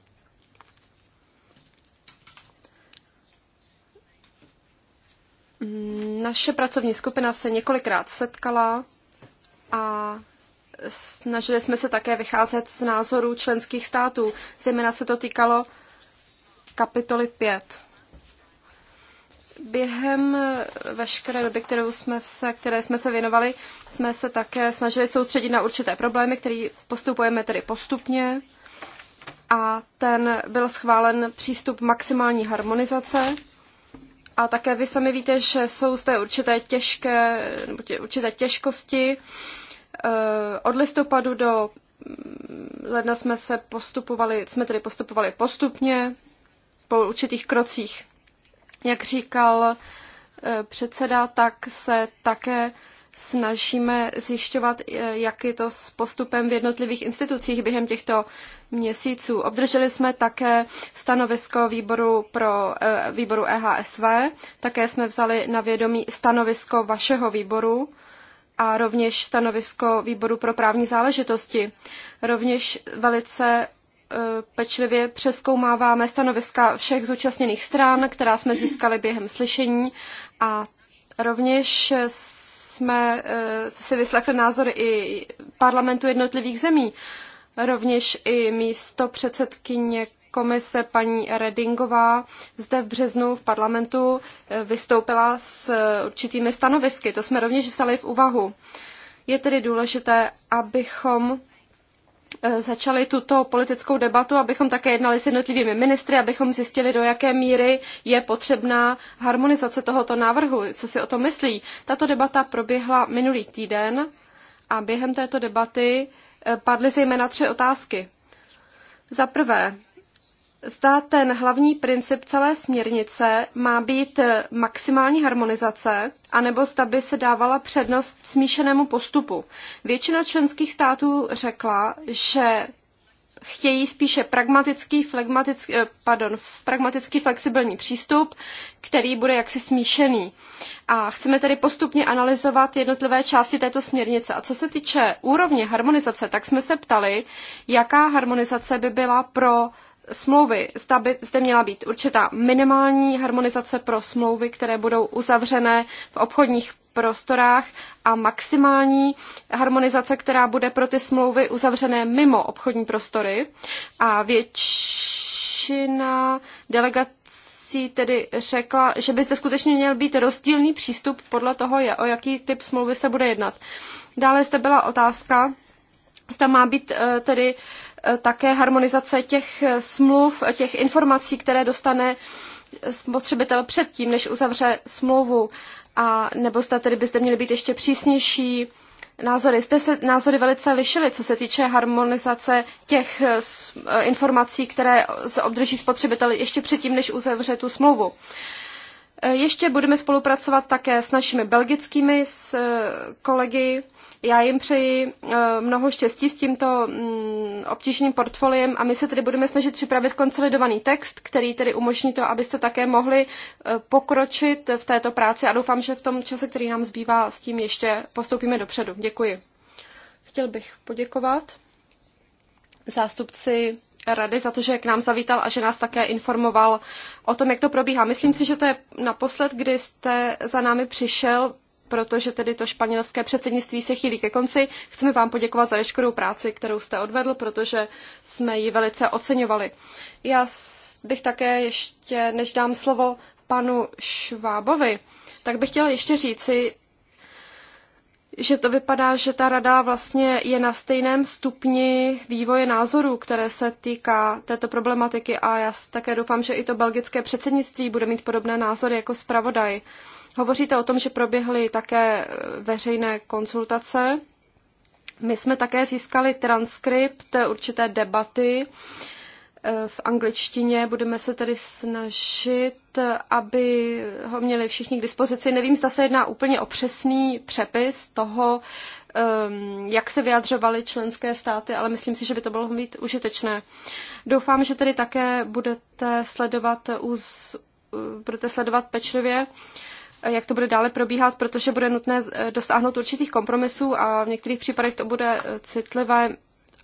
B: Naše pracovní skupina se několikrát setkala a snažili jsme se také vycházet z názorů členských států. Zejména se to týkalo kapitoly 5. Během eh, veškeré doby, kterou jsme se, které jsme se věnovali, jsme se také snažili soustředit na určité problémy, které postupujeme tedy postupně. A ten byl schválen přístup maximální harmonizace. A také vy sami víte, že jsou zde určité těžké, nebo tě, určité těžkosti. Eh, od listopadu do mm, ledna jsme se postupovali, jsme tedy postupovali postupně po určitých krocích. Jak říkal eh, předseda, tak se také snažíme zjišťovat, eh, jak je to s postupem v jednotlivých institucích během těchto měsíců. Obdrželi jsme také stanovisko výboru pro eh, výboru EHSV, také jsme vzali na vědomí stanovisko vašeho výboru a rovněž stanovisko výboru pro právní záležitosti. Rovněž velice Eh, pečlivě přeskoumáváme stanoviska všech zúčastněných stran, která jsme získali během slyšení a rovněž jsme eh, si vyslechli názory i parlamentu jednotlivých zemí, rovněž i místo předsedkyně komise paní Redingová zde v březnu v parlamentu eh, vystoupila s určitými stanovisky. To jsme rovněž vzali v úvahu. Je tedy důležité, abychom Eh, začali tuto politickou debatu, abychom také jednali s jednotlivými ministry, abychom zjistili, do jaké míry je potřebná harmonizace tohoto návrhu, co si o tom myslí. Tato debata proběhla minulý týden a během této debaty eh, padly zejména tři otázky. Za prvé, zda ten hlavní princip celé směrnice má být maximální harmonizace, anebo zda by se dávala přednost smíšenému postupu. Většina členských států řekla, že chtějí spíše pragmatický, flegmatický, eh, pardon, pragmatický flexibilní přístup, který bude jaksi smíšený. A chceme tedy postupně analyzovat jednotlivé části této směrnice. A co se týče úrovně harmonizace, tak jsme se ptali, jaká harmonizace by byla pro smlouvy, zda by zde měla být určitá minimální harmonizace pro smlouvy, které budou uzavřené v obchodních prostorách a maximální harmonizace, která bude pro ty smlouvy uzavřené mimo obchodní prostory. A většina delegací tedy řekla, že by zde skutečně měl být rozdílný přístup podle toho, je, o jaký typ smlouvy se bude jednat. Dále zde byla otázka, zda má být eh, tedy Eh, také harmonizace těch eh, smluv, eh, těch informací, které dostane spotřebitel předtím, než uzavře smlouvu, a nebo zda tedy byste měli být ještě přísnější názory. Jste se názory velice lišily, co se týče harmonizace těch informací, které obdrží spotřebitel ještě předtím, než uzavře tu smlouvu. Ještě budeme spolupracovat také s našimi belgickými s kolegy já jim přeji eh, mnoho štěstí s tímto mm, obtížným portfoliem a my se tedy budeme snažit připravit konsolidovaný text, který tedy umožní to, abyste také mohli eh, pokročit v této práci a doufám, že v tom čase, který nám zbývá, s tím ještě postoupíme dopředu. Děkuji. Chtěl bych poděkovat zástupci rady za to, že k nám zavítal a že nás také informoval o tom, jak to probíhá. Myslím si, že to je naposled, kdy jste za námi přišel protože tedy to španělské předsednictví se chýlí ke konci. Chceme vám poděkovat za veškerou práci, kterou jste odvedl, protože jsme ji velice oceňovali. Já bych také ještě, než dám slovo panu Švábovi, tak bych chtěla ještě říci, že to vypadá, že ta rada vlastně je na stejném stupni vývoje názorů, které se týká této problematiky a já také doufám, že i to belgické předsednictví bude mít podobné názory jako zpravodaj. Hovoříte o tom, že proběhly také e, veřejné konzultace. My jsme také získali transkript e, určité debaty e, v angličtině. Budeme se tedy snažit, aby ho měli všichni k dispozici. Nevím, zda se jedná úplně o přesný přepis toho, ehm, jak se vyjadřovaly členské státy, ale myslím si, že by to bylo mít užitečné. Doufám, že tedy také budete sledovat, uz, budete sledovat pečlivě jak to bude dále probíhat, protože bude nutné eh, dosáhnout určitých kompromisů a v některých případech to bude eh, citlivé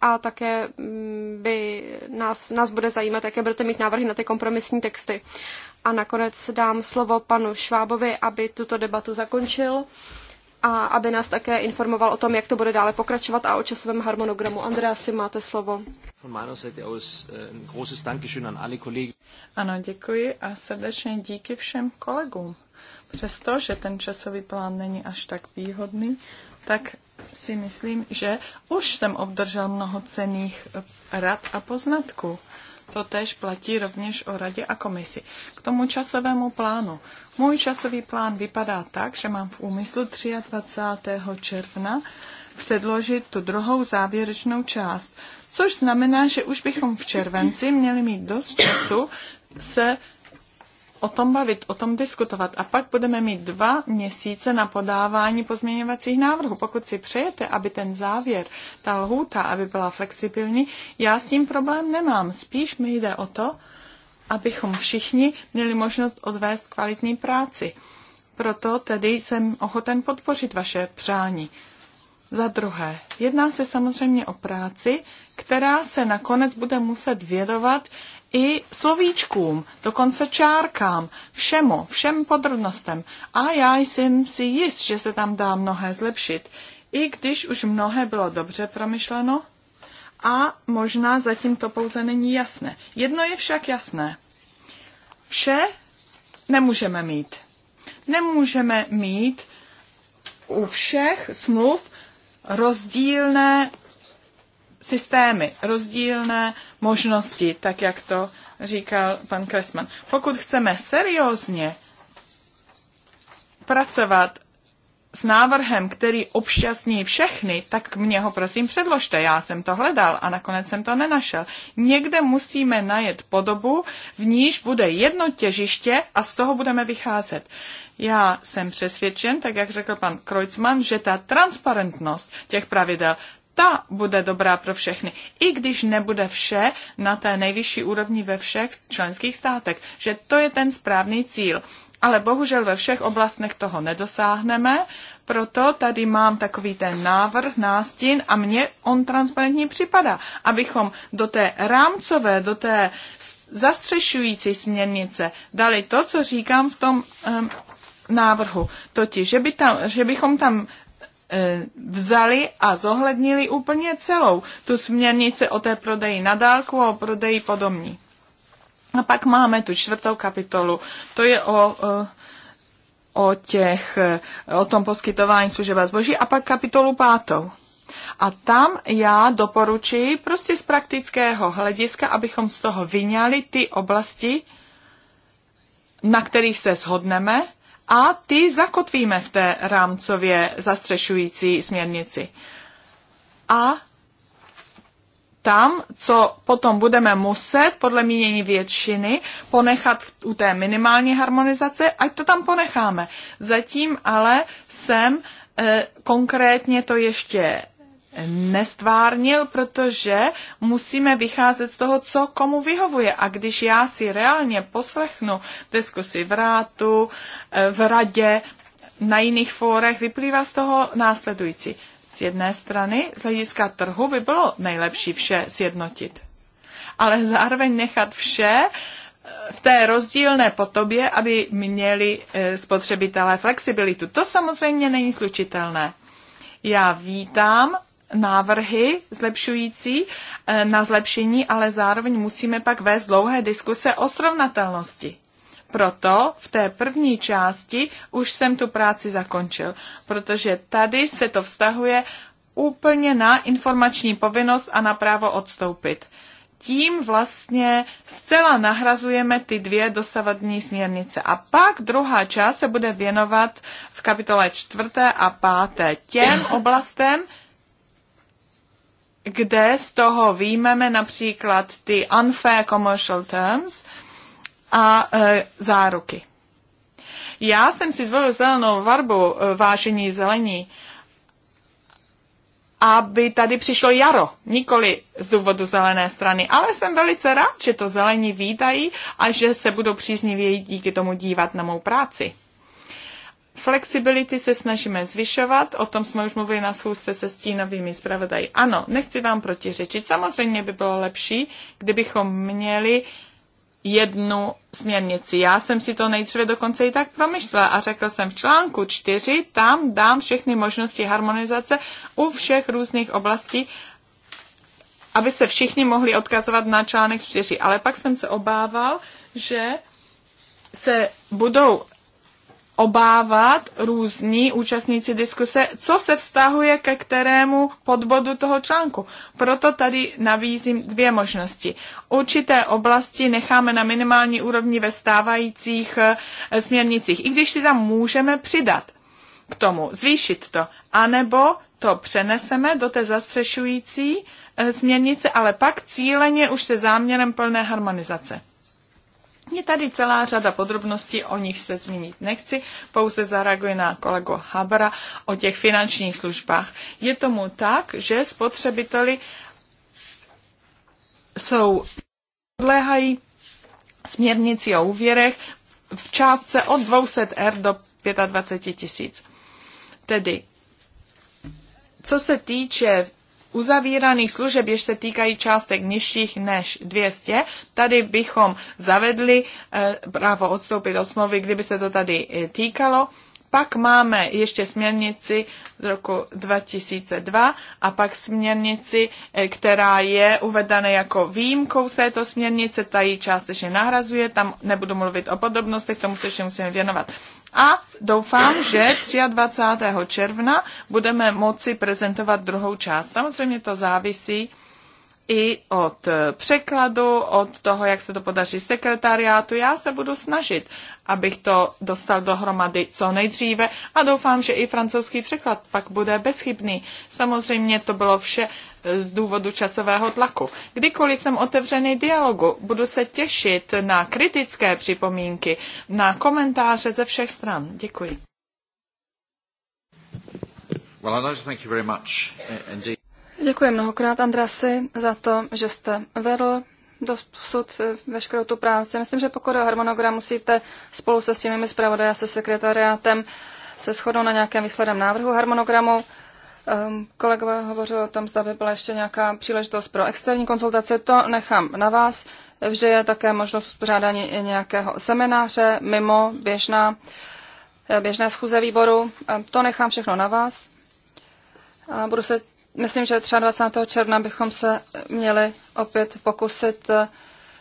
B: a také mm, by nás, nás bude zajímat, jaké budete mít návrhy na ty kompromisní texty. A nakonec dám slovo panu Švábovi, aby tuto debatu zakončil a aby nás také informoval o tom, jak to bude dále pokračovat a o časovém harmonogramu. Andreasi, máte slovo.
A: Äh, ano, děkuji a srdečně díky všem kolegům. Přesto, že ten časový plán není až tak výhodný, tak si myslím, že už jsem obdržel mnoho cených rad a poznatků. To tež platí rovněž o radě a komisi. K tomu časovému plánu. Můj časový plán vypadá tak, že mám v úmyslu 23. června předložit tu druhou závěrečnou část, což znamená, že už bychom v červenci měli mít dost času se o tom bavit, o tom diskutovat a pak budeme mít dva měsíce na podávání pozměňovacích návrhů. Pokud si přejete, aby ten závěr, ta lhůta, aby byla flexibilní, já s tím problém nemám. Spíš mi jde o to, abychom všichni měli možnost odvést kvalitní práci. Proto tedy jsem ochoten podpořit vaše přání. Za druhé, jedná se samozřejmě o práci, která se nakonec bude muset vědovat i slovíčkům, dokonce čárkám, všemu, všem podrobnostem. A já jsem si jist, že se tam dá mnohé zlepšit, i když už mnohé bylo dobře promyšleno a možná zatím to pouze není jasné. Jedno je však jasné. Vše nemůžeme mít. Nemůžeme mít u všech smluv rozdílné systémy, rozdílné možnosti, tak jak to říkal pan Kresman. Pokud chceme seriózně pracovat s návrhem, který obšťastní všechny, tak mě ho prosím předložte. Já jsem to hledal a nakonec jsem to nenašel. Někde musíme najet podobu, v níž bude jedno těžiště a z toho budeme vycházet. Já jsem přesvědčen, tak jak řekl pan Kreutzmann, že ta transparentnost těch pravidel, ta bude dobrá pro všechny. I když nebude vše na té nejvyšší úrovni ve všech členských státech, že to je ten správný cíl. Ale bohužel ve všech oblastech toho nedosáhneme, proto tady mám takový ten návrh, nástin a mně on transparentně připadá, abychom do té rámcové, do té zastřešující směrnice dali to, co říkám v tom um, návrhu. Totiž, že, by tam, že bychom tam E, vzali a zohlednili úplně celou tu směrnice o té prodeji na dálku a o prodeji podomní. A pak máme tu čtvrtou kapitolu. To je o e, o, těch, e, o tom poskytování služeb a zboží a pak kapitolu pátou. A tam já doporučuji prostě z praktického hlediska, abychom z toho vyňali ty oblasti, na kterých se shodneme a ty zakotvíme v té rámcově zastřešující směrnici. A tam, co potom budeme muset, podle mínění většiny, ponechat u té minimální harmonizace, ať to tam ponecháme. Zatím ale jsem e, eh, konkrétně to ještě nestvárnil, protože musíme vycházet z toho, co komu vyhovuje. A když já si reálně poslechnu diskusy v, rátu, eh, v radě, na jiných fórech, vyplývá z toho následující. Z jedné strany, z hlediska trhu by bylo nejlepší vše sjednotit, ale zároveň nechat vše eh, v té rozdílné potobě, aby měli eh, spotřebitelé flexibilitu. To samozřejmě není slučitelné. Já vítám návrhy zlepšující eh, na zlepšení, ale zároveň musíme pak vést dlouhé diskuse o srovnatelnosti. Proto v té první části už jsem tu práci zakončil, protože tady se to vztahuje úplně na informační povinnost a na právo odstoupit. Tím vlastně zcela nahrazujeme ty dvě dosavadní směrnice. A pak druhá část se bude věnovat v kapitole čtvrté a páté těm oblastem, kde z toho výjmeme například ty unfair commercial terms a e, záruky. Já jsem si zvolil zelenou varbu, e, vážení zelení, aby tady přišlo jaro, nikoli z důvodu zelené strany, ale jsem velice rád, že to zelení vítají a že se budou příznivě díky tomu dívat na mou práci. Flexibility se snažíme zvyšovat, o tom jsme už mluvili na schůzce se stínovými zpravodaji. Ano, nechci vám protiřečit. Samozřejmě by bylo lepší, kdybychom měli jednu směrnici. Já jsem si to nejdříve dokonce i tak promyšlela a řekl jsem v článku čtyři. tam dám všechny možnosti harmonizace u všech různých oblastí, aby se všichni mohli odkazovat na článek čtyři. Ale pak jsem se obával, že se budou obávat různí účastníci diskuse, co se vztahuje ke kterému podbodu toho článku. Proto tady navízím dvě možnosti. Určité oblasti necháme na minimální úrovni ve stávajících eh, směrnicích, i když si tam můžeme přidat k tomu, zvýšit to, anebo to přeneseme do té zastřešující eh, směrnice, ale pak cíleně už se záměrem plné harmonizace. Je tady celá řada podrobností, o nich se zmínit nechci, pouze zareaguje na kolego Habra o těch finančních službách. Je tomu tak, že spotřebiteli jsou podléhají směrnici o úvěrech v částce od 200 R do 25 tisíc. Tedy, co se týče uzavíraných služeb, jež se týkají částek nižších než 200, tady bychom zavedli eh, právo odstoupit od smlouvy, kdyby se to tady eh, týkalo. Pak máme ještě směrnici z roku 2002 a pak směrnici, eh, která je uvedena jako výjimkou z této směrnice, ta ji částečně nahrazuje, tam nebudu mluvit o podobnostech, tomu se ještě musíme věnovat. A doufám, že 23. června budeme moci prezentovat druhou část. Samozřejmě to závisí i od eh, překladu, od toho, jak se to podaří sekretariátu. Já se budu snažit, abych to dostal dohromady co nejdříve a doufám, že i francouzský překlad pak bude bezchybný. Samozřejmě to bylo vše z důvodu časového tlaku. Kdykoliv jsem otevřený dialogu, budu se těšit na kritické připomínky, na komentáře ze všech stran. Děkuji. Eh,
C: Děkuji mnohokrát, Andrasi, za to, že jste vedl dosud eh, veškerou tu práci. Myslím, že pokud o harmonogram musíte spolu se s těmi zpravodaji a se sekretariátem se shodnou na nějakém výsledem návrhu harmonogramu. Um, kolegové hovořili o tom, zda by byla ještě nějaká příležitost pro externí konzultace. To nechám na vás. Vždy je také možnost uspořádání nějakého semináře mimo běžná, eh, běžné schůze výboru. Um, to nechám všechno na vás. A budu se, myslím, že 23. června bychom se měli opět pokusit uh,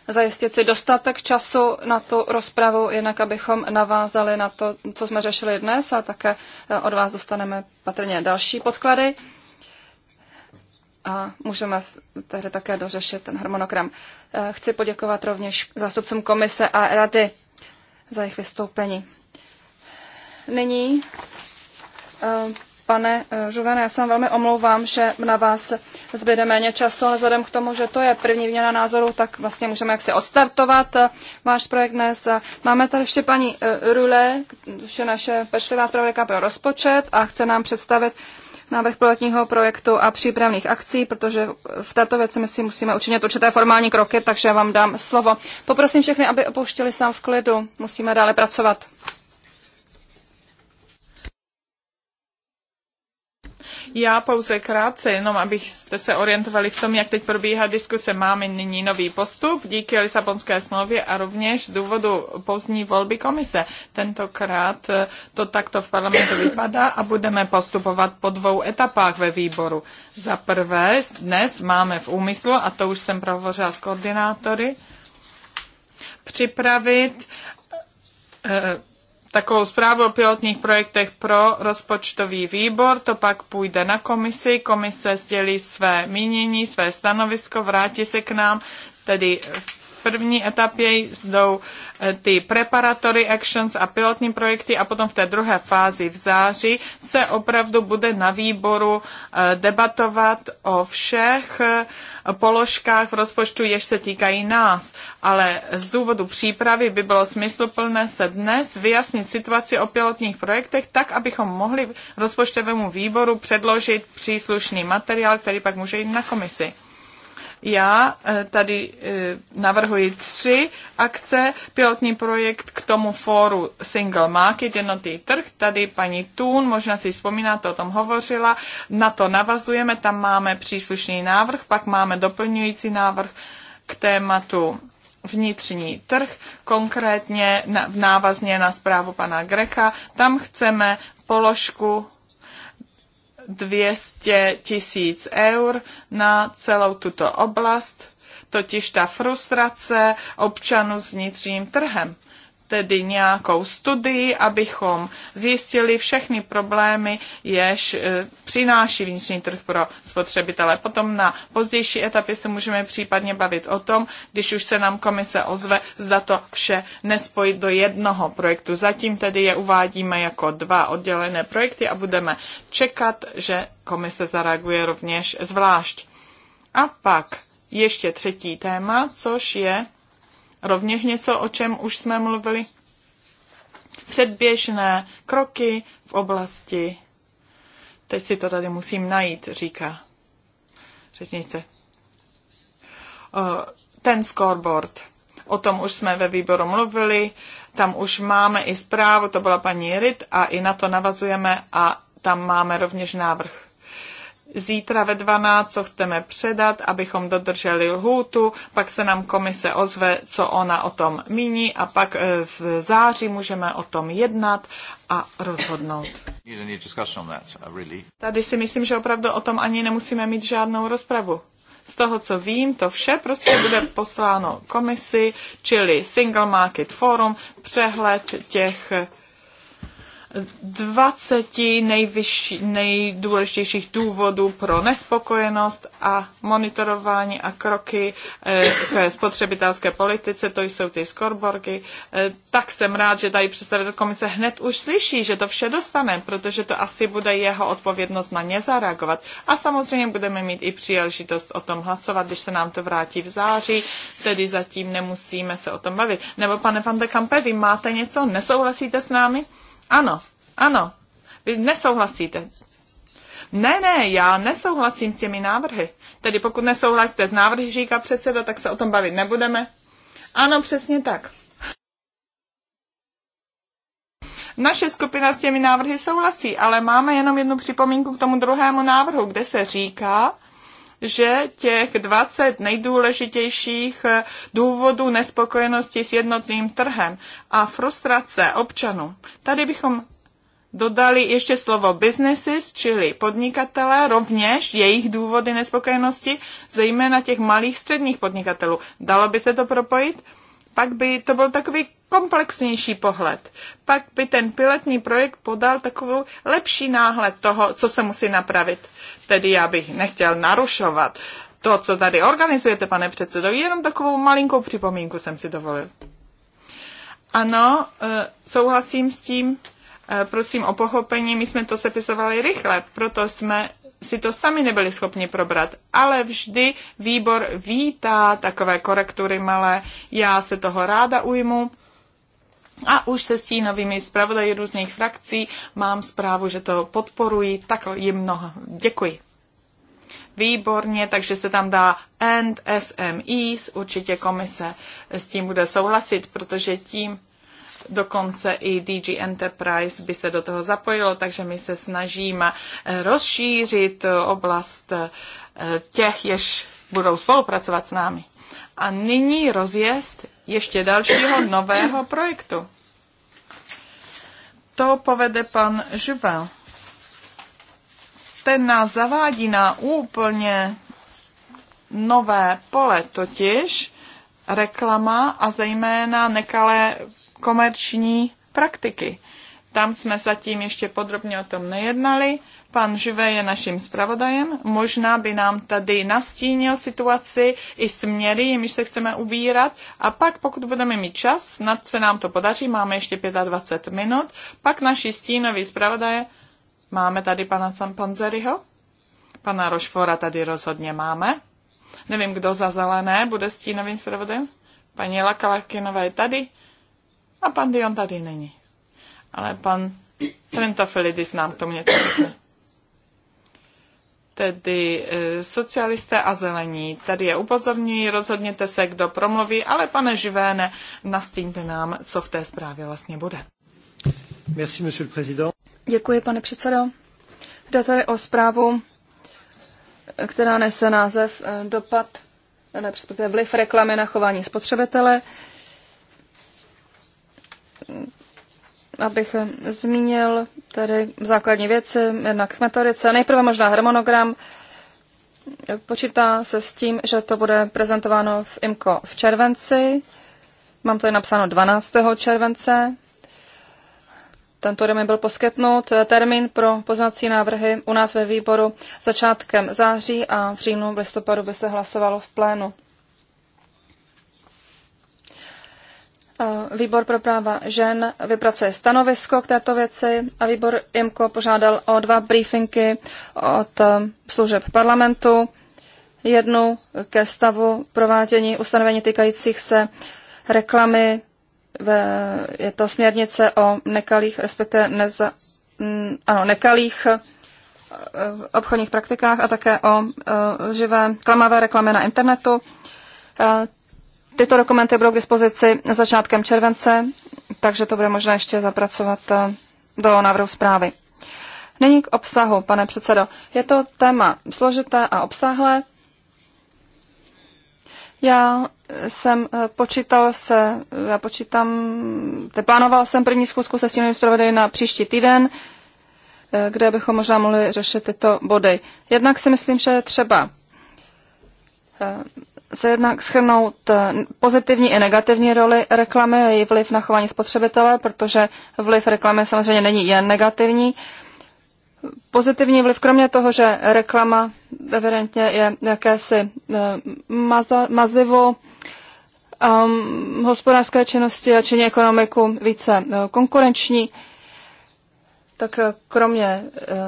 C: zajistit si dostatek času na tu rozpravu, jinak abychom navázali na to, co jsme řešili dnes a také eh, od vás dostaneme patrně další podklady a můžeme tehdy také dořešit ten harmonogram. Eh, chci poděkovat rovněž zástupcům komise a rady za jejich vystoupení. Nyní eh, Pane eh, Žuvene, já se vám velmi omlouvám, že na vás zbyde méně času, ale vzhledem k tomu, že to je první výměna názoru, tak vlastně můžeme jaksi odstartovat eh, váš projekt dnes. Máme tady ještě paní eh, Rule, což je naše pečlivá zpravodajka pro rozpočet a chce nám představit návrh pilotního projektu a přípravných akcí, protože v této věci my si musíme učinit určité formální kroky, takže vám dám slovo. Poprosím všechny, aby opouštěli sám v klidu. Musíme
A: dále pracovat. Já pouze krátce, jenom abyste se orientovali v tom, jak teď probíhá diskuse. Máme nyní nový postup díky Lisabonské smlouvě a rovněž z důvodu pozdní volby komise. Tentokrát eh, to takto v parlamentu vypadá a budeme postupovat po dvou etapách ve výboru. Za prvé, dnes máme v úmyslu, a to už jsem prohovořila s koordinátory, připravit eh, takovou zprávu o pilotních projektech pro rozpočtový výbor, to pak půjde na komisi, komise sdělí své mínění, své stanovisko, vrátí se k nám, tedy v v první etapě jdou eh, ty preparatory actions a pilotní projekty a potom v té druhé fázi v září se opravdu bude na výboru eh, debatovat o všech eh, položkách v rozpočtu, jež se týkají nás, ale z důvodu přípravy by bylo smysluplné se dnes vyjasnit situaci o pilotních projektech tak, abychom mohli rozpočtovému výboru předložit příslušný materiál, který pak může jít na komisi. Já eh, tady eh, navrhuji tři akce. Pilotní projekt k tomu fóru Single Market, jednotý trh. Tady paní Tun, možná si vzpomínáte, o tom hovořila. Na to navazujeme, tam máme příslušný návrh, pak máme doplňující návrh k tématu vnitřní trh, konkrétně v návazně na zprávu pana Greka. Tam chceme položku 200 tisíc eur na celou tuto oblast, totiž ta frustrace občanů s vnitřním trhem tedy nějakou studii, abychom zjistili všechny problémy, jež e, přináší vnitřní trh pro spotřebitele. Potom na pozdější etapě se můžeme případně bavit o tom, když už se nám komise ozve, zda to vše nespojit do jednoho projektu. Zatím tedy je uvádíme jako dva oddělené projekty a budeme čekat, že komise zareaguje rovněž zvlášť. A pak ještě třetí téma, což je rovněž něco, o čem už jsme mluvili. Předběžné kroky v oblasti. Teď si to tady musím najít, říká řečnice. Ten scoreboard. O tom už jsme ve výboru mluvili, tam už máme i zprávu, to byla paní Rit a i na to navazujeme a tam máme rovněž návrh zítra ve 12, co chceme předat, abychom dodrželi lhůtu, pak se nám komise ozve, co ona o tom míní a pak eh, v září můžeme o tom jednat a rozhodnout.
B: Uh,
A: Tady si myslím, že opravdu o tom ani nemusíme mít žádnou rozpravu. Z toho, co vím, to vše prostě bude posláno komisi, čili Single Market Forum, přehled těch 20 nejvyšší, nejdůležitějších důvodů pro nespokojenost a monitorování a kroky k eh, spotřebitelské politice, to jsou ty skorborky. Eh, tak jsem rád, že tady představitel komise hned už slyší, že to vše dostane, protože to asi bude jeho odpovědnost na ně zareagovat. A samozřejmě budeme mít i příležitost o tom hlasovat, když se nám to vrátí v září, tedy zatím nemusíme se o tom bavit. Nebo pane Van de Kampe, vy máte něco, nesouhlasíte s námi? Ano, ano, vy nesouhlasíte. Ne, ne, já nesouhlasím s těmi návrhy. Tedy pokud nesouhlasíte s návrhy, říká předseda, tak se o tom bavit nebudeme. Ano, přesně tak. Naše skupina s těmi návrhy souhlasí, ale máme jenom jednu připomínku k tomu druhému návrhu, kde se říká, že těch 20 nejdůležitějších eh, důvodů nespokojenosti s jednotným trhem a frustrace občanů. Tady bychom dodali ještě slovo businesses, čili podnikatelé, rovněž jejich důvody nespokojenosti, zejména těch malých středních podnikatelů. Dalo by se to propojit? pak by to byl takový komplexnější pohled. Pak by ten pilotní projekt podal takovou lepší náhled toho, co se musí napravit. Tedy já bych nechtěl narušovat to, co tady organizujete, pane předsedo, jenom takovou malinkou připomínku jsem si dovolil. Ano, eh, souhlasím s tím, eh, prosím o pochopení, my jsme to sepisovali rychle, proto jsme si to sami nebyli schopni probrat, ale vždy výbor vítá takové korektury malé. Já se toho ráda ujmu. A už se stínovými zpravodaji různých frakcí mám zprávu, že to podporují, tak jim mnoho. Děkuji. Výborně, takže se tam dá and SMEs, určitě komise s tím bude souhlasit, protože tím dokonce i DG Enterprise by se do toho zapojilo, takže my se snažíme eh, rozšířit eh, oblast eh, těch, jež budou spolupracovat s námi. A nyní rozjezd ještě dalšího nového projektu. To povede pan Živel. Ten nás zavádí na úplně nové pole, totiž reklama a zejména nekalé komerční praktiky. Tam jsme zatím ještě podrobně o tom nejednali. Pan Živé je naším zpravodajem. Možná by nám tady nastínil situaci i směry, jimiž se chceme ubírat. A pak, pokud budeme mít čas, snad se nám to podaří, máme ještě 25 minut, pak naši stínový zpravodaje, máme tady pana Sampanzeriho, pana Rošfora tady rozhodně máme. Nevím, kdo za zelené bude stínovým zpravodajem. Paní Lakalakinová je tady. A pan Dion tady není. Ale pan Trentofilidis nám k tomu něco řekne. Tedy e, socialisté a zelení. Tady je upozorní, rozhodněte se, kdo promluví, ale pane Živéne, nastíňte nám, co v té zprávě vlastně bude.
B: Merci, monsieur le président.
C: Děkuji, pane předsedo. Jde tady o zprávu, která nese název e, Dopad, nebo vliv reklamy na chování spotřebitele abych zmínil tady základní věci, jednak metodice. Nejprve možná harmonogram. Počítá se s tím, že to bude prezentováno v IMCO v červenci. Mám je napsáno 12. července. Tento termín byl poskytnut. Termín pro poznací návrhy u nás ve výboru začátkem září a v říjnu v listopadu by se hlasovalo v plénu. Výbor pro práva žen vypracuje stanovisko k této věci a výbor IMCO požádal o dva briefingy od eh, služeb parlamentu. Jednu ke stavu provádění ustanovení týkajících se reklamy, je to směrnice o nekalých, respektive neza, mm, ano, nekalých eh, obchodních praktikách a také o eh, živé klamavé reklamy na internetu. Tyto dokumenty budou k dispozici začátkem července, takže to bude možné ještě zapracovat eh, do návrhu zprávy. Nyní k obsahu, pane předsedo. Je to téma složité a obsáhlé. Já jsem eh, počítal se, já počítám, plánoval jsem první zkusku se stínovým zpravodajem na příští týden, eh, kde bychom možná mohli řešit tyto body. Jednak si myslím, že je třeba se jednak schrnout eh, pozitivní i negativní roli reklamy a její vliv na chování spotřebitele, protože vliv reklamy samozřejmě není jen negativní. Pozitivní vliv, kromě toho, že reklama evidentně je jakési eh, maza, mazivo um, hospodářské činnosti a činí ekonomiku více eh, konkurenční, tak kromě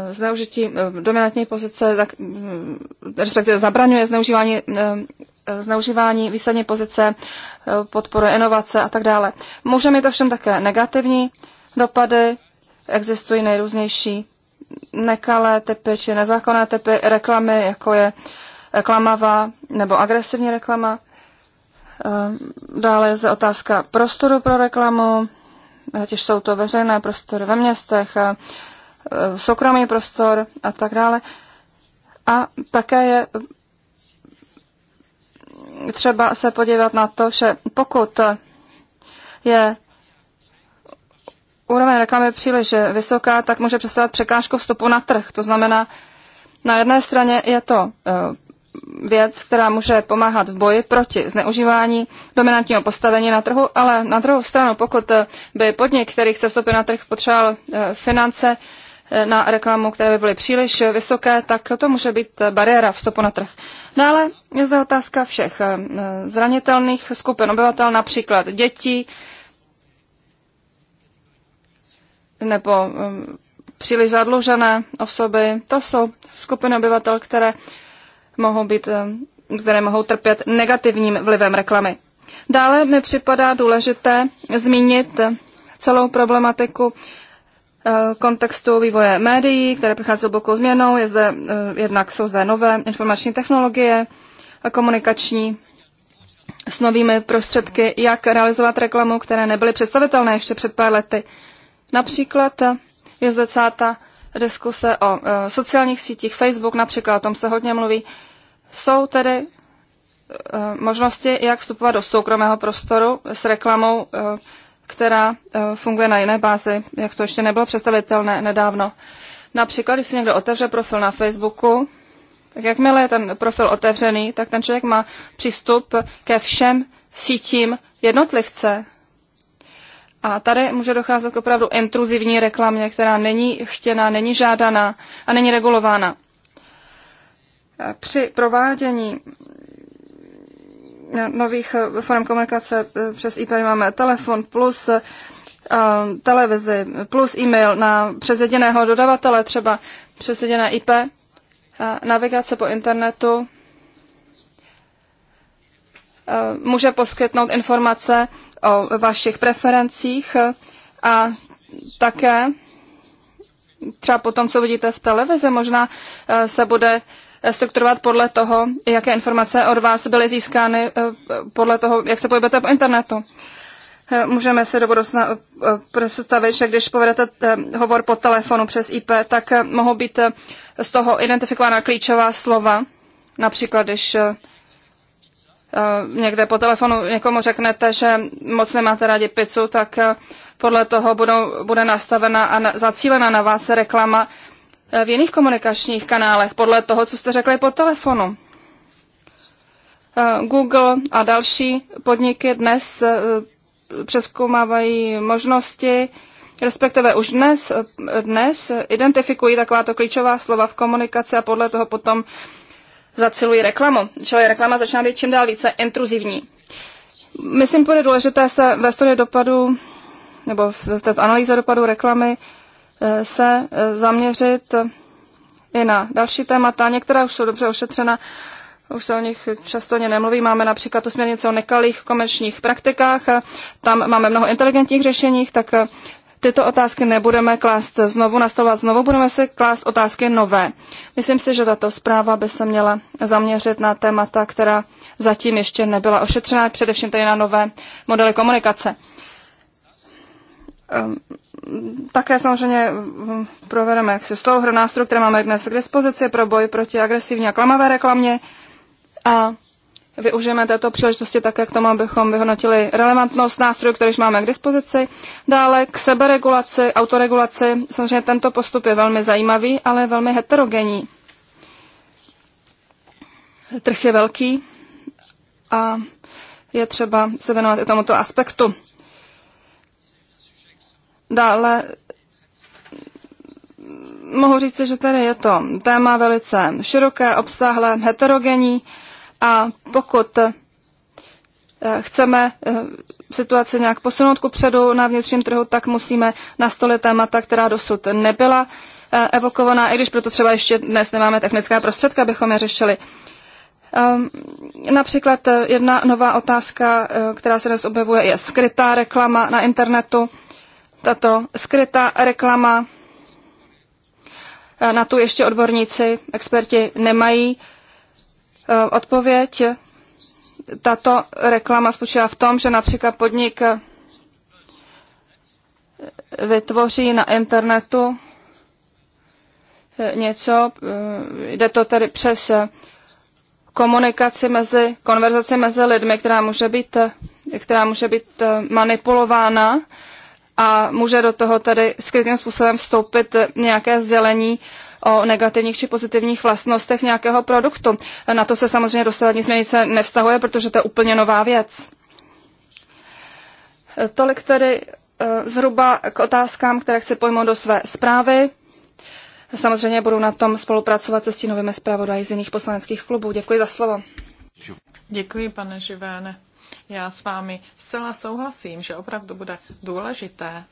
C: zneužití dominantní pozice, tak, mm, respektive zabraňuje zneužívání Eh, zneužívání výsadní pozice, eh, podporuje inovace a tak dále. Může mít ovšem také negativní dopady, existují nejrůznější nekalé typy či nezákonné typy reklamy, jako je klamavá nebo agresivní reklama. Eh, dále je zde otázka prostoru pro reklamu, ať jsou to veřejné prostory ve městech, soukromý prostor a tak dále. A také je třeba se podívat na to, že pokud je úroveň reklamy příliš vysoká, tak může představovat překážku vstupu na trh. To znamená, na jedné straně je to eh, věc, která může pomáhat v boji proti zneužívání dominantního postavení na trhu, ale na druhou stranu, pokud eh, by podnik, který chce vstoupit na trh, potřeboval eh, finance, na reklamu, které by byly příliš vysoké, tak to může být bariéra vstupu na trh. Dále no je zde otázka všech eh, zranitelných skupin obyvatel, například dětí nebo eh, příliš zadlužené osoby. To jsou skupiny obyvatel, které mohou, být, eh, které mohou trpět negativním vlivem reklamy. Dále mi připadá důležité zmínit celou problematiku Eh, kontextu vývoje médií, které prochází hlubokou změnou. Je zde, eh, jednak jsou zde nové informační technologie, eh, komunikační s novými prostředky, jak realizovat reklamu, které nebyly představitelné ještě před pár lety. Například je zde celá ta diskuse o sociálních sítích, Facebook například, o tom se hodně mluví. Jsou tedy možnosti, jak vstupovat do soukromého prostoru s reklamou která eh, funguje na jiné bázi, jak to ještě nebylo představitelné nedávno. Například, když si někdo otevře profil na Facebooku, tak jakmile je ten profil otevřený, tak ten člověk má přístup ke všem sítím jednotlivce. A tady může docházet k opravdu intruzivní reklamě, která není chtěná, není žádaná a není regulována. Eh, při provádění nových eh, form komunikace eh, přes IP máme telefon plus eh, televizi plus e-mail na přes jediného dodavatele, třeba přes jediné IP, navigace po internetu může poskytnout informace o vašich preferencích a také třeba po tom, co vidíte v televizi, možná se bude strukturovat podle toho, jaké informace od vás byly získány, eh, podle toho, jak se pohybujete po internetu. Eh, můžeme si do budoucna eh, představit, že když povedete hovor po telefonu přes IP, tak mohou být z toho identifikována klíčová slova. Například, když někde po telefonu někomu řeknete, že moc nemáte rádi pizzu, tak podle toho budou, bude nastavena a zacílena na vás reklama Eh, v jiných komunikačních kanálech, podle toho, co jste řekli po telefonu. Eh, Google a další podniky dnes eh, přeskoumávají možnosti, respektive už dnes, dnes identifikují takováto klíčová slova v komunikaci a podle toho potom zacilují reklamu. Čili reklama začíná být čím dál více intruzivní. Myslím, bude důležité se ve studii dopadu nebo v této analýze dopadu reklamy Eh, se eh, zaměřit i na další témata, některá už jsou dobře ošetřena, už se o nich často ani nemluví. Máme například tu směrnici o nekalých komerčních praktikách, tam máme mnoho inteligentních řešeních, tak eh, tyto otázky nebudeme klást znovu, nastavovat znovu, budeme si klást otázky nové. Myslím si, že tato zpráva by se měla zaměřit na témata, která zatím ještě nebyla ošetřena, především tedy na nové modely komunikace. Ehm, také samozřejmě hm, provedeme jaksi toho nástroj, které máme dnes k dispozici pro boj proti agresivní a klamavé reklamě a využijeme této příležitosti také k tomu, abychom vyhodnotili relevantnost nástrojů, kterýž máme k dispozici. Dále k seberegulaci, autoregulaci. Samozřejmě tento postup je velmi zajímavý, ale velmi heterogenní. Trh je velký a je třeba se věnovat i tomuto aspektu. Dále mohu říct, že tady je to téma velice široké, obsáhlé, heterogenní a pokud eh, chceme eh, situaci nějak posunout ku předu na vnitřním trhu, tak musíme nastolit témata, která dosud nebyla eh, evokovaná, i když proto třeba ještě dnes nemáme technická prostředka, abychom je řešili. Ehm, například jedna nová otázka, která se dnes objevuje, je skrytá reklama na internetu tato skrytá reklama. Eh, na tu ještě odborníci, experti nemají eh, odpověď. Tato reklama spočívá v tom, že například podnik eh, vytvoří na internetu něco, jde to tedy přes komunikaci mezi, konverzaci mezi lidmi, která může být, která může být manipulována a může do toho tedy skrytým způsobem vstoupit nějaké sdělení o negativních či pozitivních vlastnostech nějakého produktu. Na to se samozřejmě dosavadní směrnice nevztahuje, protože to je úplně nová věc. Tolik tedy e, zhruba k otázkám, které chci pojmout do své zprávy. Samozřejmě budu na tom spolupracovat se stínovými zpravodaji z jiných poslaneckých klubů. Děkuji za slovo.
A: Děkuji, pane Živáne. Já s vámi zcela souhlasím, že opravdu bude důležité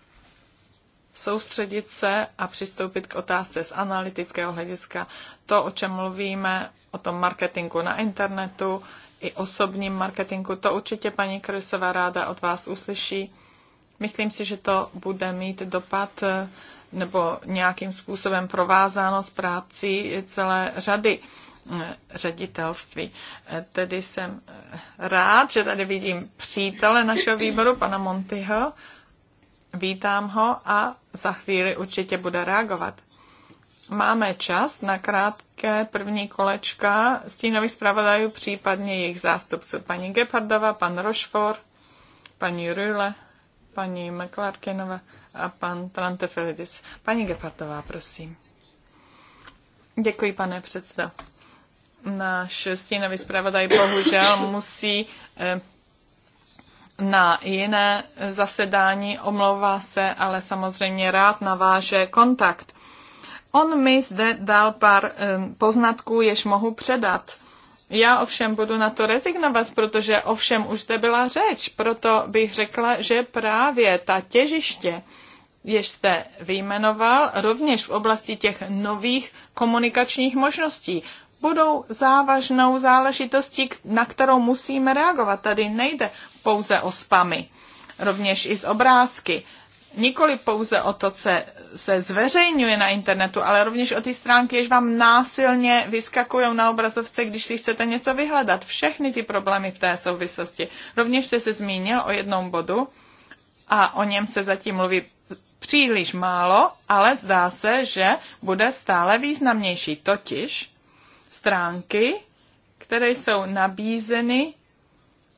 A: soustředit se a přistoupit k otázce z analytického hlediska. To, o čem mluvíme, o tom marketingu na internetu i osobním marketingu, to určitě paní Krysová ráda od vás uslyší. Myslím si, že to bude mít dopad eh, nebo nějakým způsobem provázáno s práci celé řady ředitelství. Tedy jsem rád, že tady vidím přítele našeho výboru, pana Montyho. Vítám ho a za chvíli určitě bude reagovat. Máme čas na krátké první kolečka stínových zpravodajů, případně jejich zástupců. Paní Gepardova, pan Rošfor, paní Rüle, paní McClarkinova a pan Trantefelidis. Paní Gepardová, prosím. Děkuji, pane předsedo náš stínový zpravodaj bohužel musí eh, na jiné zasedání, omlouvá se, ale samozřejmě rád naváže kontakt. On mi zde dal pár eh, poznatků, jež mohu předat. Já ovšem budu na to rezignovat, protože ovšem už zde byla řeč, proto bych řekla, že právě ta těžiště, jež jste vyjmenoval, rovněž v oblasti těch nových komunikačních možností, budou závažnou záležitostí, na kterou musíme reagovat. Tady nejde pouze o spamy, rovněž i z obrázky. Nikoli pouze o to, co se zveřejňuje na internetu, ale rovněž o ty stránky, jež vám násilně vyskakují na obrazovce, když si chcete něco vyhledat. Všechny ty problémy v té souvislosti. Rovněž jste se zmínil o jednom bodu a o něm se zatím mluví příliš málo, ale zdá se, že bude stále významnější. Totiž stránky, které jsou nabízeny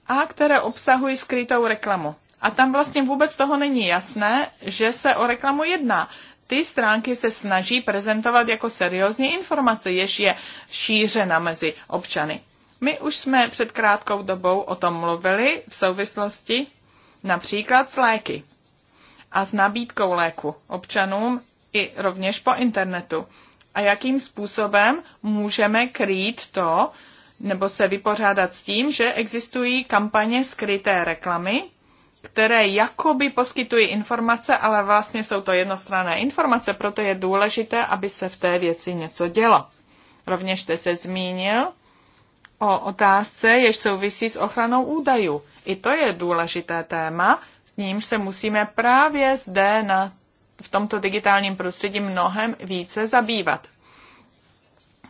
A: a které obsahují skrytou reklamu. A tam vlastně vůbec toho není jasné, že se o reklamu jedná. Ty stránky se snaží prezentovat jako seriózní informace, jež je šířena mezi občany. My už jsme před krátkou dobou o tom mluvili v souvislosti například s léky a s nabídkou léku občanům i rovněž po internetu a jakým způsobem můžeme krýt to, nebo se vypořádat s tím, že existují kampaně skryté reklamy, které jakoby poskytují informace, ale vlastně jsou to jednostranné informace, proto je důležité, aby se v té věci něco dělo. Rovněž jste se zmínil o otázce, jež souvisí s ochranou údajů. I to je důležité téma, s ním se musíme právě zde na v tomto digitálním prostředí mnohem více zabývat.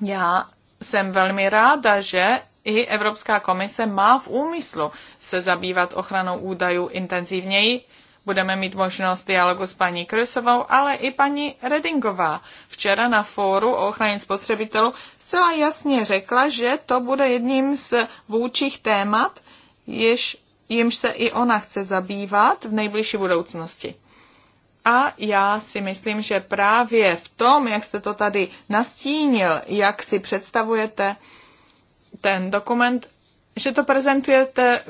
A: Já jsem velmi ráda, že i Evropská komise má v úmyslu se zabývat ochranou údajů intenzivněji. Budeme mít možnost dialogu s paní Krysovou, ale i paní Redingová. Včera na fóru o ochraně spotřebitelů zcela jasně řekla, že to bude jedním z vůčích témat, jež, jimž se i ona chce zabývat v nejbližší budoucnosti. A já si myslím, že právě v tom, jak jste to tady nastínil, jak si představujete ten dokument, že to prezentujete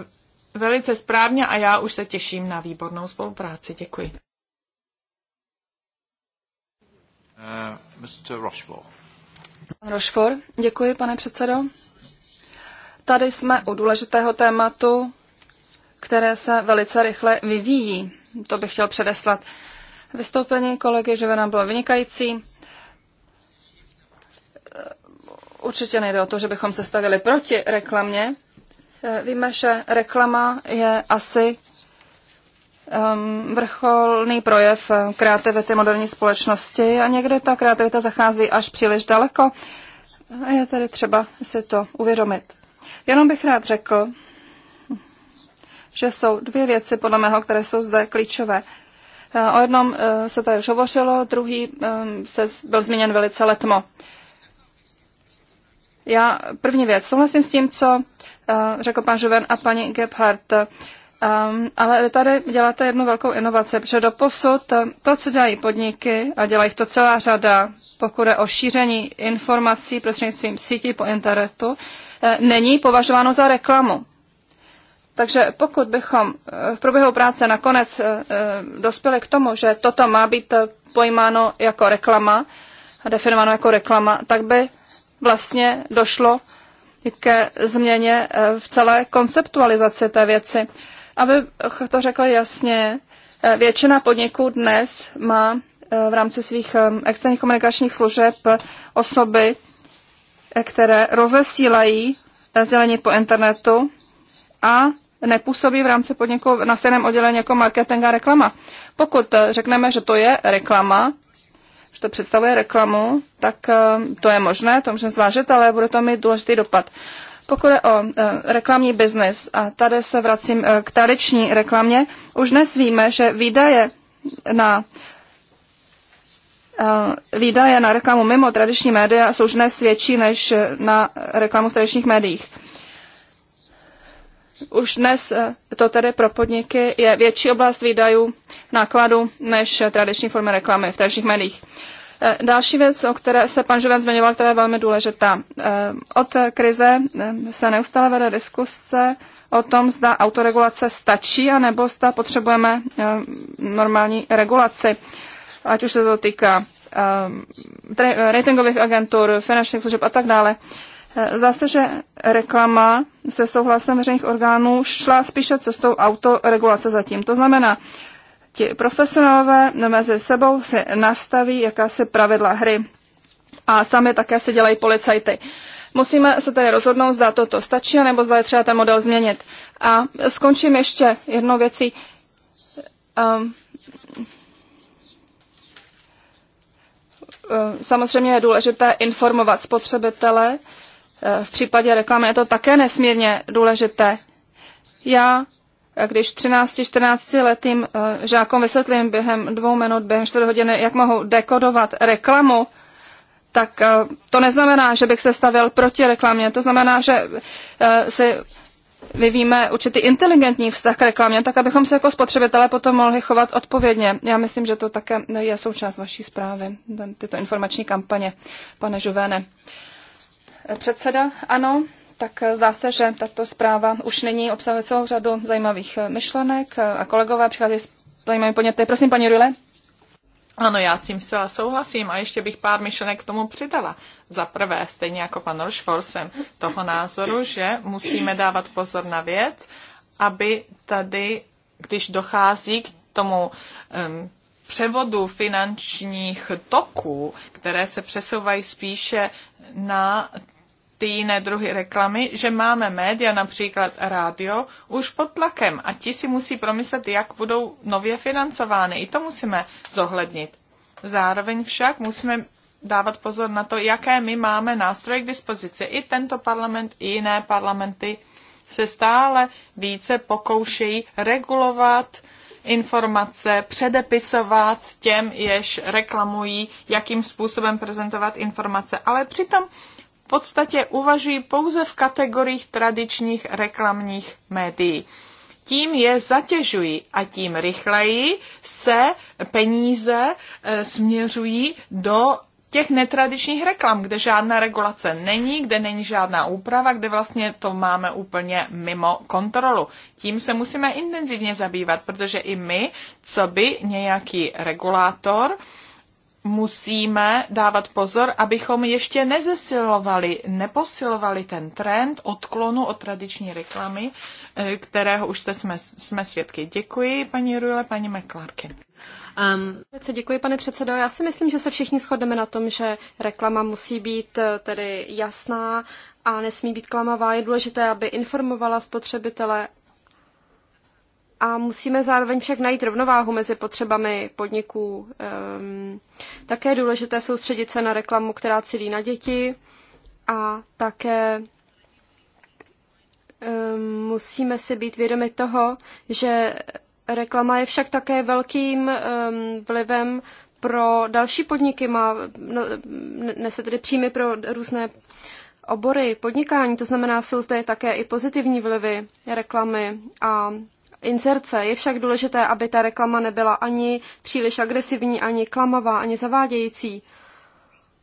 A: velice správně a já už se těším na výbornou spolupráci. Děkuji.
D: Uh, Mr. Rochefort.
C: Rochefort, děkuji, pane předsedo. Tady jsme u důležitého tématu, které se velice rychle vyvíjí. To bych chtěl předeslat. Vystoupení kolegy nám bylo vynikající. Určitě nejde o to, že bychom se stavili proti reklamě. Eh, víme, že reklama je asi ehm, vrcholný projev eh, kreativity moderní společnosti a někde ta kreativita zachází až příliš daleko. Je tedy třeba si to uvědomit. Jenom bych rád řekl, že jsou dvě věci, podle mého, které jsou zde klíčové. Eh, o jednom eh, se tady už hovořilo, druhý ehm, se byl zmíněn velice letmo. Já první věc, souhlasím s tím, co eh, řekl pan Žuven a paní Gebhardt. Um, ale vy tady děláte jednu velkou inovaci, protože posud to, co dělají podniky, a dělají to celá řada, pokud je o šíření informací prostřednictvím sítí po internetu, není považováno za reklamu. Takže pokud bychom eh, v průběhu práce nakonec eh, eh, dospěli k tomu, že toto má být pojímáno jako reklama, definováno jako reklama, tak by vlastně došlo ke změně v celé konceptualizaci té věci. Aby to řekla jasně, většina podniků dnes má v rámci svých externích komunikačních služeb osoby, které rozesílají sdělení po internetu a nepůsobí v rámci podniku na stejném oddělení jako marketing a reklama. Pokud eh, řekneme, že to je reklama, že to představuje reklamu, tak eh, to je možné, to můžeme zvážit, ale bude to mít důležitý dopad. Pokud je o eh, reklamní biznis, a tady se vracím k tradiční reklamě, už dnes víme, že výdaje na výdaje na reklamu mimo tradiční média jsou už dnes větší než na reklamu v tradičních médiích. Už dnes eh, to tedy pro podniky je větší oblast výdajů nákladů než tradiční formy reklamy v tradičních médiích. Eh, další věc, o které se pan Žuven zmiňoval, která je velmi důležitá. Eh, od krize se neustále vede diskuse o tom, zda autoregulace stačí, anebo zda potřebujeme normální regulaci, ať už se to týká ratingových agentur, finančních služeb a tak dále. Eh, Zase, že reklama se souhlasem veřejných orgánů šla spíše cestou autoregulace zatím. To znamená, ti profesionálové mezi sebou si nastaví jakási pravidla hry a sami také si dělají policajty. Musíme se tedy rozhodnout, zda toto stačí, nebo zda je třeba ten model změnit. A skončím ještě jednou věcí. Um, samozřejmě je důležité informovat spotřebitele, Eh, v případě reklamy je to také nesmírně důležité. Já, eh, když 13-14 letým eh, žákům vysvětlím během dvou minut, během čtvrt hodiny, jak mohou dekodovat reklamu, tak to neznamená, že bych se stavil proti reklamě. To znamená, že si vyvíjíme určitý inteligentní vztah k reklamě, tak abychom se jako spotřebitelé potom mohli chovat odpovědně. Já myslím, že to také je součást vaší zprávy, tyto informační kampaně, pane Žuvene. Uh, Předseda, ano, tak eh, zdá se, že tato zpráva už není obsahuje celou řadu zajímavých eh, myšlenek eh, a kolegové přicházejí s zajímavými podněty. Prosím, paní Rule.
A: Ano, já s tím zcela souhlasím a ještě bych pár myšlenek k tomu přidala. Za prvé, stejně jako pan Rošfor, jsem toho názoru, že musíme dávat pozor na věc, aby tady, když dochází k tomu um, převodu finančních toků, které se přesouvají spíše na ty jiné druhy reklamy, že máme média, například rádio, už pod tlakem a ti si musí promyslet, jak budou nově financovány. I to musíme zohlednit. Zároveň však musíme dávat pozor na to, jaké my máme nástroje k dispozici. I tento parlament, i jiné parlamenty se stále více pokoušejí regulovat informace, předepisovat těm, jež reklamují, jakým způsobem prezentovat informace. Ale přitom podstatě uvažují pouze v kategoriích tradičních reklamních médií. Tím je zatěžují a tím rychleji se peníze eh, směřují do těch netradičních reklam, kde žádná regulace není, kde není žádná úprava, kde vlastně to máme úplně mimo kontrolu. Tím se musíme intenzivně zabývat, protože i my, co by nějaký regulátor, musíme dávat pozor, abychom ještě nezesilovali, neposilovali ten trend odklonu od tradiční reklamy, eh, kterého už jste jsme, jsme svědky. Děkuji, paní Rule, paní McClarkin. Um,
B: děkuji, pane předsedo. Já si myslím, že se všichni shodneme na tom, že reklama musí být eh, tedy jasná a nesmí být klamavá. Je důležité, aby informovala spotřebitele a musíme zároveň však najít rovnováhu mezi potřebami podniků. Ehm, také je důležité soustředit se na reklamu, která cílí na děti a také ehm, musíme si být vědomi toho, že reklama je však také velkým ehm, vlivem pro další podniky, má, no, nese tedy příjmy pro různé obory podnikání, to znamená, jsou zde také i pozitivní vlivy reklamy a inzerce. Je však důležité, aby ta reklama nebyla ani příliš agresivní, ani klamavá, ani zavádějící.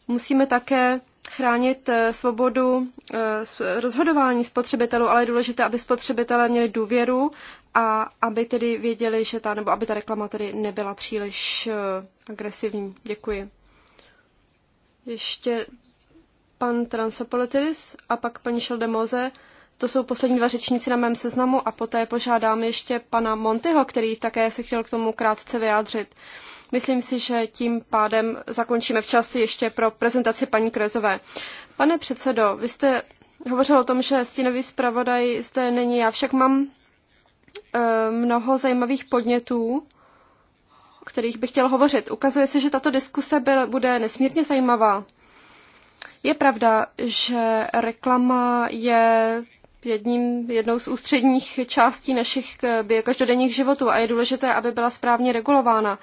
B: Musíme také chránit eh, svobodu eh, rozhodování spotřebitelů, ale je důležité, aby spotřebitelé měli důvěru a aby tedy věděli, že ta, nebo aby ta reklama tedy nebyla příliš eh, agresivní. Děkuji. Ještě pan Transapolitis a pak paní Šeldemoze. To jsou poslední dva řečníci na mém seznamu a poté požádám ještě pana Montyho, který také se chtěl k tomu krátce vyjádřit. Myslím si, že tím pádem zakončíme včas ještě pro prezentaci paní Krezové. Pane předsedo, vy jste hovořil o tom, že stínový zpravodaj zde není. Já však mám e, mnoho zajímavých podnětů, o kterých bych chtěl hovořit. Ukazuje se, že tato diskuse byl, bude nesmírně zajímavá. Je pravda, že reklama je jedním, jednou z ústředních částí našich eh, každodenních životů a je důležité, aby byla správně regulována.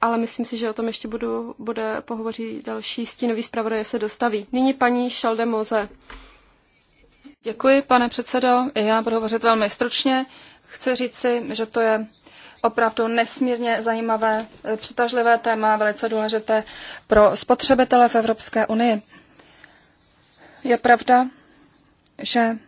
B: Ale myslím si, že o tom ještě budu, bude pohovoří další stínový zpravodaj, se dostaví. Nyní paní Moze. Děkuji, pane předsedo. Já budu hovořit velmi stručně.
C: Chci říci, že to je opravdu nesmírně zajímavé, eh, přitažlivé téma, velice důležité pro spotřebitele v Evropské unii. Je pravda, že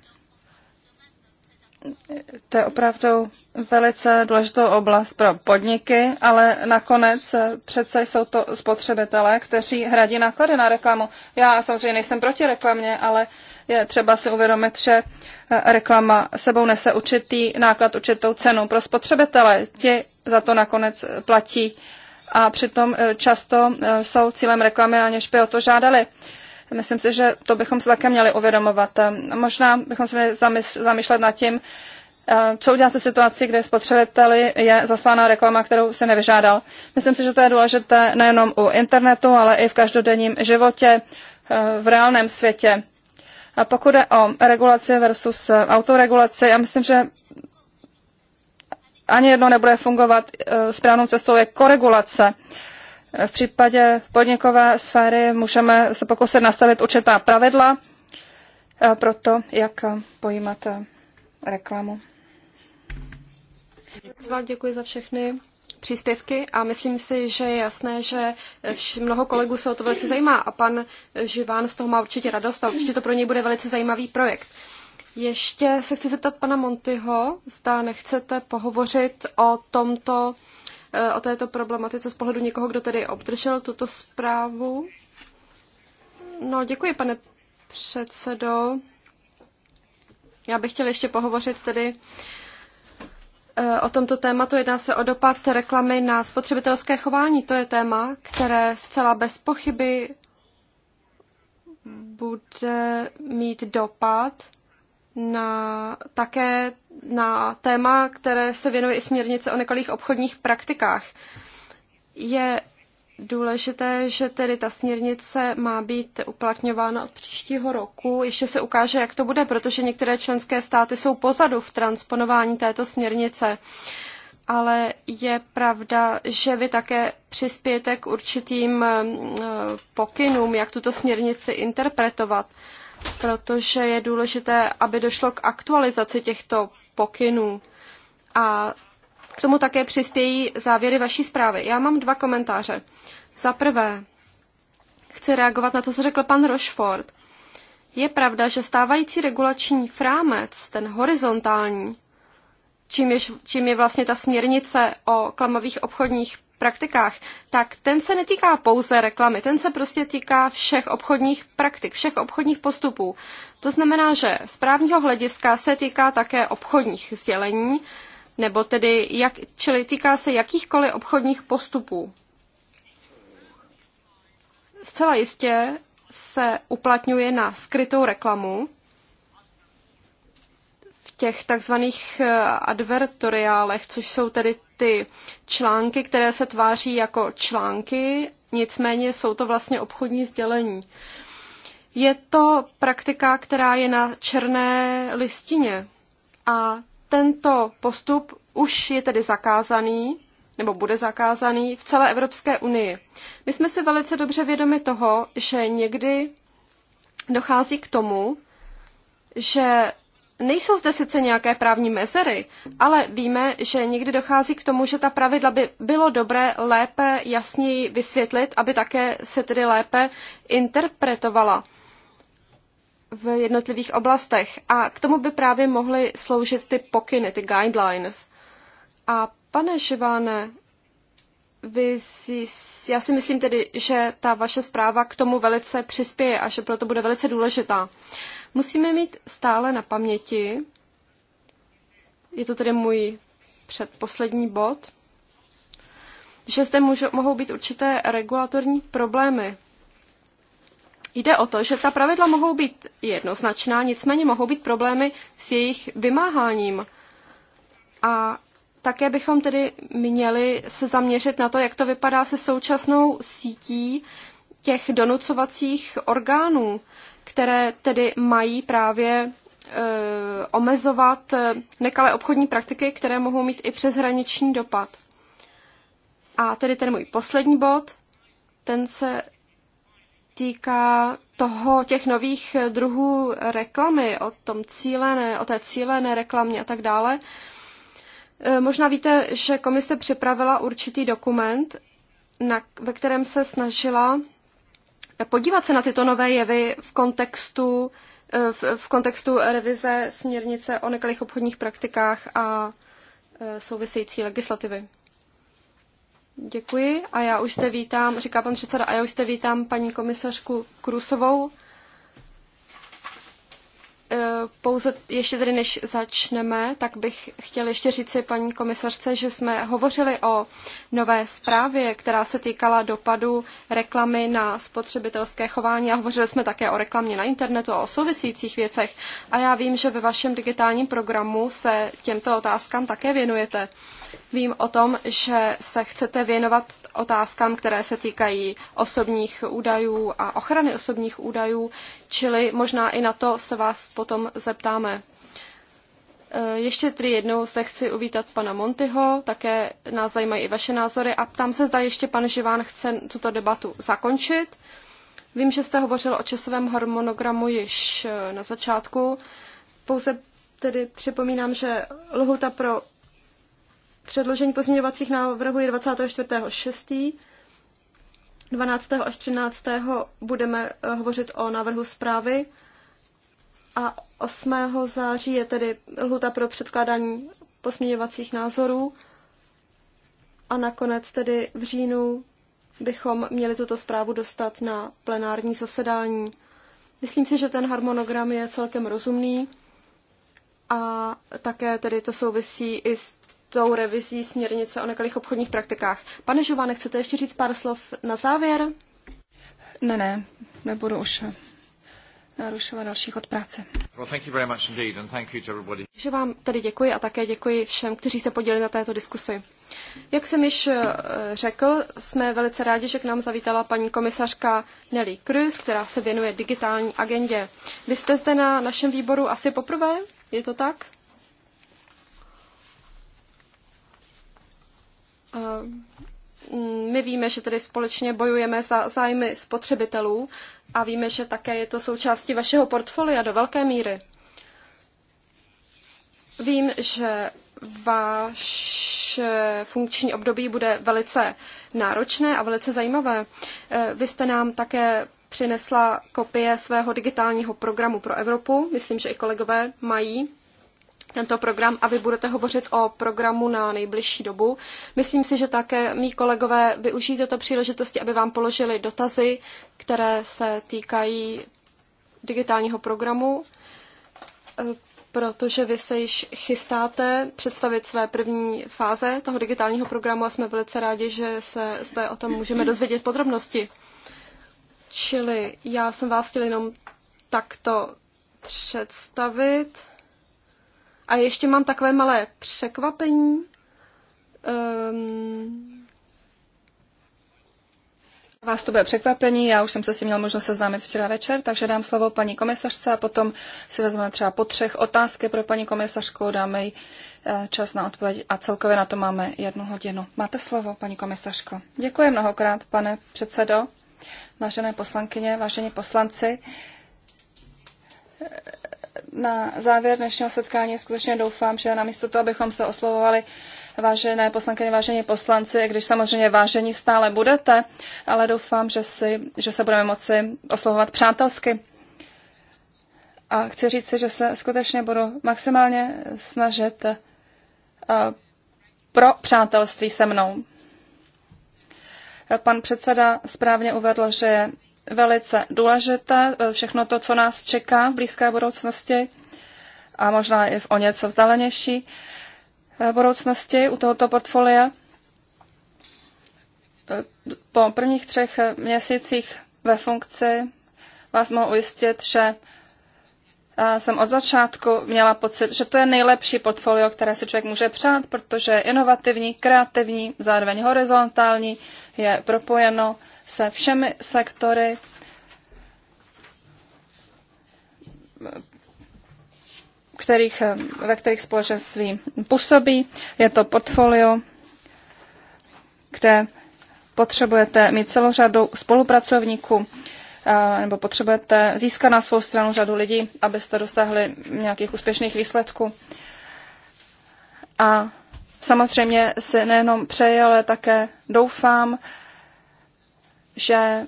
C: to je opravdu velice důležitou oblast pro podniky, ale nakonec přece jsou to spotřebitelé, kteří hradí náklady na reklamu. Já samozřejmě nejsem proti reklamě, ale je třeba si uvědomit, že eh, reklama sebou nese určitý náklad, určitou cenu pro spotřebitele. Ti za to nakonec eh, platí a přitom eh, často jsou cílem reklamy, aniž by o to žádali. Myslím si, že to bychom se také měli uvědomovat. Možná bychom se měli zamýšlet nad tím, eh, co udělat se situací, kde spotřebiteli je zaslána reklama, kterou se nevyžádal. Myslím si, že to je důležité nejenom u internetu, ale i v každodenním životě, eh, v reálném světě. A pokud je o regulaci versus eh, autoregulaci, já myslím, že ani jedno nebude fungovat. Správnou cestou je koregulace. V případě podnikové sféry můžeme se pokusit nastavit určitá pravidla eh, pro to, jak pojímat eh, reklamu.
B: Děkuji za všechny příspěvky a myslím si, že je jasné, že mnoho kolegů se o to velice zajímá a pan Živán z toho má určitě radost a určitě to pro něj bude velice zajímavý projekt. Ještě se chci zeptat pana Montyho, zda nechcete pohovořit o tomto o této problematice z pohledu někoho, kdo tedy obdržel tuto zprávu. No, děkuji, pane předsedo. Já bych chtěl ještě pohovořit tedy e, o tomto tématu. Jedná se o dopad reklamy na spotřebitelské chování. To je téma, které zcela bez pochyby bude mít dopad na také na téma, které se věnuje i směrnice o nekalých obchodních praktikách. Je důležité, že tedy ta směrnice má být uplatňována od příštího roku. Ještě se ukáže, jak to bude, protože některé členské státy jsou pozadu v transponování této směrnice. Ale je pravda, že vy také přispějete k určitým eh, pokynům, jak tuto směrnici interpretovat, protože je důležité, aby došlo k aktualizaci těchto pokynů. A k tomu také přispějí závěry vaší zprávy. Já mám dva komentáře. Za prvé, chci reagovat na to, co řekl pan Rochford. Je pravda, že stávající regulační frámec, ten horizontální, čím je, čím je vlastně ta směrnice o klamavých obchodních praktikách, tak ten se netýká pouze reklamy, ten se prostě týká všech obchodních praktik, všech obchodních postupů. To znamená, že z právního hlediska se týká také obchodních sdělení, nebo tedy, jak, čili týká se jakýchkoliv obchodních postupů. Zcela jistě se uplatňuje na skrytou reklamu v těch takzvaných eh, advertoriálech, což jsou tedy ty články, které se tváří jako články, nicméně jsou to vlastně obchodní sdělení. Je to praktika, která je na černé listině a tento postup už je tedy zakázaný nebo bude zakázaný v celé Evropské unii. My jsme si velice dobře vědomi toho, že někdy dochází k tomu, že Nejsou zde sice nějaké právní mezery, ale víme, že někdy dochází k tomu, že ta pravidla by bylo dobré lépe jasněji vysvětlit, aby také se tedy lépe interpretovala v jednotlivých oblastech. A k tomu by právě mohly sloužit ty pokyny, ty guidelines. A pane Živáne, vy si, já si myslím tedy, že ta vaše zpráva k tomu velice přispěje a že proto bude velice důležitá. Uh, Musíme mít stále na paměti, je to tedy můj předposlední bod, že zde můžou, mohou být určité regulatorní problémy. Jde o to, že ta pravidla mohou být jednoznačná, nicméně mohou být problémy s jejich vymáháním. A také bychom tedy měli se zaměřit na to, jak to vypadá se současnou sítí těch donucovacích orgánů které tedy mají právě e, omezovat e, nekalé obchodní praktiky, které mohou mít i přeshraniční dopad. A tedy ten můj poslední bod, ten se týká toho, těch nových e, druhů reklamy, o tom cílené, o té cílené reklamě a tak dále. Možná víte, že komise připravila určitý dokument, na, ve kterém se snažila podívat se na tyto nové jevy v kontextu, eh, v, v kontextu revize směrnice o nekalých obchodních praktikách a eh, související legislativy. Děkuji a já už zde vítám, říká pan předseda, a já už zde vítám paní komisařku Krusovou Eh, pouze ještě tedy než začneme, tak bych chtěl ještě říci paní komisařce, že jsme hovořili o nové zprávě, která se týkala dopadu reklamy na spotřebitelské chování a hovořili jsme také o reklamě na internetu a o souvisících věcech. A já vím, že ve vašem digitálním programu se těmto otázkám také věnujete. Vím o tom, že se chcete věnovat otázkám, které se týkají osobních údajů a ochrany osobních údajů čili možná i na to se vás potom zeptáme. E, ještě tedy jednou se chci uvítat pana Montyho, také nás zajímají i vaše názory a ptám se, zda ještě pan Živán chce tuto debatu zakončit. Vím, že jste hovořil o časovém harmonogramu již e, na začátku. Pouze tedy připomínám, že lhuta pro předložení pozměňovacích návrhů je 24.6. 12. až 13. budeme eh, hovořit o návrhu zprávy a 8. září je tedy lhuta pro předkládání posměňovacích názorů a nakonec tedy v říjnu bychom měli tuto zprávu dostat na plenární zasedání. Myslím si, že ten harmonogram je celkem rozumný a také tedy to souvisí i s tou revizí směrnice o nekalých obchodních praktikách. Pane Žováne, chcete ještě říct pár slov na závěr? Ne, ne, nebudu už eh, narušovat dalších od práce. Takže vám tedy děkuji a také děkuji všem, kteří se podělili na této diskusi. Jak jsem již eh, řekl, jsme velice rádi, že k nám zavítala paní komisařka Nelly Cruz, která se věnuje digitální agendě. Vy jste zde na našem výboru asi poprvé, je to tak? Mm, my víme, že tedy společně bojujeme za zájmy spotřebitelů a víme, že také je to součástí vašeho portfolia do velké míry. Vím, že váš funkční období bude velice náročné a velice zajímavé. E, vy jste nám také přinesla kopie svého digitálního programu pro Evropu. Myslím, že i kolegové mají tento program a vy budete hovořit o programu na nejbližší dobu. Myslím si, že také mý kolegové využijí této příležitosti, aby vám položili dotazy, které se týkají digitálního programu, eh, protože vy se již chystáte představit své první fáze toho digitálního programu a jsme velice rádi, že se zde o tom můžeme dozvědět podrobnosti. Čili já jsem vás chtěl jenom takto představit. A ještě mám takové malé překvapení. Um,
C: Vás to bude překvapení, já už jsem se s tím měl možnost seznámit včera večer, takže dám slovo paní komisařce a potom si vezmeme třeba po třech otázky pro paní komisařku, dáme jí eh, čas na odpověď a celkově na to máme jednu hodinu. Máte slovo, paní komisařko. Děkuji mnohokrát, pane předsedo, vážené poslankyně, vážení poslanci na závěr dnešního setkání skutečně doufám, že namísto toho, abychom se oslovovali vážené poslankyně, vážení poslanci, i když samozřejmě vážení stále budete, ale doufám, že, si, že se budeme moci oslovovat přátelsky. A chci říct že se skutečně budu maximálně snažit eh, pro přátelství se mnou. Pan předseda správně uvedl, že je velice důležité, eh, všechno to, co nás čeká v blízké budoucnosti a možná i v o něco vzdálenější eh, budoucnosti u tohoto portfolia. Eh, po prvních třech měsících ve funkci vás mohu ujistit, že jsem od začátku měla pocit, že to je nejlepší portfolio, které si člověk může přát, protože je inovativní, kreativní, zároveň horizontální, je propojeno se všemi sektory kterých, ve kterých společenství působí. Je to portfolio, kde potřebujete mít celou řadu spolupracovníků nebo potřebujete získat na svou stranu řadu lidí, abyste dosáhli nějakých úspěšných výsledků. A samozřejmě si nejenom přeji, ale také doufám, že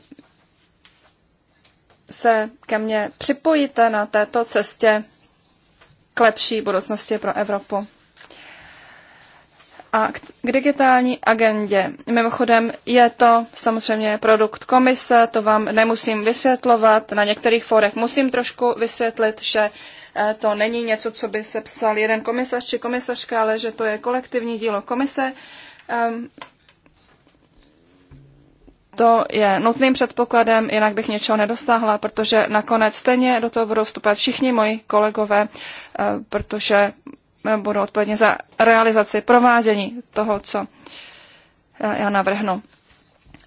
C: se ke mně připojíte na této cestě k lepší budoucnosti pro Evropu. A k digitální agendě. Mimochodem je to samozřejmě produkt komise, to vám nemusím vysvětlovat. Na některých fórech musím trošku vysvětlit, že eh, to není něco, co by se psal jeden komisař či komisařka, ale že to je kolektivní dílo komise. Ehm, to je nutným předpokladem, jinak bych něčeho nedosáhla, protože nakonec stejně do toho budou vstupovat všichni moji kolegové, eh, protože eh, budou odpovědně za realizaci, provádění toho, co eh, já navrhnu.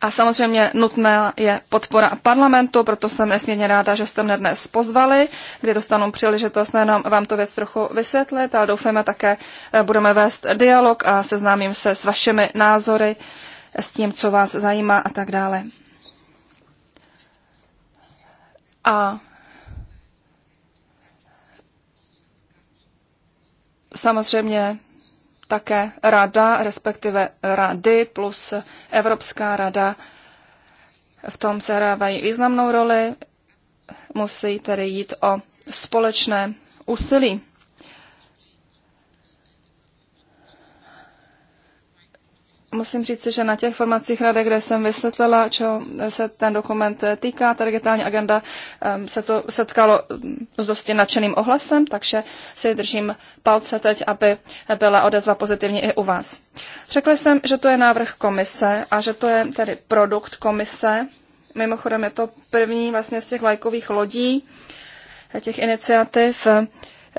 C: A samozřejmě nutná je podpora parlamentu, proto jsem nesmírně ráda, že jste mě dnes pozvali, kdy dostanu příležitost nejenom vám to věc trochu vysvětlit, ale doufáme také budeme vést dialog a seznámím se s vašimi názory s tím, co vás zajímá a tak dále. A samozřejmě také rada, respektive rady plus Evropská rada v tom hrávají významnou roli. Musí tedy jít o společné úsilí. musím říct, že na těch formacích rady, kde jsem vysvětlila, čeho se ten dokument týká, ta digitální agenda, se to setkalo s dosti nadšeným ohlasem, takže si držím palce teď, aby byla odezva pozitivní i u vás. Řekla jsem, že to je návrh komise a že to je tedy produkt komise. Mimochodem je to první vlastně z těch vlajkových lodí, těch iniciativ,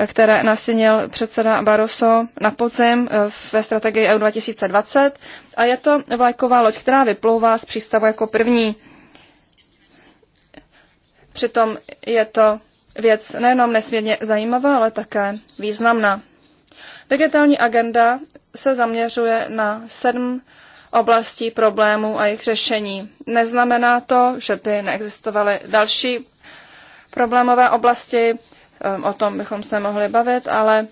C: které nasinil předseda Barroso na podzim eh, ve strategii EU 2020. A je to vlajková loď, která vyplouvá z přístavu jako první. Přitom je to věc nejenom nesmírně zajímavá, ale také významná. Digitální agenda se zaměřuje na sedm oblastí problémů a jejich řešení. Neznamená to, že by neexistovaly další problémové oblasti, Ehm, o tom bychom se mohli bavit, ale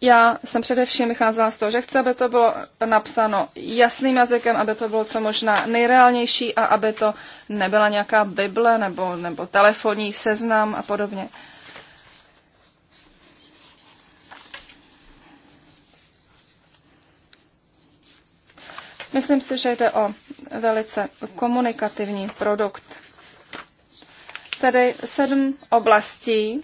C: já jsem především vycházela z toho, že chci, aby to bylo napsáno jasným jazykem, aby to bylo co možná nejreálnější a aby to nebyla nějaká Bible nebo, nebo telefonní seznam a podobně. Myslím si, že jde o velice komunikativní produkt tedy sedm oblastí,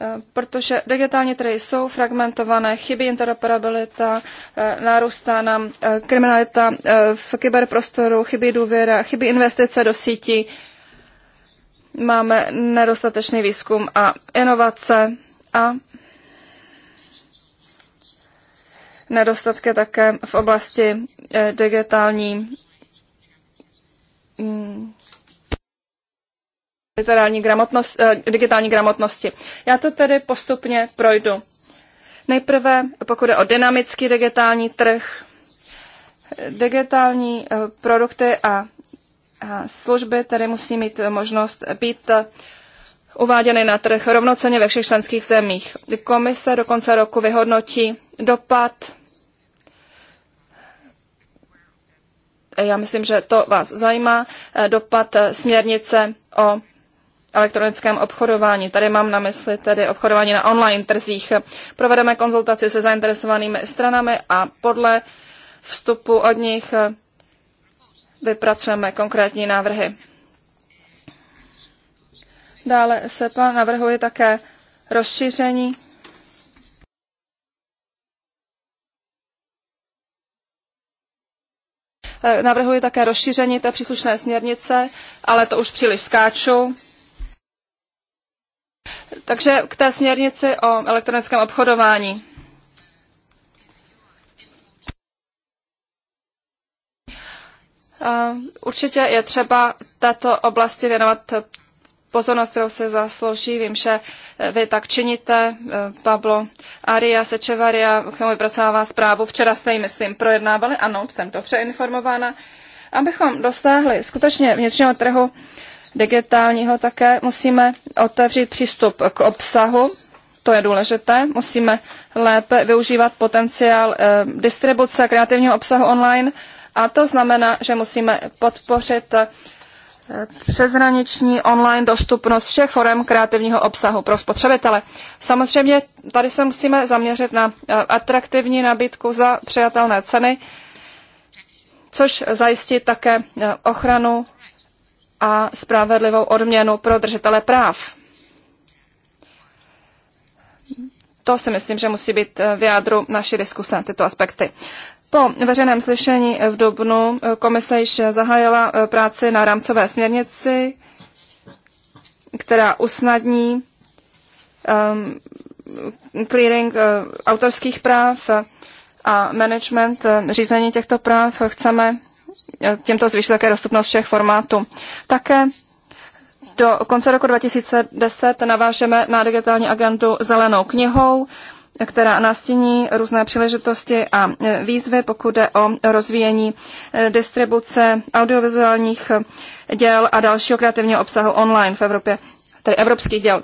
C: eh, protože digitálně trhy jsou fragmentované, chybí interoperabilita, eh, narůstá nám eh, kriminalita v kyberprostoru, chybí důvěra, chybí investice do sítí, máme nedostatečný výzkum a inovace a nedostatky také v oblasti digitální mm, literární gramotnost, eh, digitální gramotnosti. Já to tedy postupně projdu. Nejprve, pokud je o dynamický digitální trh, digitální eh, produkty a, a služby tedy musí mít možnost být uváděny na trh rovnoceně ve všech členských zemích. Komise do konce roku vyhodnotí dopad. Já myslím, že to vás zajímá. Eh, dopad směrnice o elektronickém obchodování. Tady mám na mysli tedy obchodování na online trzích. Provedeme konzultaci se zainteresovanými stranami a podle vstupu od nich vypracujeme konkrétní návrhy. Dále se pan navrhuje také rozšíření eh, Navrhuji také rozšíření té příslušné směrnice, ale to už příliš skáču. Takže k té směrnici o elektronickém obchodování. Eh, určitě je třeba této oblasti věnovat pozornost, kterou se zaslouží. Vím, že vy tak činíte. Eh, Pablo Aria Sečevaria k tomu vypracovává zprávu. Včera jste ji, myslím, projednávali. Ano, jsem dobře informována. Abychom dostáhli skutečně vnitřního trhu, digitálního také musíme otevřít přístup k obsahu, to je důležité, musíme lépe využívat potenciál eh, distribuce kreativního obsahu online a to znamená, že musíme podpořit eh, přeshraniční online dostupnost všech forem kreativního obsahu pro spotřebitele. Samozřejmě tady se musíme zaměřit na eh, atraktivní nabídku za přijatelné ceny, což zajistí také ochranu a spravedlivou odměnu pro držitele práv. To si myslím, že musí být v jádru naší diskuse, tyto aspekty. Po veřejném slyšení v Dubnu komise již zahájila eh, práci na rámcové směrnici, která usnadní um, clearing eh, autorských práv a management eh, řízení těchto práv. Chceme tímto zvýšit také dostupnost všech formátů. Také do konce roku 2010 navážeme na digitální agendu zelenou knihou, která nastíní různé příležitosti a výzvy, pokud jde o rozvíjení eh, distribuce audiovizuálních eh, děl a dalšího kreativního obsahu online v Evropě tedy evropských děl.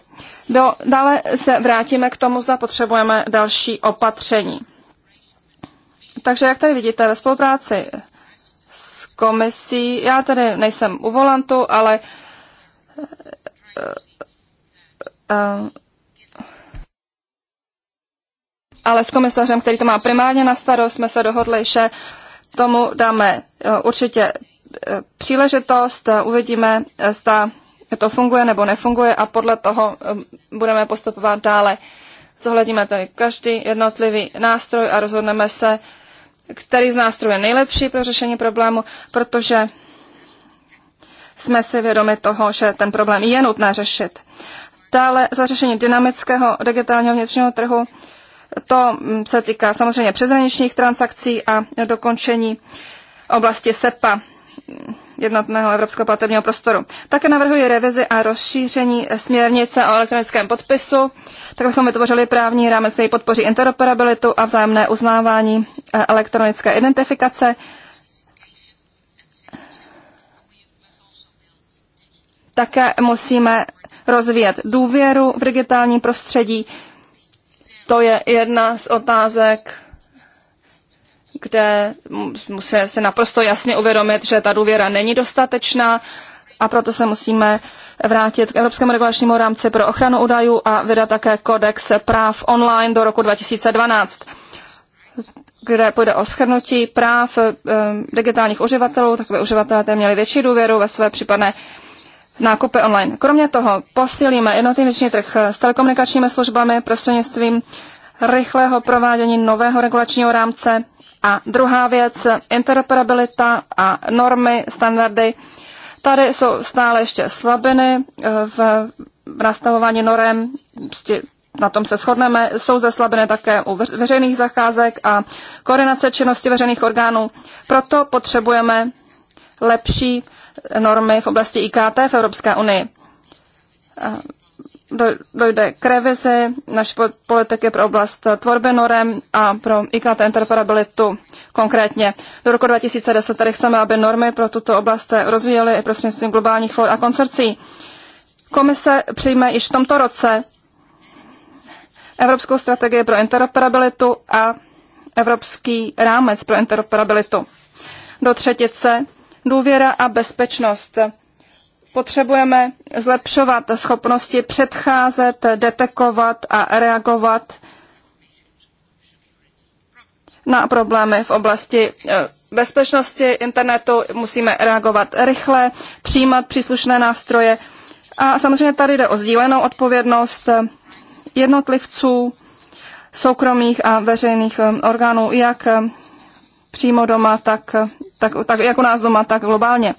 C: Do, dále se vrátíme k tomu, zda potřebujeme další opatření. Takže jak tady vidíte, ve spolupráci komisí. Já tady nejsem u volantu, ale eh, eh, ale s komisařem, který to má primárně na starost, jsme se dohodli, že tomu dáme eh, určitě příležitost, uvidíme, zda to funguje nebo nefunguje a podle toho budeme postupovat dále. Zohledníme tedy každý jednotlivý nástroj a rozhodneme se, který z nástrojů je nejlepší pro řešení problému, protože jsme si vědomi toho, že ten problém je nutné řešit. Dále za řešení dynamického digitálního vnitřního trhu to mm, se týká samozřejmě přeshraničních transakcí a dokončení oblasti SEPA jednotného evropského platebního prostoru. Také navrhuji revizi a rozšíření směrnice o elektronickém podpisu, tak abychom vytvořili právní rámec, který podpoří interoperabilitu a vzájemné uznávání eh, elektronické identifikace. Také musíme rozvíjet důvěru v digitální prostředí. To je jedna z otázek, kde musí se naprosto jasně uvědomit, že ta důvěra není dostatečná a proto se musíme vrátit k Evropskému regulačnímu rámci pro ochranu údajů a vydat také kodex práv online do roku 2012 kde půjde o schrnutí práv eh, digitálních uživatelů, tak by uživatelé tedy měli větší důvěru ve své případné nákupy online. Kromě toho posílíme jednotný vnitřní trh s telekomunikačními službami prostřednictvím rychlého provádění nového regulačního rámce a druhá věc, interoperabilita a normy, standardy. Tady jsou stále ještě slabiny eh, v nastavování norem, prostě na tom se shodneme, jsou zeslabené také u veřejných zacházek a koordinace činnosti veřejných orgánů. Proto potřebujeme lepší normy v oblasti IKT v Evropské unii. Eh, dojde k revizi naší politiky pro oblast tvorby norem a pro IKT interoperabilitu konkrétně. Do roku 2010 tady chceme, aby normy pro tuto oblast rozvíjely i prostřednictvím globálních for a koncercí. Komise přijme již v tomto roce Evropskou strategii pro interoperabilitu a Evropský rámec pro interoperabilitu. Do třetice důvěra a bezpečnost. Potřebujeme zlepšovat schopnosti předcházet, detekovat a reagovat na problémy v oblasti eh, bezpečnosti internetu. Musíme reagovat rychle, přijímat příslušné nástroje. A samozřejmě tady jde o sdílenou odpovědnost jednotlivců, soukromých a veřejných eh, orgánů, jak eh, přímo doma, tak, tak, tak jako nás doma, tak globálně.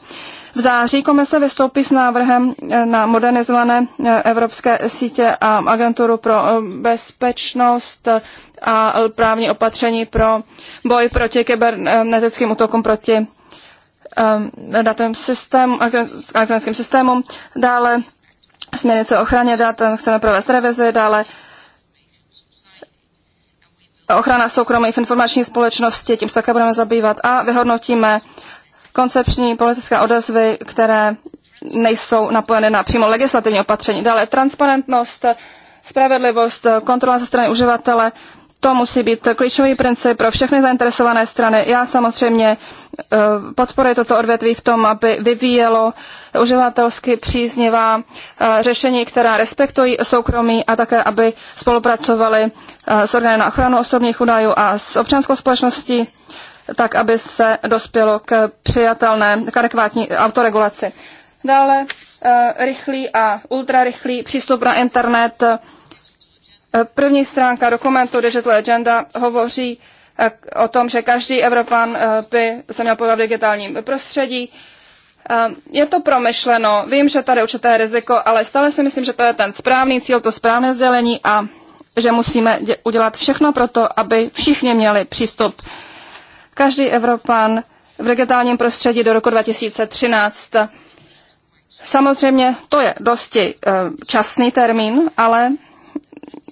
C: V září komise vystoupí s návrhem eh, na modernizované eh, evropské sítě a agenturu pro eh, bezpečnost a právní opatření pro boj proti kybernetickým útokům proti datovým systémům, systémům. Dále směrnice o ochraně dat chceme provést revizi, dále ochrana soukromí v informační společnosti, tím se také budeme zabývat a vyhodnotíme koncepční politické odezvy, které nejsou napojeny na přímo legislativní opatření. Dále transparentnost, spravedlivost, kontrola ze strany uživatele, to musí být klíčový princip pro všechny zainteresované strany. Já samozřejmě eh, podporuji toto odvětví v tom, aby vyvíjelo uživatelsky příznivá eh, řešení, která respektují soukromí a také, aby spolupracovali eh, s orgány na ochranu osobních údajů a s občanskou společností, tak aby se dospělo k přijatelné, k adekvátní autoregulaci. Dále rychlý a ultrarychlý přístup na internet První stránka dokumentu Digital Agenda hovoří eh, o tom, že každý Evropan eh, by se měl podívat v digitálním prostředí. Eh, je to promyšleno, vím, že tady určité riziko, ale stále si myslím, že to je ten správný cíl, to správné sdělení a že musíme udělat všechno pro to, aby všichni měli přístup. Každý Evropan v digitálním prostředí do roku 2013. Samozřejmě to je dosti časný termín, ale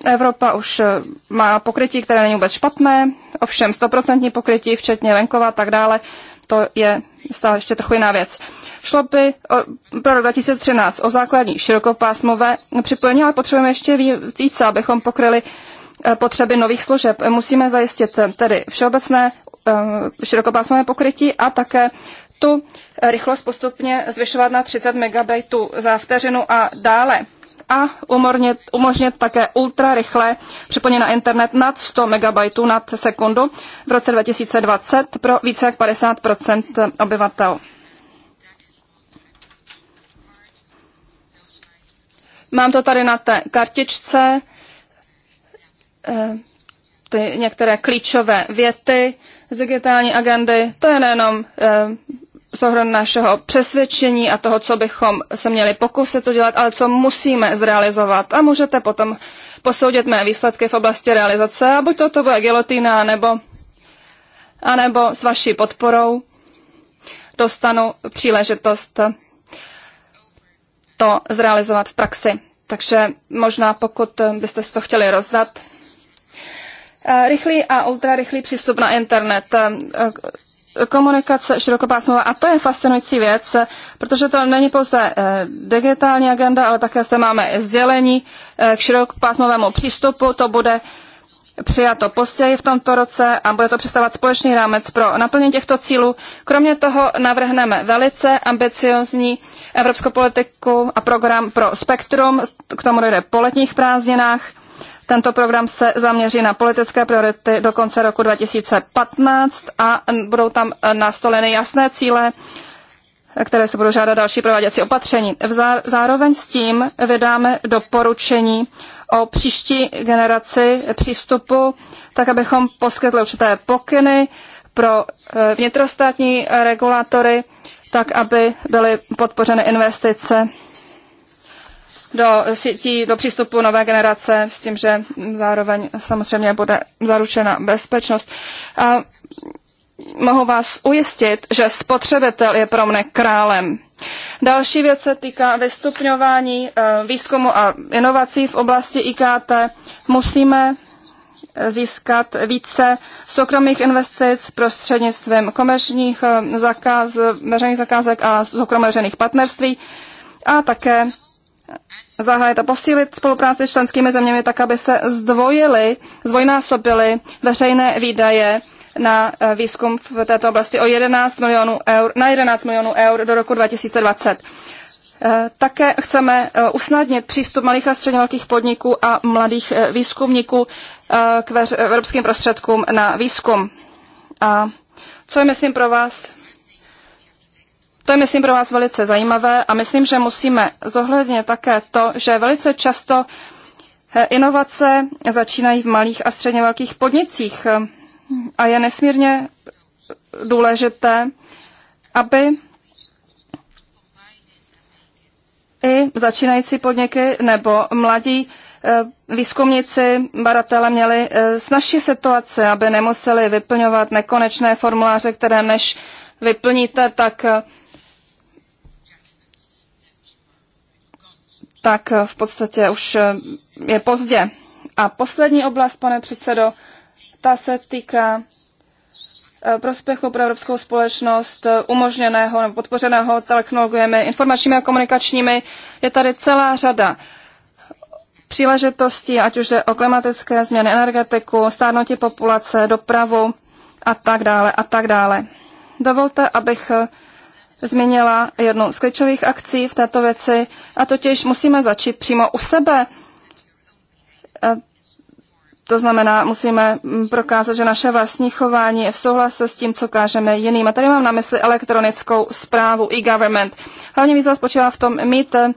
C: Evropa už eh, má pokrytí, které není vůbec špatné, ovšem stoprocentní pokrytí, včetně venkova a tak dále, to je stále ještě trochu jiná věc. Šlo by o, pro rok 2013 o základní širokopásmové připojení, ale potřebujeme ještě více, abychom pokryli eh, potřeby nových služeb. Musíme zajistit eh, tedy všeobecné širokopásmové pokrytí a také tu rychlost postupně zvyšovat na 30 MB za vteřinu a dále a umožnit také ultrarychle připojení na internet nad 100 MB nad sekundu v roce 2020 pro více jak 50 obyvatel. Mám to tady na té kartičce, eh, ty některé klíčové věty z digitální agendy. To je nejenom eh, s ohledem našeho přesvědčení a toho, co bychom se měli pokusit udělat, ale co musíme zrealizovat. A můžete potom posoudit mé výsledky v oblasti realizace a buď to, to bude gilotýna, nebo, anebo s vaší podporou dostanu příležitost to zrealizovat v praxi. Takže možná pokud byste si to chtěli rozdat. Eh, rychlý a ultrarychlý přístup na internet. Eh, komunikace širokopásmová. A to je fascinující věc, protože to není pouze eh, digitální agenda, ale také zde máme i sdělení eh, k širokopásmovému přístupu. To bude přijato postěji v tomto roce a bude to představovat společný rámec pro naplnění těchto cílů. Kromě toho navrhneme velice ambiciozní evropskou politiku a program pro spektrum. K tomu dojde po letních prázdninách. Tento program se zaměří na politické priority do konce roku 2015 a budou tam nastoleny jasné cíle, které se budou žádat další prováděcí opatření. Zároveň s tím vydáme doporučení o příští generaci přístupu, tak abychom poskytli určité pokyny pro eh, vnitrostátní regulátory, tak aby byly podpořeny investice do eh, sítí, do přístupu nové generace, s tím, že zároveň samozřejmě bude zaručena bezpečnost. A mohu vás ujistit, že spotřebitel je pro mne králem. Další věc se týká vystupňování eh, výzkumu a inovací v oblasti IKT. Musíme získat více soukromých investic prostřednictvím komerčních eh, zakáz, veřejných zakázek a soukromořených partnerství a také zahájit a posílit spolupráci s členskými zeměmi tak, aby se zdvojily, zdvojnásobily veřejné výdaje na eh, výzkum v této oblasti o 11 milionů eur, na 11 milionů eur do roku 2020. Eh, také chceme eh, usnadnit přístup malých a středně velkých podniků a mladých výzkumníků k evropským prostředkům na výzkum. A co je, myslím, pro vás to je, myslím, pro vás velice zajímavé a myslím, že musíme zohlednit také to, že velice často eh, inovace začínají v malých a středně velkých podnicích eh, a je nesmírně důležité, aby i začínající podniky nebo mladí eh, výzkumníci, baratele měli snažší situace, aby nemuseli vyplňovat nekonečné formuláře, které než vyplníte, tak tak v podstatě už eh, je pozdě. A poslední oblast, pane předsedo, ta se týká eh, prospěchu pro evropskou společnost eh, umožněného nebo podpořeného technologiemi informačními a komunikačními. Je tady celá řada příležitostí, ať už je o klimatické změny, energetiku, stárnutí populace, dopravu a tak dále a tak dále. Dovolte, abych zmínila jednu z klíčových akcí v této věci, a totiž musíme začít přímo u sebe. E, to znamená, musíme mm, prokázat, že naše vlastní chování je v souhlase s tím, co kážeme jiným. A tady mám na mysli elektronickou zprávu e-government. Hlavní výzva spočívá v tom mít e,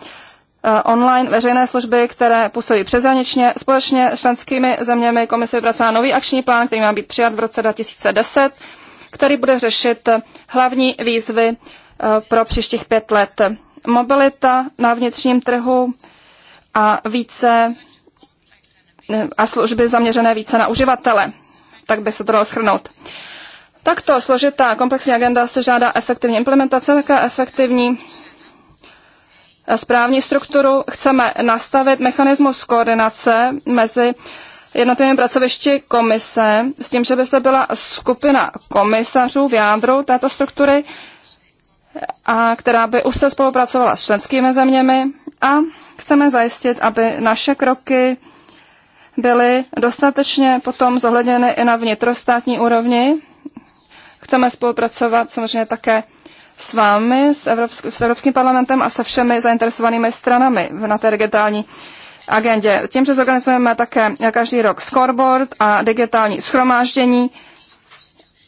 C: online veřejné služby, které působí přezraničně. Společně s členskými zeměmi komise vypracová nový akční plán, který má být přijat v roce 2010, který bude řešit hlavní výzvy pro příštích pět let. Mobilita na vnitřním trhu a více a služby zaměřené více na uživatele. Tak by se to dalo schrnout. Takto složitá komplexní agenda se žádá efektivní implementace, také efektivní správní strukturu. Chceme nastavit mechanismus koordinace mezi jednotlivými pracovišti komise s tím, že by se byla skupina komisařů v jádru této struktury, a která by už se spolupracovala s členskými zeměmi a chceme zajistit, aby naše kroky byly dostatečně potom zohledněny i na vnitrostátní úrovni. Chceme spolupracovat samozřejmě také s vámi, s, Evropsk- s Evropským parlamentem a se všemi zainteresovanými stranami na té digitální agendě. Tím, že zorganizujeme také každý rok scoreboard a digitální schromáždění,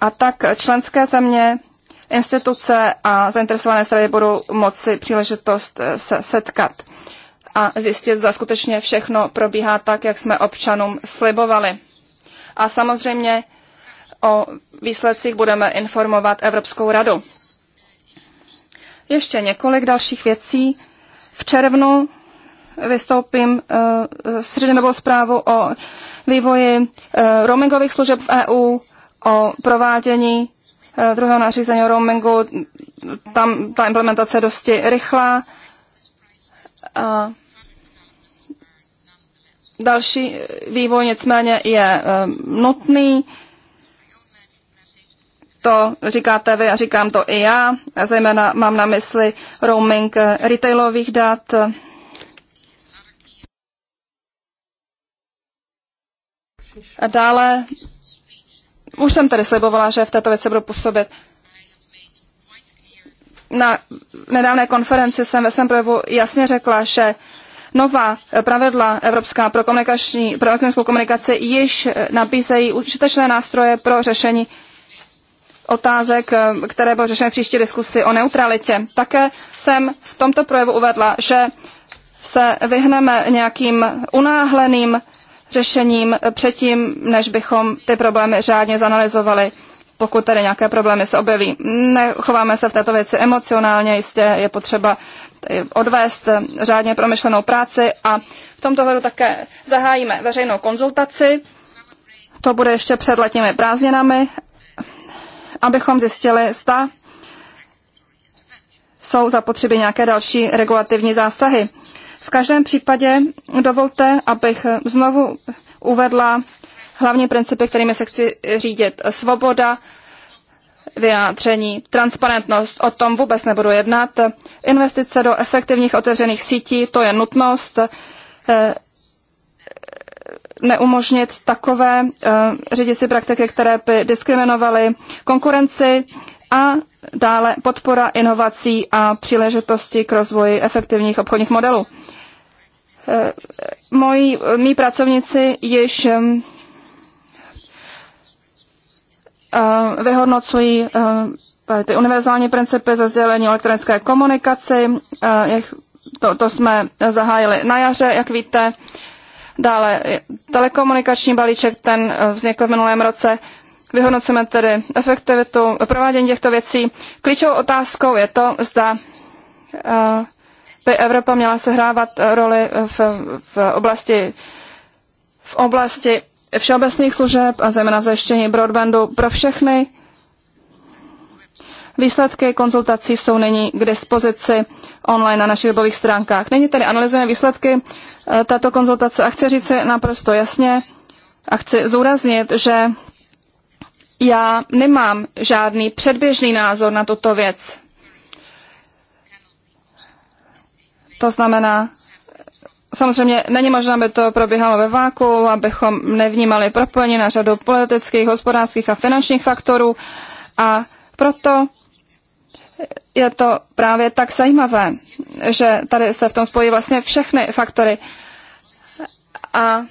C: a tak členské země instituce a zainteresované strany budou moci příležitost eh, se setkat a zjistit, zda skutečně všechno probíhá tak, jak jsme občanům slibovali. A samozřejmě o výsledcích budeme informovat Evropskou radu. Ještě několik dalších věcí. V červnu vystoupím uh, střednědobou zprávu o vývoji uh, roamingových služeb v EU, o provádění Eh, druhého nařízení o roamingu. Tam ta implementace je dosti rychlá. A další vývoj nicméně je eh, nutný. To říkáte vy a říkám to i já. Zejména mám na mysli roaming eh, retailových dat. A dále už jsem tady slibovala, že v této věci budu působit. Na nedávné konferenci jsem ve svém projevu jasně řekla, že nová pravidla evropská pro, komunikační, pro elektronickou komunikaci již nabízejí užitečné nástroje pro řešení otázek, které bylo řešeny v příští diskusi o neutralitě. Také jsem v tomto projevu uvedla, že se vyhneme nějakým unáhleným řešením předtím, než bychom ty problémy řádně zanalizovali, pokud tady nějaké problémy se objeví. Nechováme se v této věci emocionálně, jistě je potřeba odvést řádně promyšlenou práci a v tomto hledu také zahájíme veřejnou konzultaci. To bude ještě před letními prázdninami, abychom zjistili, zda jsou zapotřeby nějaké další regulativní zásahy. V každém případě dovolte, abych znovu uvedla hlavní principy, kterými se chci řídit. Svoboda, vyjádření, transparentnost, o tom vůbec nebudu jednat. Investice do efektivních otevřených sítí, to je nutnost eh, neumožnit takové uh, řídící praktiky, které by diskriminovaly konkurenci a dále podpora inovací a příležitosti k rozvoji efektivních obchodních modelů moji, mý pracovníci již um, uh, vyhodnocují uh, ty univerzální principy ze sdělení elektronické komunikaci. Uh, to, to jsme zahájili na jaře, jak víte. Dále telekomunikační balíček, ten vznikl v minulém roce. Vyhodnocujeme tedy efektivitu provádění těchto věcí. Klíčovou otázkou je to, zda by Evropa měla sehrávat eh, roli eh, v, v oblasti v oblasti všeobecných služeb a zejména v zajištění broadbandu pro všechny. Výsledky konzultací jsou nyní k dispozici online na našich webových stránkách. Nyní tedy analyzujeme výsledky eh, této konzultace a chci říct naprosto jasně a chci zúraznit, že já nemám žádný předběžný názor na tuto věc. To znamená, Samozřejmě není možné, aby to probíhalo ve váku, abychom nevnímali propojení na řadu politických, hospodářských a finančních faktorů a proto je to právě tak zajímavé, že tady se v tom spojí vlastně všechny faktory, a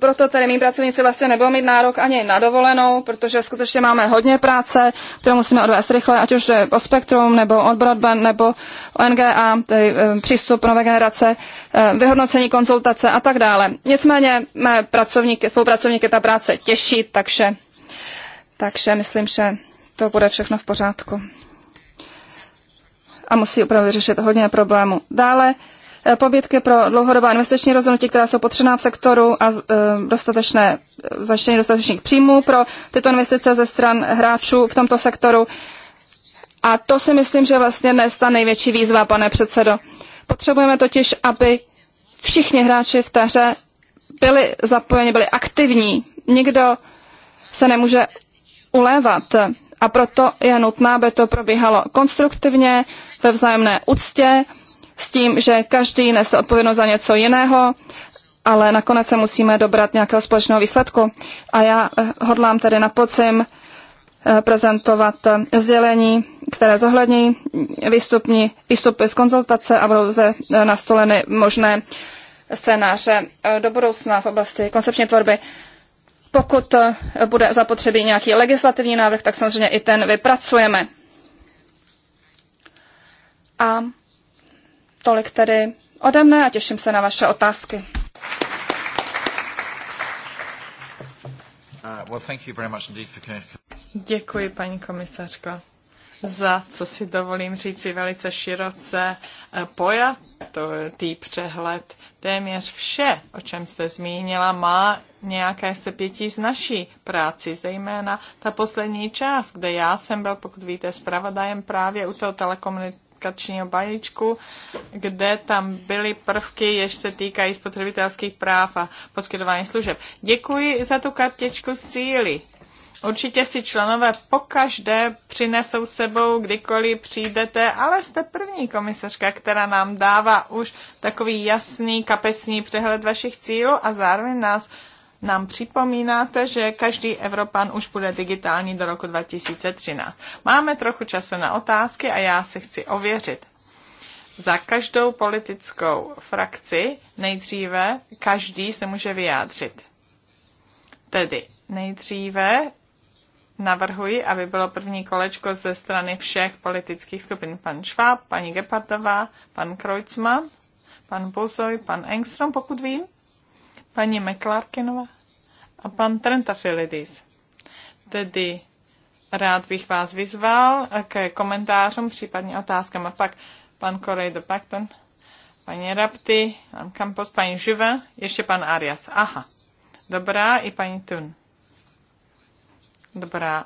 C: proto tedy mý pracovníci vlastně nebudou mít nárok ani na dovolenou, protože skutečně máme hodně práce, kterou musíme odvést rychle, ať už o Spektrum, nebo o Broadband, nebo o NGA, tedy eh, přístup nové generace, eh, vyhodnocení konzultace a tak dále. Nicméně mé pracovníky, spolupracovníky ta práce těší, takže, takže myslím, že to bude všechno v pořádku. A musí opravdu řešit hodně problémů. Dále, Eh, Pobytky pro dlouhodobá investiční rozhodnutí, která jsou potřebná v sektoru a eh, dostatečné, eh, zajištění dostatečných příjmů pro tyto investice ze stran hráčů v tomto sektoru. A to si myslím, že vlastně dnes ta největší výzva, pane předsedo. Potřebujeme totiž, aby všichni hráči v té hře byli zapojeni, byli aktivní. Nikdo se nemůže ulévat a proto je nutné, aby to probíhalo konstruktivně, ve vzájemné úctě s tím, že každý nese odpovědnost za něco jiného, ale nakonec se musíme dobrat nějakého společného výsledku. A já eh, hodlám tedy na podzim eh, prezentovat eh, sdělení, které zohlední výstupní, výstupy z konzultace a budou zde nastoleny možné scénáře do budoucna v oblasti koncepční tvorby. Pokud bude zapotřebí nějaký legislativní návrh, tak samozřejmě i ten vypracujeme. A Tolik tedy ode mne a těším se na
A: vaše otázky. Uh, Děkuji, paní komisařko, za, co si dovolím říci, velice široce eh, pojat tý přehled. Téměř vše, o čem jste zmínila, má nějaké sepětí z naší práci, zejména ta poslední část, kde já jsem byl, pokud víte, zpravodajem právě u toho telekomunikace komunikačního balíčku, kde tam byly prvky, jež se týkají spotřebitelských práv a poskytování služeb. Děkuji za tu kartičku s cíly. Určitě si členové pokaždé přinesou sebou, kdykoliv přijdete, ale jste první komisařka, která nám dává už takový jasný kapesní přehled vašich cílů a zároveň nás nám připomínáte, že každý Evropan už bude digitální do roku 2013. Máme trochu času na otázky a já se chci ověřit. Za každou politickou frakci nejdříve každý se může vyjádřit. Tedy nejdříve navrhuji, aby bylo první kolečko ze strany všech politických skupin. Pan Schwab, paní Gepardová, pan Kreutzmann, pan Bozoj, pan Engstrom, pokud vím, paní McClarkinová a pan Trentafilidis. Tedy rád bych vás vyzval ke komentářům, případně otázkám. A pak pan Korej de Pacton, paní Rapti, pan Campos, paní Živa, ještě pan Arias. Aha, dobrá, i paní Tun. Dobrá.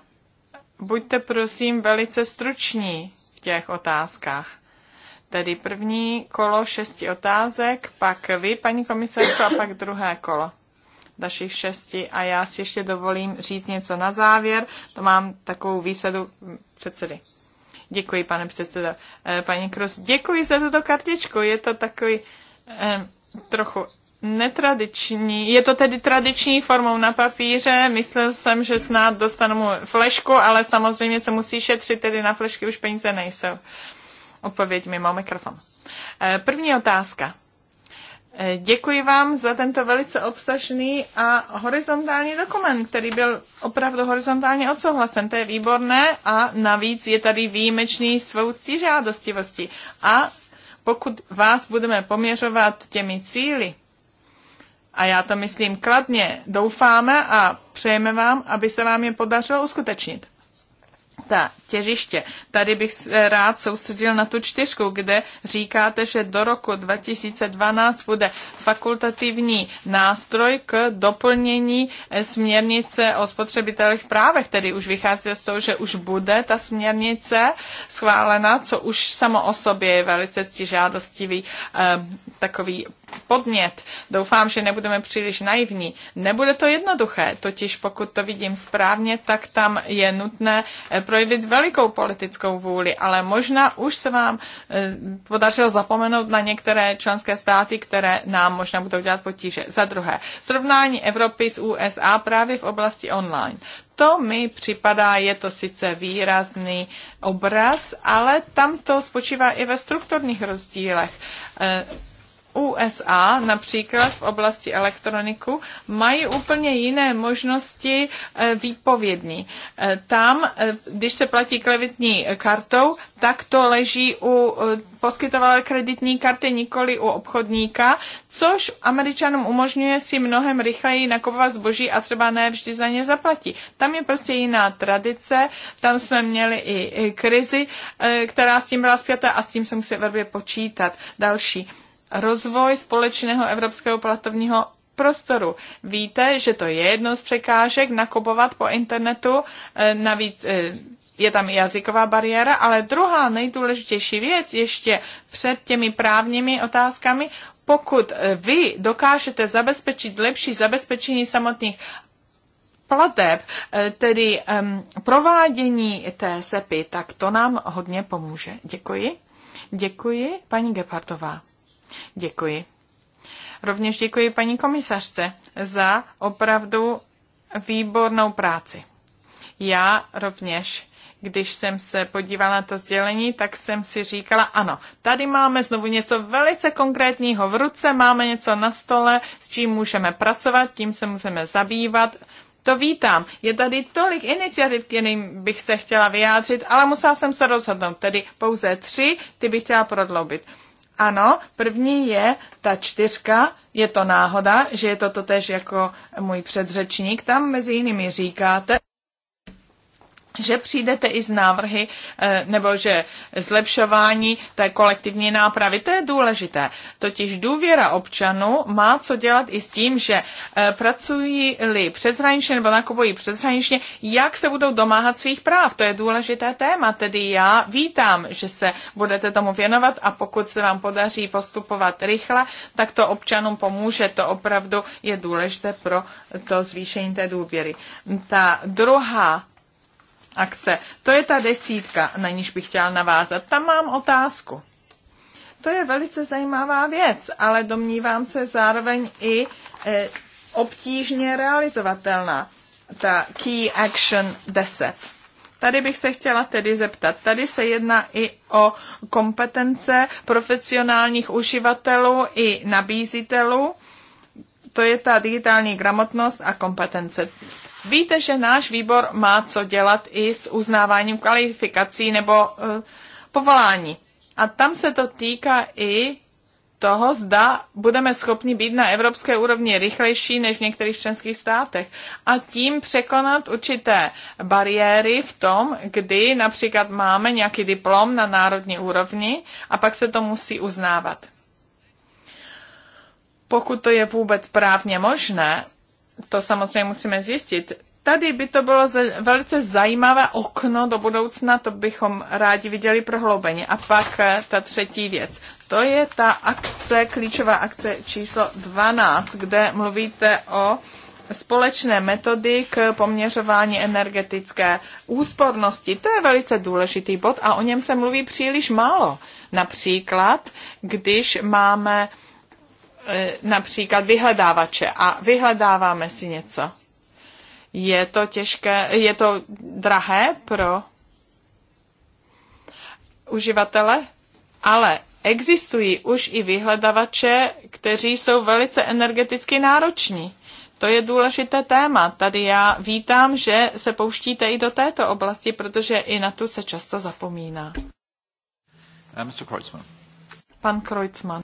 A: Buďte prosím velice struční v těch otázkách. Tedy první kolo šesti otázek, pak vy, paní komisařko, a pak druhé kolo dalších šesti a já si ještě dovolím říct něco na závěr. To mám takovou výsadu předsedy. Děkuji, pane předsedo. Eh, paní Kros, děkuji za tuto kartičku. Je to takový eh, trochu netradiční. Je to tedy tradiční formou na papíře. Myslel jsem, že snad dostanu flešku, ale samozřejmě se musí šetřit, tedy na flešky už peníze nejsou. Odpověď mimo mikrofon. Eh, první otázka. Eh, děkuji vám za tento velice obsažný a horizontální dokument, který byl opravdu horizontálně odsouhlasen. To je výborné a navíc je tady výjimečný svou žádostivosti. A pokud vás budeme poměřovat těmi cíly, a já to myslím kladně, doufáme a přejeme vám, aby se vám je podařilo uskutečnit ta těžiště. Tady bych se rád soustředil na tu čtyřku, kde říkáte, že do roku 2012 bude fakultativní nástroj k doplnění eh, směrnice o spotřebitelných právech, tedy už vycházíte z toho, že už bude ta směrnice schválena, co už samo o sobě je velice stižádostivý ehm, takový podnět. Doufám, že nebudeme příliš naivní. Nebude to jednoduché, totiž pokud to vidím správně, tak tam je nutné eh, projevit velikou politickou vůli, ale možná už se vám eh, podařilo zapomenout na některé členské státy, které nám možná budou dělat potíže. Za druhé, srovnání Evropy s USA právě v oblasti online. To mi připadá, je to sice výrazný obraz, ale tam to spočívá i ve strukturních rozdílech. Eh, USA například v oblasti elektroniku mají úplně jiné možnosti eh, výpovědní. Eh, tam, eh, když se platí kreditní kartou, tak to leží u poskytovatele kreditní karty, nikoli u obchodníka, což američanům umožňuje si mnohem rychleji nakupovat zboží a třeba ne vždy za ně zaplatí. Tam je prostě jiná tradice, tam jsme měli i krizi, která s tím byla zpěta a s tím se musí velmi počítat. Další rozvoj společného evropského platovního prostoru. Víte, že to je jedno z překážek nakupovat po internetu, eh, navíc eh, je tam jazyková bariéra, ale druhá nejdůležitější věc ještě před těmi právními otázkami, pokud eh, vy dokážete zabezpečit lepší zabezpečení samotných plateb, tedy um, provádění té SEPy, tak to nám hodně pomůže. Děkuji. Děkuji, paní Gepardová. Děkuji. Rovněž děkuji paní komisařce za opravdu výbornou práci. Já rovněž, když jsem se podívala na to sdělení, tak jsem si říkala, ano, tady máme znovu něco velice konkrétního v ruce, máme něco na stole, s čím můžeme pracovat, tím se můžeme zabývat. To vítám. Je tady tolik iniciativ, kterým bych se chtěla vyjádřit, ale musela jsem se rozhodnout. Tedy pouze tři, ty bych chtěla prodloubit. Ano, první je ta čtyřka, je to náhoda, že je to totež jako můj předřečník. Tam mezi jinými říkáte, že přijdete i z návrhy, eh, nebo že zlepšování té kolektivní nápravy, to je důležité. Totiž důvěra občanů má co dělat i s tím, že eh, pracují-li přeshraničně nebo nakupují přeshraničně, jak se budou domáhat svých práv. To je důležité téma, tedy já vítám, že se budete tomu věnovat a pokud se vám podaří postupovat rychle, tak to občanům pomůže. To opravdu je důležité pro to zvýšení té důvěry. Ta druhá akce. To je ta desítka, na níž bych chtěla navázat. Tam mám otázku. To je velice zajímavá věc, ale domnívám se zároveň i e, obtížně realizovatelná, ta Key Action 10. Tady bych se chtěla tedy zeptat. Tady se jedná i o kompetence profesionálních uživatelů i nabízitelů. To je ta digitální gramotnost a kompetence. Víte, že náš výbor má co dělat i s uznáváním kvalifikací nebo uh, povolání. A tam se to týká i toho, zda budeme schopni být na evropské úrovni rychlejší než v některých členských státech a tím překonat určité bariéry v tom, kdy například máme nějaký diplom na národní úrovni a pak se to musí uznávat. Pokud to je vůbec právně možné, to samozřejmě musíme zjistit. Tady by to bylo velice zajímavé okno do budoucna, to bychom rádi viděli prohloubeně. A pak eh, ta třetí věc. To je ta akce, klíčová akce číslo 12, kde mluvíte o společné metody k poměřování energetické úspornosti. To je velice důležitý bod a o něm se mluví příliš málo. Například, když máme E, například vyhledávače a vyhledáváme si něco. Je to těžké, je to drahé pro uživatele, ale existují už i vyhledavače, kteří jsou velice energeticky nároční. To je důležité téma. Tady já vítám, že se pouštíte i do této oblasti, protože i na tu se často zapomíná. Uh, Mr. Kreutzmann. Pan Kreutzmann.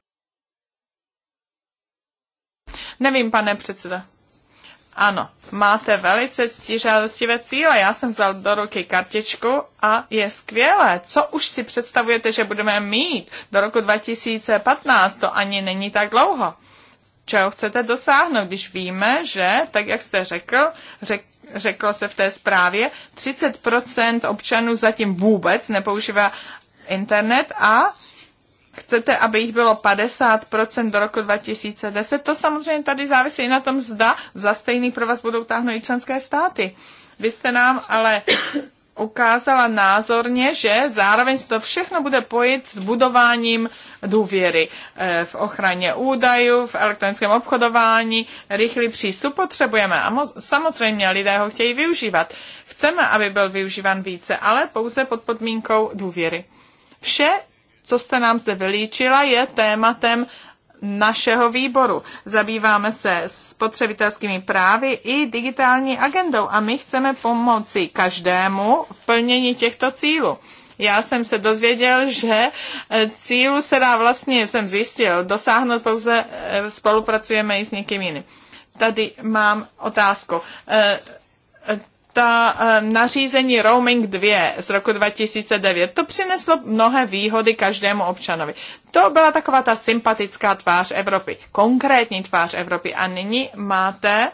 A: Nevím, pane předseda. Ano, máte velice stížádostivé cíle. Já jsem vzal do ruky kartičku a je skvělé. Co už si představujete, že budeme mít do roku 2015? To ani není tak dlouho. Čeho chcete dosáhnout, když víme, že, tak jak jste řekl, řek, řeklo se v té zprávě, 30% občanů zatím vůbec nepoužívá internet a chcete, aby jich bylo 50% do roku 2010, to samozřejmě tady závisí i na tom, zda za stejný pro vás budou táhnout i členské státy. Vy jste nám ale ukázala názorně, že zároveň se to všechno bude pojit s budováním důvěry eh, v ochraně údajů, v elektronickém obchodování, rychlý přístup potřebujeme a mo- samozřejmě lidé ho chtějí využívat. Chceme, aby byl využívan více, ale pouze pod podmínkou důvěry. Vše co jste nám zde vylíčila, je tématem našeho výboru. Zabýváme se spotřebitelskými právy i digitální agendou a my chceme pomoci každému v plnění těchto cílů. Já jsem se dozvěděl, že eh, cílu se dá vlastně, jsem zjistil, dosáhnout pouze eh, spolupracujeme i s někým jiným. Tady mám otázku eh, ta eh, nařízení Roaming 2 z roku 2009, to přineslo mnohé výhody každému občanovi. To byla taková ta sympatická tvář Evropy, konkrétní tvář Evropy. A nyní máte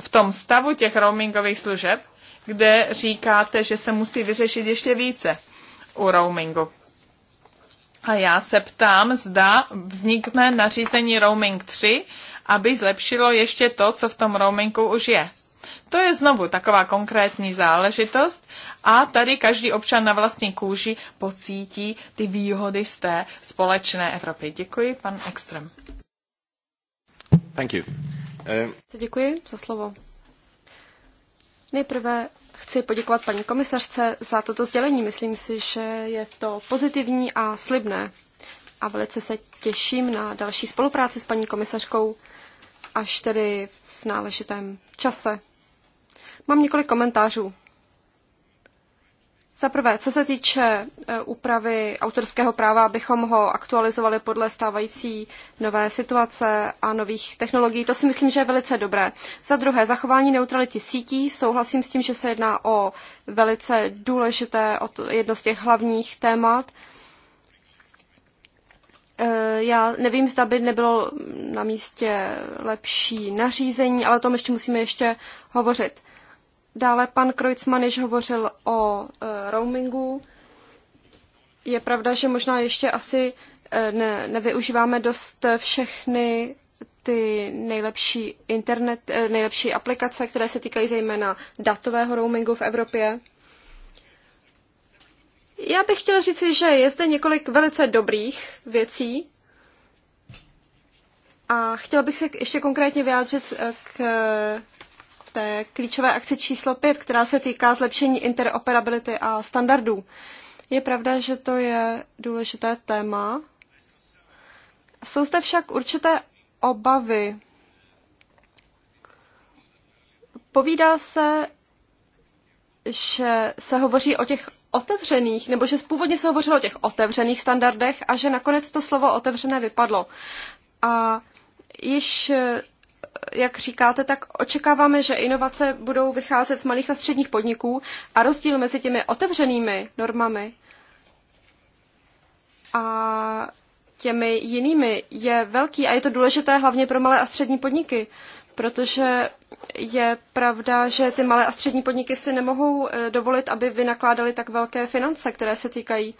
A: v tom stavu těch roamingových služeb, kde říkáte, že se musí vyřešit ještě více u roamingu. A já se ptám, zda vznikne nařízení roaming 3, aby zlepšilo ještě to, co v tom roamingu už je. To je znovu taková konkrétní záležitost a tady každý občan na vlastní kůži pocítí ty výhody z té společné Evropy. Děkuji, pan Ekström.
D: Thank you. Um...
B: Děkuji za slovo. Nejprve chci poděkovat paní komisařce za toto sdělení. Myslím si, že je to pozitivní a slibné. A velice se těším na další spolupráci s paní komisařkou, až tedy v náležitém čase. Mám několik komentářů. Za prvé, co se týče e, úpravy autorského práva, abychom ho aktualizovali podle stávající nové situace a nových technologií, to si myslím, že je velice dobré. Za druhé, zachování neutrality sítí. Souhlasím s tím, že se jedná o velice důležité, jedno z těch hlavních témat. E, já nevím, zda by nebylo na místě lepší nařízení, ale o tom ještě musíme ještě hovořit. Dále pan Kreutzmann již hovořil o e, roamingu. Je pravda, že možná ještě asi e, ne, nevyužíváme dost všechny ty nejlepší, internet, e, nejlepší aplikace, které se týkají zejména datového roamingu v Evropě. Já bych chtěla říci, že je zde několik velice dobrých věcí a chtěla bych se ještě konkrétně vyjádřit k té klíčové akce číslo 5, která se týká zlepšení interoperability a standardů. Je pravda, že to je důležité téma. Jsou zde však určité obavy. Povídá se, že se hovoří o těch otevřených, nebo že původně se hovořilo o těch otevřených standardech a že nakonec to slovo otevřené vypadlo. A již jak říkáte, tak očekáváme, že inovace budou vycházet z malých a středních podniků a rozdíl mezi těmi otevřenými normami a těmi jinými je velký a je to důležité hlavně pro malé a střední podniky, protože je pravda, že ty malé a střední podniky si nemohou eh, dovolit, aby vynakládali tak velké finance, které se týkají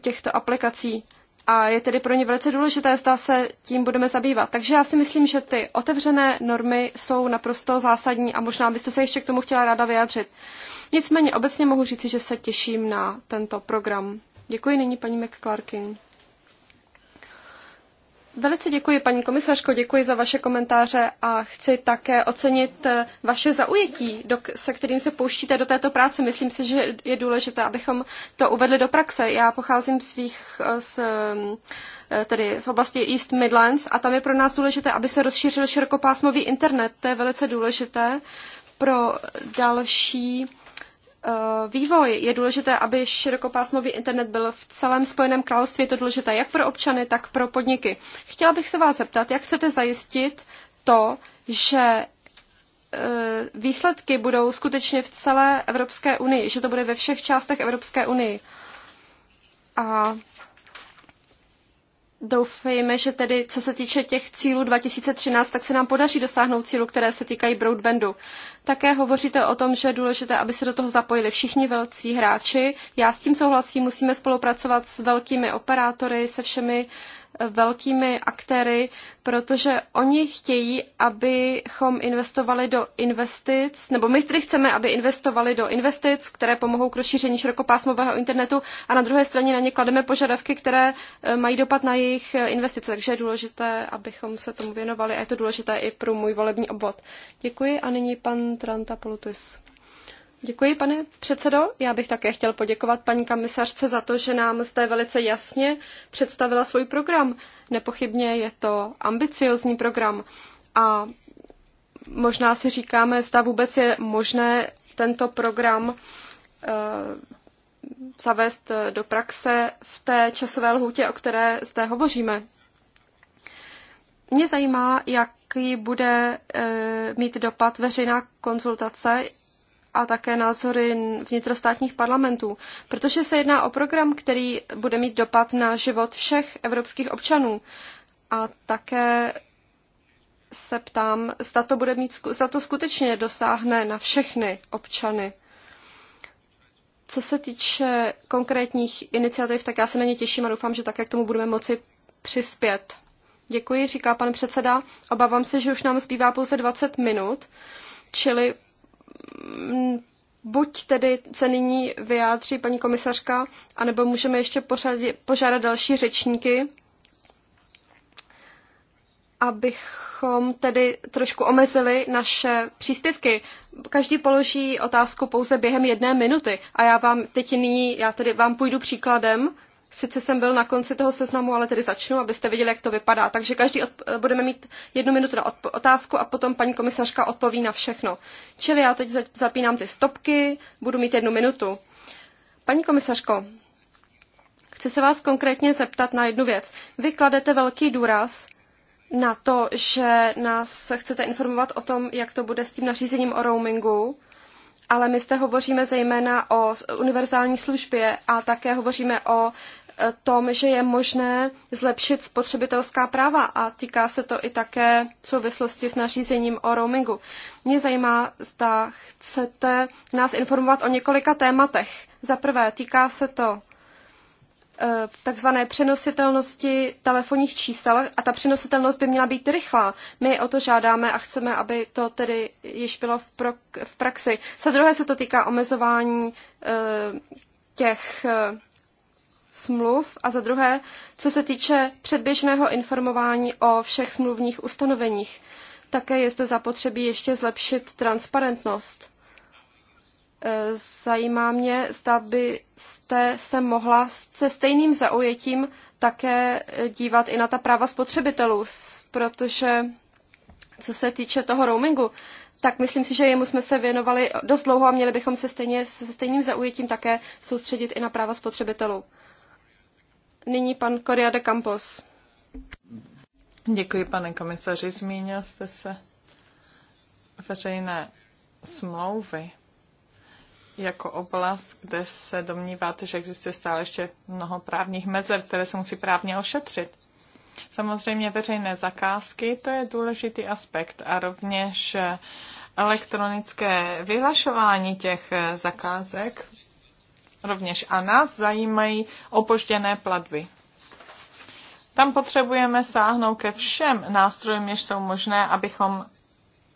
B: těchto aplikací a je tedy pro ně velice důležité, zda se tím budeme zabývat. Takže já si myslím, že ty otevřené normy jsou naprosto zásadní a možná byste se ještě k tomu chtěla ráda vyjádřit. Nicméně obecně mohu říci, že se těším na tento program. Děkuji nyní paní McClarkin. Velice děkuji, paní komisařko, děkuji za vaše komentáře a chci také ocenit eh, vaše zaujetí, se kterým se pouštíte do této práce. Myslím si, že je důležité, abychom to uvedli do praxe. Já pocházím z, svých, eh, z, mm, eh, tedy z oblasti East Midlands a tam je pro nás důležité, aby se rozšířil širokopásmový internet. To je velice důležité pro další Eh, vývoj. Je důležité, aby širokopásmový internet byl v celém Spojeném království. Je to důležité jak pro občany, tak pro podniky. Chtěla bych se vás zeptat, jak chcete zajistit to, že eh, výsledky budou skutečně v celé Evropské unii, že to bude ve všech částech Evropské unii. A Doufejme, že tedy, co se týče těch cílů 2013, tak se nám podaří dosáhnout cílu, které se týkají broadbandu. Také hovoříte o tom, že je důležité, aby se do toho zapojili všichni velcí hráči. Já s tím souhlasím, musíme spolupracovat s velkými operátory, se všemi velkými aktéry, protože oni chtějí, abychom investovali do investic, nebo my tedy chceme, aby investovali do investic, které pomohou k rozšíření širokopásmového internetu a na druhé straně na ně klademe požadavky, které eh, mají dopad na jejich eh, investice. Takže je důležité, abychom se tomu věnovali a je to důležité i pro můj volební obvod. Děkuji a nyní pan Tranta Polutis. Děkuji, pane předsedo. Já bych také chtěl poděkovat paní komisařce za to, že nám zde velice jasně představila svůj program. Nepochybně je to ambiciozní program a možná si říkáme, zda vůbec je možné tento program eh, zavést do praxe v té časové lhůtě, o které zde hovoříme. Mě zajímá, jaký bude eh, mít dopad veřejná konzultace a také názory vnitrostátních parlamentů, protože se jedná o program, který bude mít dopad na život všech evropských občanů. A také se ptám, zda to, bude mít, zda to skutečně dosáhne na všechny občany. Co se týče konkrétních iniciativ, tak já se na ně těším a doufám, že také k tomu budeme moci přispět. Děkuji, říká pan předseda. Obávám se, že už nám zbývá pouze 20 minut, čili Mm, buď tedy se nyní vyjádří paní komisařka, anebo můžeme ještě pořadě, požádat další řečníky, abychom tedy trošku omezili naše příspěvky. Každý položí otázku pouze během jedné minuty a já vám teď nyní, já tedy vám půjdu příkladem Sice jsem byl na konci toho seznamu, ale tedy začnu, abyste viděli, jak to vypadá. Takže každý odp- eh, budeme mít jednu minutu na odp- otázku a potom paní komisařka odpoví na všechno. Čili já teď zapínám ty stopky, budu mít jednu minutu. Paní komisařko, chci se vás konkrétně zeptat na jednu věc. Vy kladete velký důraz na to, že nás chcete informovat o tom, jak to bude s tím nařízením o roamingu ale my zde hovoříme zejména o univerzální službě a také hovoříme o e, tom, že je možné zlepšit spotřebitelská práva a týká se to i také v souvislosti s nařízením o roamingu. Mě zajímá, zda chcete nás informovat o několika tématech. Za prvé, týká se to Eh, takzvané přenositelnosti telefonních čísel a ta přenositelnost by měla být rychlá. My o to žádáme a chceme, aby to tedy již bylo v, pro, v praxi. Za druhé se to týká omezování eh, těch eh, smluv a za druhé, co se týče předběžného informování o všech smluvních ustanoveních. Také je zde zapotřebí ještě zlepšit transparentnost. Eh, zajímá mě, zda byste se mohla se stejným zaujetím také eh, dívat i na ta práva spotřebitelů, protože co se týče toho roamingu, tak myslím si, že jemu jsme se věnovali dost dlouho a měli bychom se stejně se stejným zaujetím také soustředit i na práva spotřebitelů. Nyní pan Coria de Campos.
A: Děkuji, pane komisaři. Zmínil jste se veřejné smlouvy jako oblast, kde se domníváte, že existuje stále ještě mnoho právních mezer, které se musí právně ošetřit. Samozřejmě veřejné zakázky, to je důležitý aspekt a rovněž elektronické vyhlašování těch zakázek, rovněž a nás zajímají opožděné platby. Tam potřebujeme sáhnout ke všem nástrojům, jež jsou možné, abychom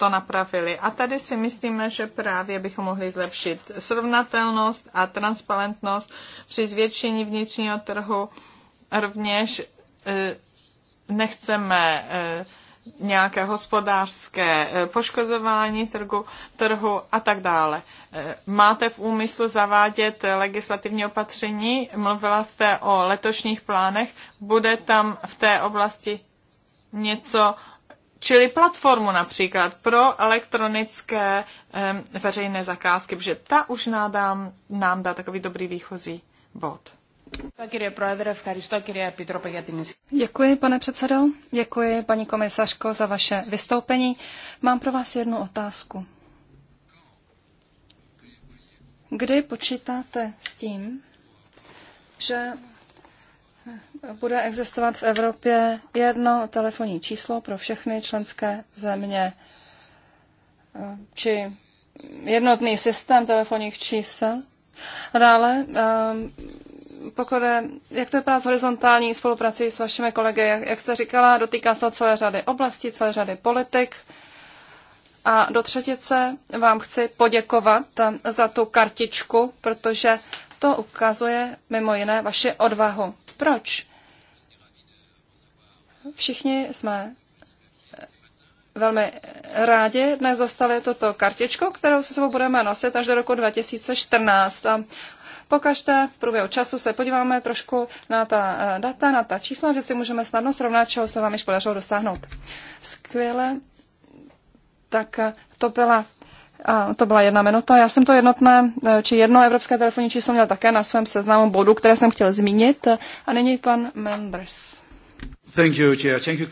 A: to napravili. A tady si myslíme, že právě bychom mohli zlepšit srovnatelnost a transparentnost při zvětšení vnitřního trhu. Rovněž e, nechceme e, nějaké hospodářské e, poškozování trhu, trhu a tak dále. Máte v úmyslu zavádět legislativní opatření? Mluvila jste o letošních plánech. Bude tam v té oblasti něco čili platformu například pro elektronické um, veřejné zakázky, protože ta už nám, nám dá takový dobrý výchozí bod.
C: Děkuji, pane předsedo. Děkuji, paní komisařko, za vaše vystoupení. Mám pro vás jednu otázku. Kdy počítáte s tím, že bude existovat v Evropě jedno telefonní číslo pro všechny členské země, či jednotný systém telefonních čísel. dále, ehm, pokud je, jak to vypadá s horizontální spoluprací s vašimi kolegy, jak, jak jste říkala, dotýká se celé řady oblastí, celé řady politik. A do třetice vám chci poděkovat za tu kartičku, protože to ukazuje mimo jiné vaši odvahu. Proč? Všichni jsme eh, velmi rádi dnes dostali tuto kartičku, kterou se sebou budeme nosit až do roku 2014. pokažte v průběhu času se podíváme trošku na ta eh, data, na ta čísla, že si můžeme snadno srovnat, čeho se vám již podařilo dosáhnout. Skvěle. Tak eh, to byla a to byla jedna minuta. Já jsem to jednotné, eh, či jedno evropské telefonní číslo měl také na svém seznamu bodu, které jsem chtěl zmínit. A
A: nyní pan Members. Thank you, chair. Thank you,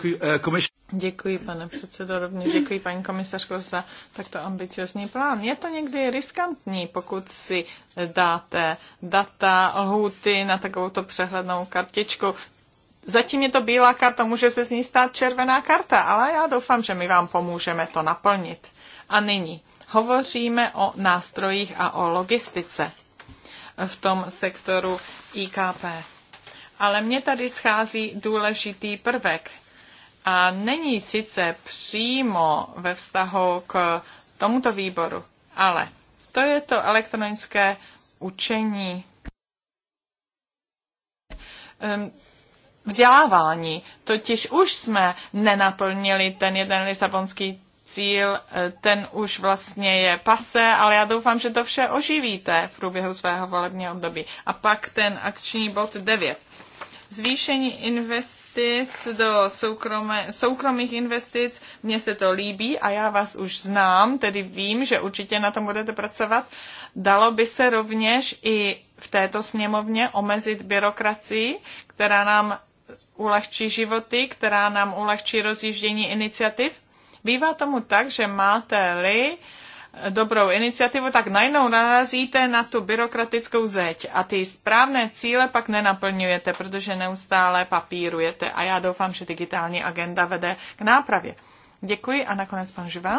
A: uh, Děkuji, pane předsedo, rovněž děkuji, paní komisařko, za takto ambiciozní plán. Je to někdy riskantní, pokud si dáte data, lhuty na takovouto přehlednou kartičku. Zatím je to bílá karta, může se z ní stát červená karta, ale já doufám, že my vám pomůžeme to naplnit. A nyní Hovoříme o nástrojích a o logistice v tom sektoru IKP. Ale mně tady schází důležitý prvek. A není sice přímo ve vztahu k tomuto výboru, ale to je to elektronické učení, ehm, vzdělávání. Totiž už jsme nenaplnili ten jeden Lisabonský cíl, eh, ten už vlastně je pase, ale já doufám, že to vše oživíte v průběhu svého volebního období. A pak ten akční bod 9. Zvýšení investic do soukromé, soukromých investic, mně se to líbí a já vás už znám, tedy vím, že určitě na tom budete pracovat. Dalo by se rovněž i v této sněmovně omezit byrokracii, která nám ulehčí životy, která nám ulehčí rozjíždění iniciativ? Bývá tomu tak, že máte-li dobrou iniciativu, tak najednou narazíte na tu byrokratickou zeď a ty správné cíle pak nenaplňujete, protože neustále papírujete a já doufám, že digitální agenda vede k nápravě. Děkuji a nakonec pan Živá.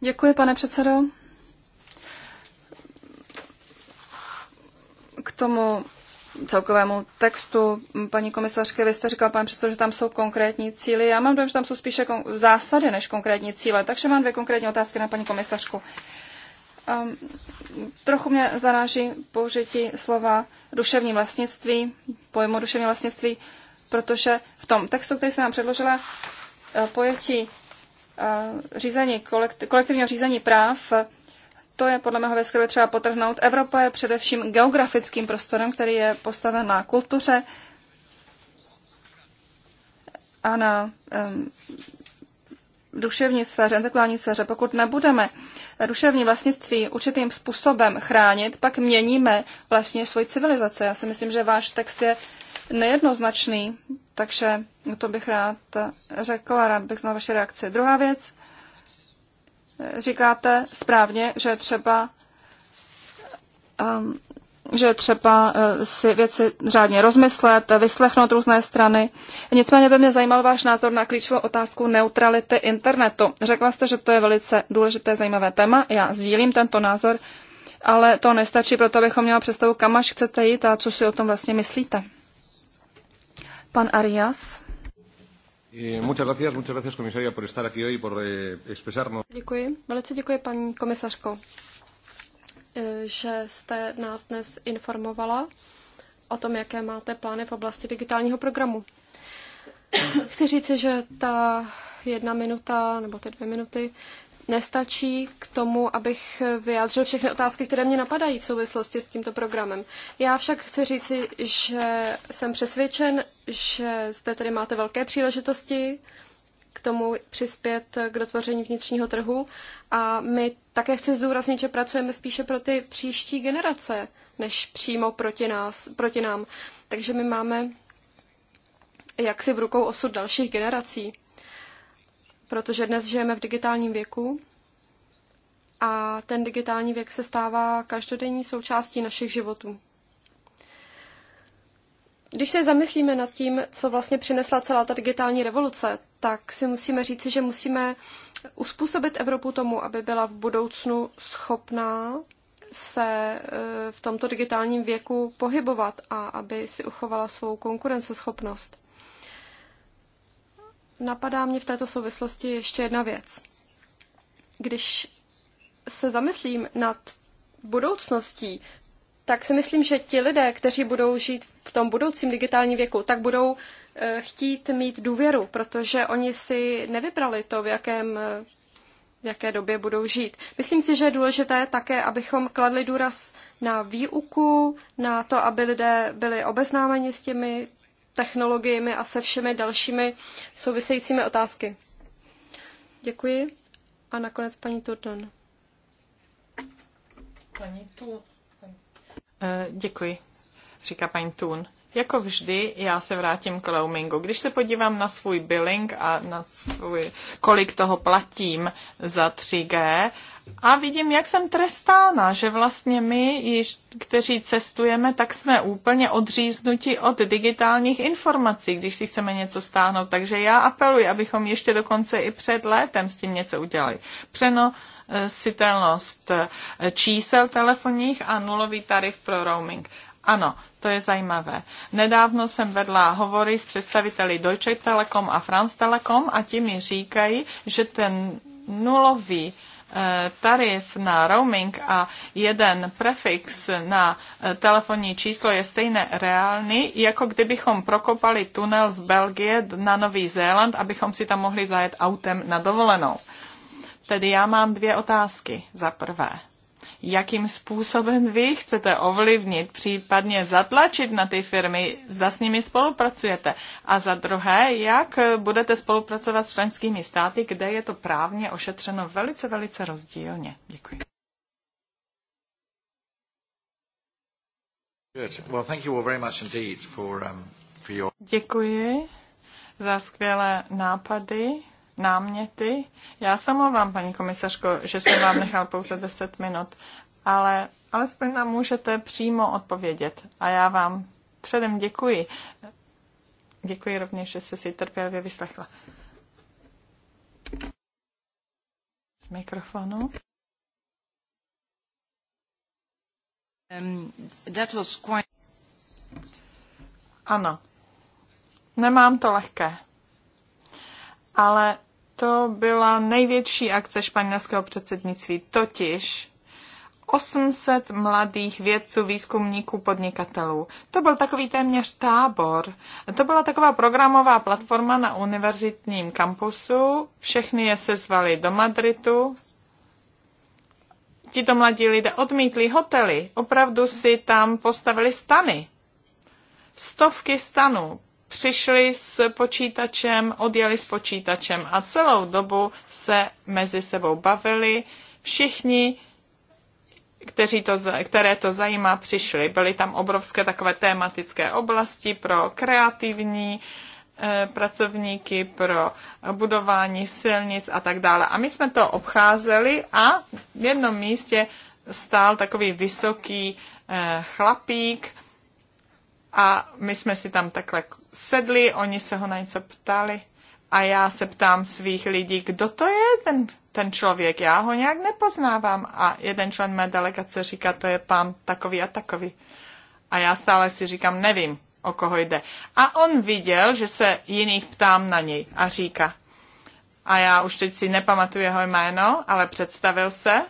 A: Děkuji, pane předsedo. K tomu celkovému
C: textu. Paní komisařky, vy jste říkal, pane přesto, že tam jsou konkrétní cíly. Já mám dojem, že tam jsou spíše zásady než konkrétní cíle, takže mám dvě konkrétní otázky na paní komisařku. Um, trochu mě zaráží použití slova duševní vlastnictví, pojmu duševní vlastnictví, protože v tom textu, který se nám předložila, e, pojetí e, řízení, kolektivního řízení práv to je podle mého věc, třeba potrhnout. Evropa je především geografickým prostorem, který je postaven na kultuře a na um, duševní sféře, intelektuální sféře. Pokud nebudeme duševní vlastnictví určitým způsobem chránit, pak měníme vlastně svoji civilizaci. Já si myslím, že váš text je nejednoznačný, takže to bych rád řekla, rád bych znal vaše reakce. Druhá věc, říkáte správně, že třeba um, že třeba eh, si věci řádně rozmyslet, vyslechnout různé strany. Nicméně by mě zajímal váš názor na klíčovou otázku neutrality internetu. Řekla jste, že to je velice důležité, zajímavé téma. Já sdílím tento názor, ale to nestačí, proto abychom měla představu, kam až chcete jít a co si o tom vlastně myslíte.
B: Pan Arias.
A: Eh, muchas gracias, muchas gracias, por estar aquí hoy, por eh, expresarnos.
B: Děkuji, velice děkuji, paní komisařko, eh, že jste nás dnes informovala o tom, jaké máte plány v oblasti digitálního programu. Chci říci, že ta jedna minuta nebo ty dvě minuty nestačí k tomu, abych vyjádřil všechny otázky, které mě napadají v souvislosti s tímto programem. Já však chci říci, že jsem přesvědčen, že zde tady máte velké příležitosti k tomu přispět k dotvoření vnitřního trhu a my také chci zdůraznit, že pracujeme spíše pro ty příští generace, než přímo proti, nás, proti nám. Takže my máme jaksi v rukou osud dalších generací protože dnes žijeme v digitálním věku a ten digitální věk se stává každodenní součástí našich životů. Když se zamyslíme nad tím, co vlastně přinesla celá ta digitální revoluce, tak si musíme říci, že musíme uspůsobit Evropu tomu, aby byla v budoucnu schopná se e, v tomto digitálním věku pohybovat a aby si uchovala svou konkurenceschopnost. Napadá mě v této souvislosti ještě jedna věc. Když se zamyslím nad budoucností, tak si myslím, že ti lidé, kteří budou žít v tom budoucím digitálním věku, tak budou eh, chtít mít důvěru, protože oni si nevybrali to, v jakém v jaké době budou žít. Myslím si, že je důležité také, abychom kladli důraz na výuku, na to, aby lidé byli obeznámeni s těmi technologiemi a se všemi dalšími souvisejícími otázky. Děkuji. A nakonec paní Turdon.
A: Paní Tun. Eh, děkuji, říká paní Tun. Jako vždy, já se vrátím k roamingu. Když se podívám na svůj billing a na svůj, kolik toho platím za 3G, a vidím, jak jsem trestána, že vlastně my, již, kteří cestujeme, tak jsme úplně odříznuti od digitálních informací, když si chceme něco stáhnout. Takže já apeluji, abychom ještě dokonce i před létem s tím něco udělali. Přeno, sitelnost eh, čísel telefonních a nulový tarif pro roaming. Ano, to je zajímavé. Nedávno jsem vedla hovory s představiteli Deutsche Telekom a France Telekom a ti mi říkají, že ten nulový Eh, tarif na roaming a jeden prefix na eh, telefonní číslo je stejně reálný, jako kdybychom prokopali tunel z Belgie na Nový Zéland, abychom si tam mohli zajet autem na dovolenou. Tedy já mám dvě otázky. Za prvé, jakým způsobem vy chcete ovlivnit, případně zatlačit na ty firmy, zda s nimi spolupracujete. A za druhé, jak budete spolupracovat s členskými státy, kde je to právně ošetřeno velice, velice rozdílně. Děkuji. Um, Děkuji za skvělé nápady náměty. Já se omlouvám, paní komisařko, že jsem vám nechal pouze 10 minut, ale alespoň nám můžete přímo odpovědět. A já vám předem děkuji. Děkuji rovněž, že jste si trpělivě vyslechla. Z mikrofonu. Um, that was quite... Ano, nemám to lehké. Ale to byla největší akce španělského předsednictví, totiž 800 mladých vědců, výzkumníků, podnikatelů. To byl takový téměř tábor. To byla taková programová platforma na univerzitním kampusu. Všechny je se zvali do Madridu. Tito mladí lidé odmítli hotely. Opravdu si tam postavili stany. Stovky stanů přišli s počítačem, odjeli s počítačem a celou dobu se mezi sebou bavili. Všichni, kteří to, které to zajímá, přišli. Byly tam obrovské takové tématické oblasti pro kreativní eh, pracovníky, pro budování silnic a tak dále. A my jsme to obcházeli a v jednom místě stál takový vysoký eh, chlapík, a my jsme si tam takhle sedli, oni se ho na něco ptali a já se ptám svých lidí, kdo to je ten, ten člověk, já ho nějak nepoznávám a jeden člen mé delegace říká, to je pán takový a takový. A já stále si říkám, nevím, o koho jde. A on viděl, že se jiných ptám na něj a říká, a já už teď si nepamatuju jeho jméno, ale představil se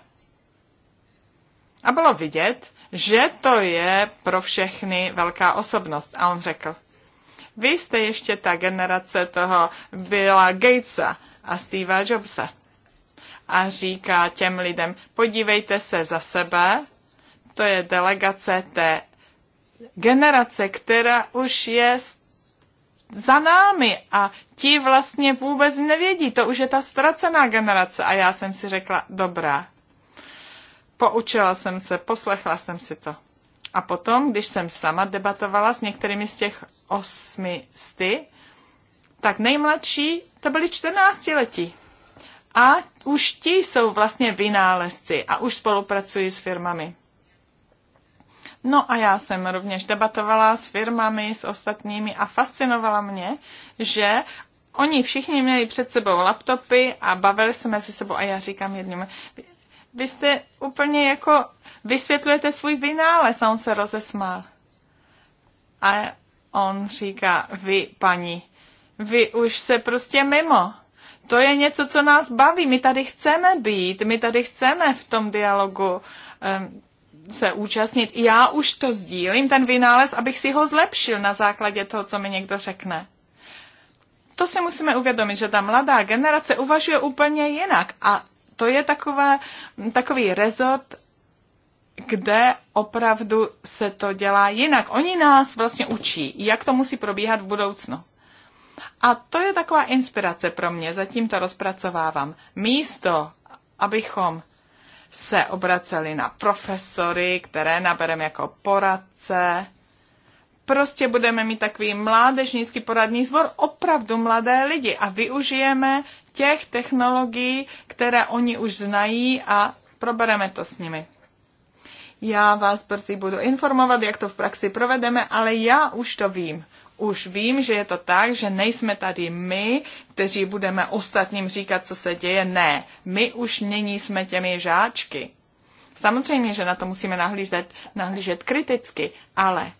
A: a bylo vidět, že to je pro všechny velká osobnost. A on řekl, vy jste ještě ta generace toho Billa Gatesa a Stevea Jobsa. A říká těm lidem, podívejte se za sebe, to je delegace té generace, která už je za námi a ti vlastně vůbec nevědí, to už je ta ztracená generace. A já jsem si řekla, dobrá, Poučila jsem se, poslechla jsem si to. A potom, když jsem sama debatovala s některými z těch osmi sty, tak nejmladší to byli 14 letí. A už ti jsou vlastně vynálezci a už spolupracují s firmami. No a já jsem rovněž debatovala s firmami, s ostatními a fascinovala mě, že oni všichni měli před sebou laptopy a bavili se mezi sebou a já říkám jednou. Vy jste úplně jako vysvětlujete svůj vynález a on se rozesmál. A on říká, vy, paní, vy už se prostě mimo. To je něco, co nás baví. My tady chceme být, my tady chceme v tom dialogu um, se účastnit. Já už to sdílím, ten vynález, abych si ho zlepšil na základě toho, co mi někdo řekne. To si musíme uvědomit, že ta mladá generace uvažuje úplně jinak a to je takové, takový rezort, kde opravdu se to dělá jinak. Oni nás vlastně učí, jak to musí probíhat v budoucnu. A to je taková inspirace pro mě, zatím to rozpracovávám. Místo, abychom se obraceli na profesory, které nabereme jako poradce, prostě budeme mít takový mládežnický poradní zbor opravdu mladé lidi a využijeme těch technologií, které oni už znají a probereme to s nimi. Já vás brzy budu informovat, jak to v praxi provedeme, ale já už to vím. Už vím, že je to tak, že nejsme tady my, kteří budeme ostatním říkat, co se děje. Ne, my už není jsme těmi žáčky. Samozřejmě, že na to musíme nahlížet, nahlížet kriticky, ale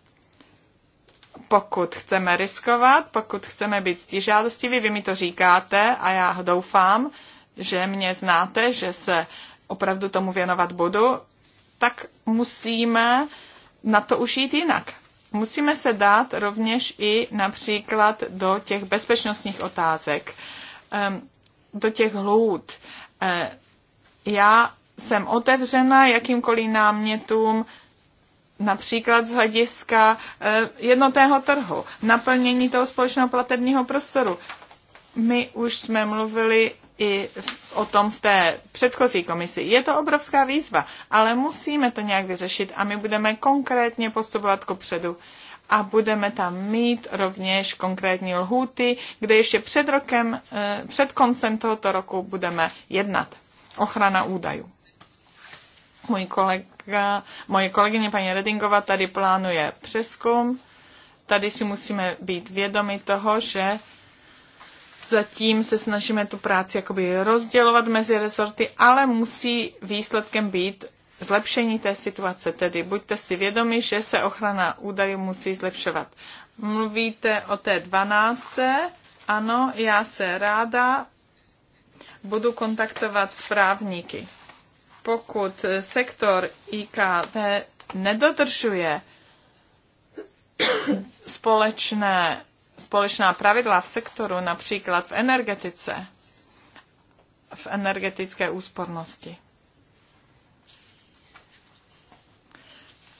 A: pokud chceme riskovat, pokud chceme být stížádostiví, vy mi to říkáte a já doufám, že mě znáte, že se opravdu tomu věnovat budu, tak musíme na to už jít jinak. Musíme se dát rovněž i například do těch bezpečnostních otázek, ehm, do těch hlůd. Ehm, já jsem otevřena jakýmkoliv námětům, například z hlediska eh, jednotného trhu, naplnění toho společného platebního prostoru. My už jsme mluvili i o tom v té předchozí komisi. Je to obrovská výzva, ale musíme to nějak vyřešit a my budeme konkrétně postupovat ku předu. A budeme tam mít rovněž konkrétní lhůty, kde ještě před rokem, eh, před koncem tohoto roku budeme jednat. Ochrana údajů. Můj kolega kolega, moje kolegyně paní Redingova tady plánuje přeskum. Tady si musíme být vědomi toho, že zatím se snažíme tu práci jakoby rozdělovat mezi resorty, ale musí výsledkem být zlepšení té situace. Tedy buďte si vědomi, že se ochrana údajů musí zlepšovat. Mluvíte o té 12. Ano, já se ráda budu kontaktovat správníky pokud sektor IKT nedodržuje společné, společná pravidla v sektoru, například v energetice, v energetické úspornosti.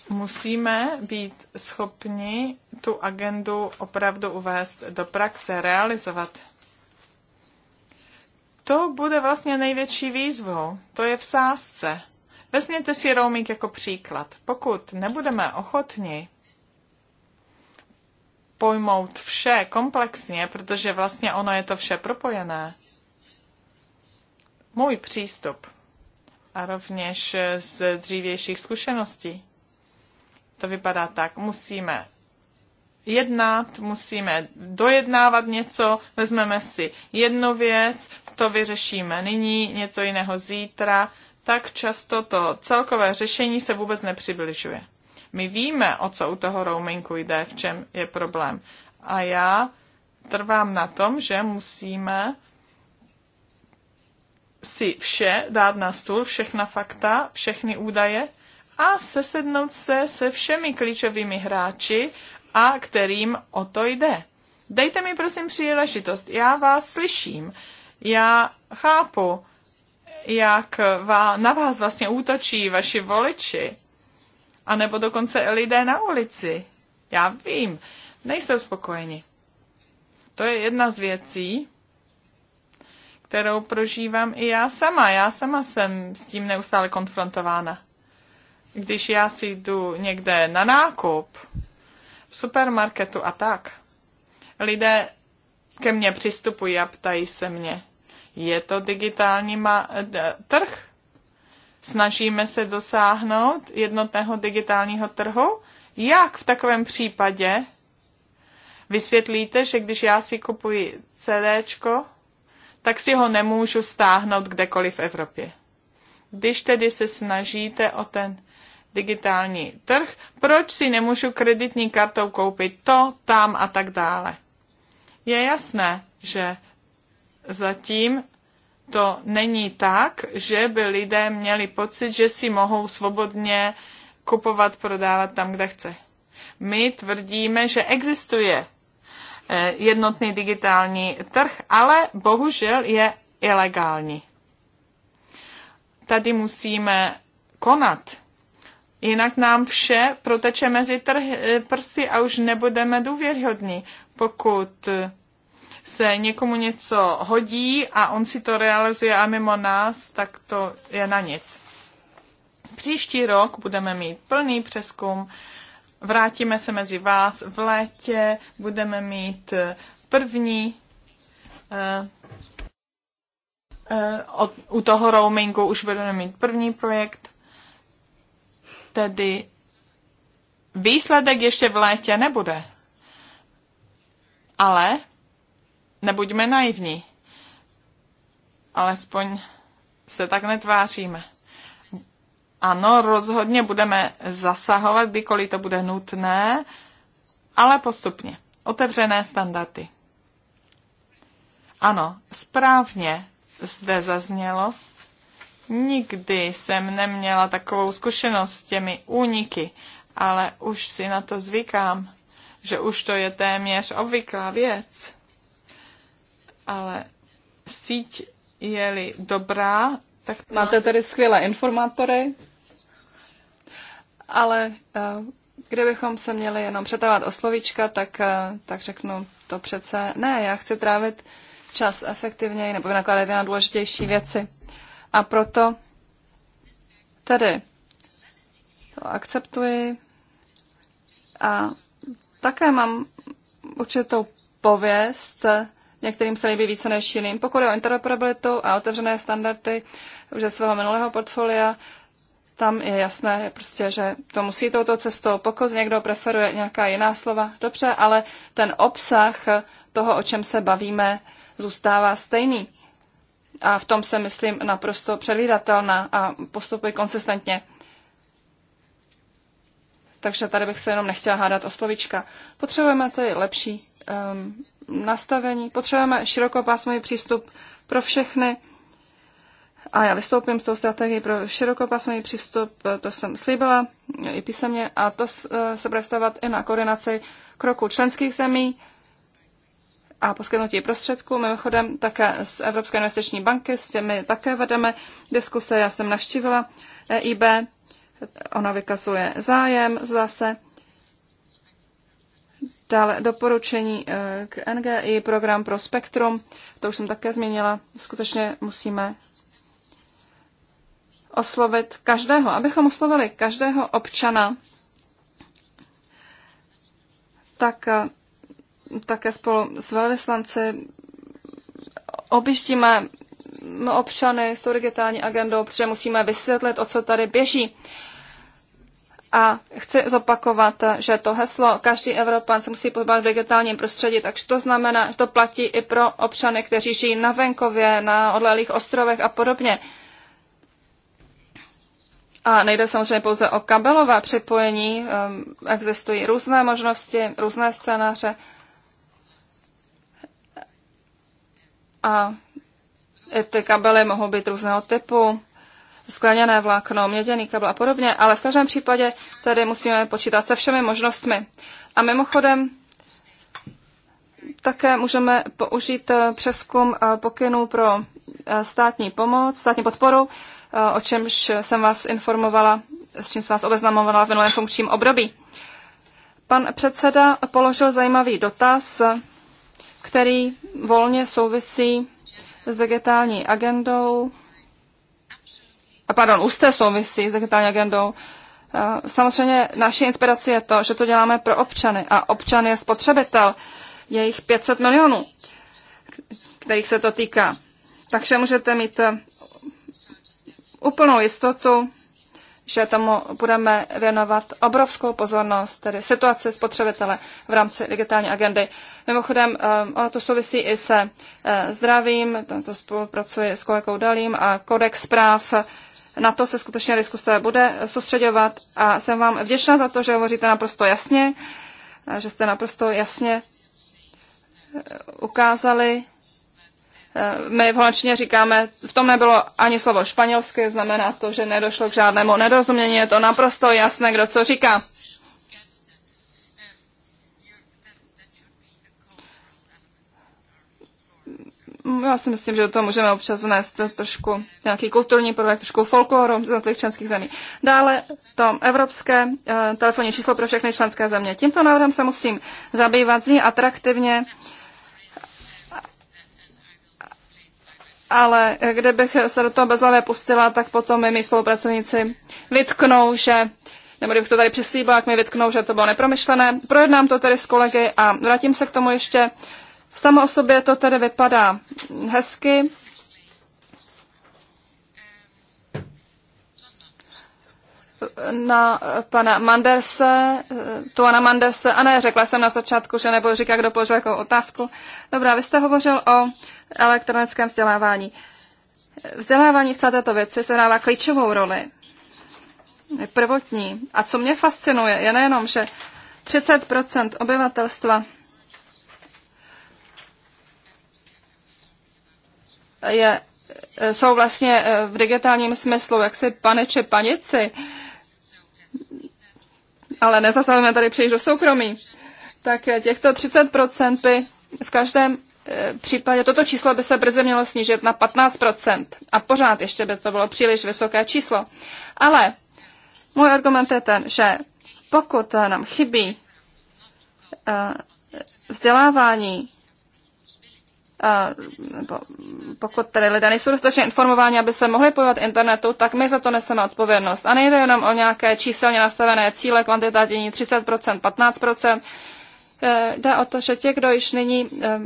A: Musíme být schopni tu agendu opravdu uvést do praxe, realizovat. To bude vlastně největší výzvou. To je v sázce. Vezměte si roaming jako příklad. Pokud nebudeme ochotni pojmout vše komplexně, protože vlastně ono je to vše propojené, můj přístup a rovněž z dřívějších zkušeností. To vypadá tak. Musíme jednat, musíme dojednávat něco, vezmeme si jednu věc, to vyřešíme nyní, něco jiného zítra, tak často to celkové řešení se vůbec nepřibližuje. My víme, o co u toho roamingu jde, v čem je problém. A já trvám na tom, že musíme si vše dát na stůl, všechna fakta, všechny údaje a sesednout se se všemi klíčovými hráči a kterým o to jde. Dejte mi prosím příležitost, já vás slyším. Já chápu, jak na vás vlastně útočí vaši voliči, anebo dokonce lidé na ulici. Já vím, nejsou spokojeni. To je jedna z věcí, kterou prožívám i já sama. Já sama jsem s tím neustále konfrontována. Když já si jdu někde na nákup, v supermarketu a tak, lidé ke mně přistupují a ptají se mě, je to digitální trh. Snažíme se dosáhnout jednotného digitálního trhu. Jak v takovém případě vysvětlíte, že když já si kupuji CD, tak si ho nemůžu stáhnout kdekoliv v Evropě. Když tedy se snažíte o ten digitální trh, proč si nemůžu kreditní kartou koupit to, tam a tak dále. Je jasné, že zatím to není tak, že by lidé měli pocit, že si mohou svobodně kupovat, prodávat tam, kde chce. My tvrdíme, že existuje eh, jednotný digitální trh, ale bohužel je ilegální. Tady musíme konat. Jinak nám vše proteče mezi trh, eh, prsy a už nebudeme důvěryhodní, pokud eh, se někomu něco hodí a on si to realizuje a mimo nás, tak to je na nic. Příští rok budeme mít plný přeskum, vrátíme se mezi vás v létě, budeme mít eh, první uh, uh, od, u toho roamingu už budeme mít první projekt, tedy výsledek ještě v létě nebude. Ale Nebuďme naivní, alespoň se tak netváříme. Ano, rozhodně budeme zasahovat, kdykoliv to bude nutné, ale postupně. Otevřené standardy. Ano, správně zde zaznělo. Nikdy jsem neměla takovou zkušenost s těmi úniky, ale už si na to zvykám, že už to je téměř obvyklá věc ale síť je-li dobrá, tak... Máte tady skvělé informátory,
C: ale eh, kdybychom se měli jenom přetávat o slovíčka, tak, eh, tak řeknu to přece ne, já chci trávit čas efektivněji nebo nakládat na důležitější věci. A proto tedy to akceptuji a také mám určitou pověst, některým se líbí více než jiným. Pokud je o interoperabilitu a otevřené standardy už ze svého minulého portfolia, tam je jasné prostě, že to musí touto cestou. Pokud někdo preferuje nějaká jiná slova, dobře, ale ten obsah toho, o čem se bavíme, zůstává stejný. A v tom se, myslím, naprosto předvídatelná a postupuje konsistentně. Takže tady bych se jenom nechtěla hádat o slovička. Potřebujeme tedy lepší um, nastavení. Potřebujeme širokopásmový přístup pro všechny. A já vystoupím s tou strategií pro širokopásmový přístup, to jsem slíbila i písemně, a to eh, se bude stavovat i na koordinaci kroků členských zemí a poskytnutí prostředků. Mimochodem také z Evropské investiční banky, s těmi také vedeme diskuse. Já jsem navštívila EIB, ona vykazuje zájem zase Dále doporučení eh, k NGI, program pro spektrum, to už jsem také změnila. Skutečně musíme oslovit každého, abychom oslovili každého občana, tak eh, také spolu s velvyslanci objíždíme občany s tou digitální agendou, protože musíme vysvětlit, o co tady běží. A chci zopakovat, že to heslo každý Evropan se musí pohybovat v digitálním prostředí, takže to znamená, že to platí i pro občany, kteří žijí na venkově, na odlehlých ostrovech a podobně. A nejde samozřejmě pouze o kabelové připojení, um, existují různé možnosti, různé scénáře. A ty kabely mohou být různého typu skleněné vlákno, měděný kabel a podobně, ale v každém případě tady musíme počítat se všemi možnostmi. A mimochodem také můžeme použít eh, přeskum eh, pokynů pro eh, státní pomoc, státní podporu, o čemž jsem vás informovala, s čím jsem vás obeznamovala v minulém funkčním období. Pan předseda položil zajímavý dotaz, který volně souvisí s digitální agendou pardon, úzce souvisí s digitální agendou. Eh, samozřejmě naší inspirace je to, že to děláme pro občany a občan je spotřebitel, jejich 500 milionů, kterých se to týká. Takže můžete mít eh, úplnou jistotu, že tomu budeme věnovat obrovskou pozornost, tedy situaci spotřebitele v rámci digitální agendy. Mimochodem, eh, ono to souvisí i se zdravím, to spolupracuje s kolegou Dalím a kodex práv na to se skutečně diskuse bude soustředovat a jsem vám vděčná za to, že hovoříte naprosto jasně, že jste naprosto jasně e, ukázali. E, my v holandštině říkáme, v tom nebylo ani slovo španělské znamená to, že nedošlo k žádnému nedorozumění, je to naprosto jasné, kdo co říká. Mm, já si myslím, že do toho můžeme občas vnést trošku nějaký kulturní prvek, trošku folkloru z těch členských zemí. Dále to evropské e, telefonní číslo pro všechny členské země. Tímto návrhem se musím zabývat, zní atraktivně, ale kdybych se do toho bezhlavě pustila, tak potom mi mý spolupracovníci vytknou, že nebo kdybych to tady přislíbila, jak mi vytknou, že to bylo nepromyšlené. Projednám to tedy s kolegy a vrátím se k tomu ještě Samo o sobě to tedy vypadá hezky. na pana Manderse, tu na Manderse, a ne, řekla jsem na začátku, že nebo říká, kdo položil jakou otázku. Dobrá, vy jste hovořil o elektronickém vzdělávání. Vzdělávání v celé této věci se dává klíčovou roli. Je prvotní. A co mě fascinuje, je nejenom, že 30% obyvatelstva je, jsou vlastně eh, v digitálním smyslu jaksi paneče panici, ale nezastavujeme tady příliš do soukromí, tak eh, těchto 30% by v každém eh, případě toto číslo by se brzy mělo snížit na 15%. A pořád ještě by to bylo příliš vysoké číslo. Ale můj argument je ten, že pokud nám chybí vzdělávání nebo pokud tedy lidé nejsou dostatečně informováni, aby se mohli pojovat internetu, tak my za to neseme odpovědnost. A nejde jenom o nějaké číselně nastavené cíle, dění 30%, 15%. Jde o to, že ti, kdo již nyní e,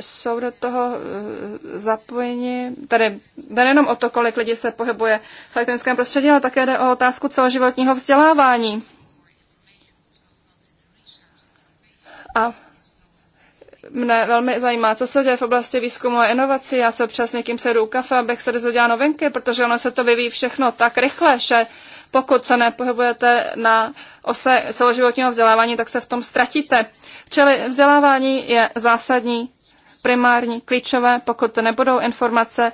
C: jsou do toho e, zapojeni, tedy jde jenom o to, kolik lidí se pohybuje v elektronickém prostředí, ale také jde o otázku celoživotního vzdělávání. A mne velmi zajímá, co se děje v oblasti výzkumu a inovací. Já se občas někým sedu u kafe, abych se dozvěděla novinky, protože ono se to vyvíjí všechno tak rychle, že pokud se nepohybujete na ose celoživotního vzdělávání, tak se v tom ztratíte. Čili vzdělávání je zásadní, primární, klíčové. Pokud nebudou informace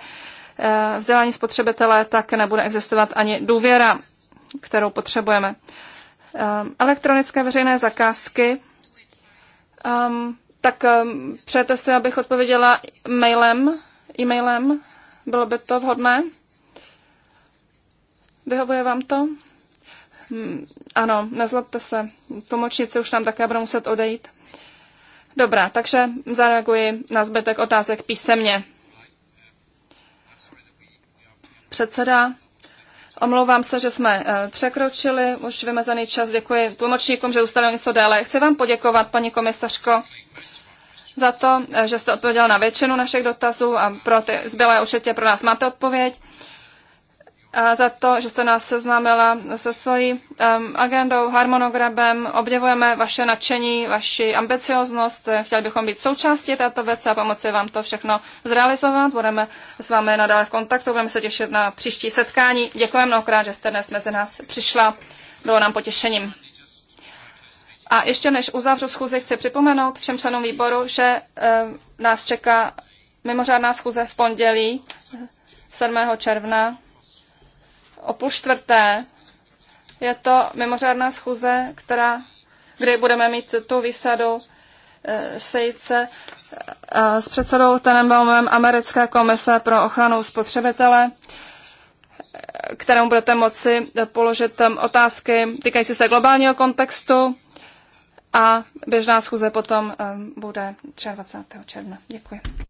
C: eh, vzdělání spotřebitele, tak nebude existovat ani důvěra, kterou potřebujeme. Ehm, elektronické veřejné zakázky Um, tak um, přejete si, abych odpověděla mailem, e-mailem? Bylo by to vhodné? Vyhovuje vám to? Hmm, ano, nezlobte se. Pomočnice už tam také budou muset odejít. Dobrá, takže zareaguji na zbytek otázek písemně. Předseda, Omlouvám se, že jsme eh, překročili už vymezený čas. Děkuji tlumočníkům, že zůstali něco déle. Chci vám poděkovat, paní komisařko, za to, eh, že jste odpověděl na většinu našich dotazů a pro ty zbylé určitě pro nás máte odpověď za to, že jste nás seznámila se svojí um, agendou, harmonogramem. Obdivujeme vaše nadšení, vaši ambicioznost. Chtěli bychom být součástí této věci a pomoci vám to všechno zrealizovat. Budeme s vámi nadále v kontaktu, budeme se těšit na příští setkání. Děkuji mnohokrát, že jste dnes mezi nás přišla. Bylo nám potěšením. A ještě než uzavřu schůzi, chci připomenout všem členům výboru, že eh, nás čeká mimořádná schůze v pondělí 7. června o půl čtvrté je to mimořádná schůze, která, kde budeme mít tu výsadu eh, sejce eh, s předsedou Tenenbaumem Americké komise pro ochranu spotřebitele, kterému budete moci položit eh, otázky týkající se globálního kontextu a běžná schůze potom bude 23. června. Děkuji.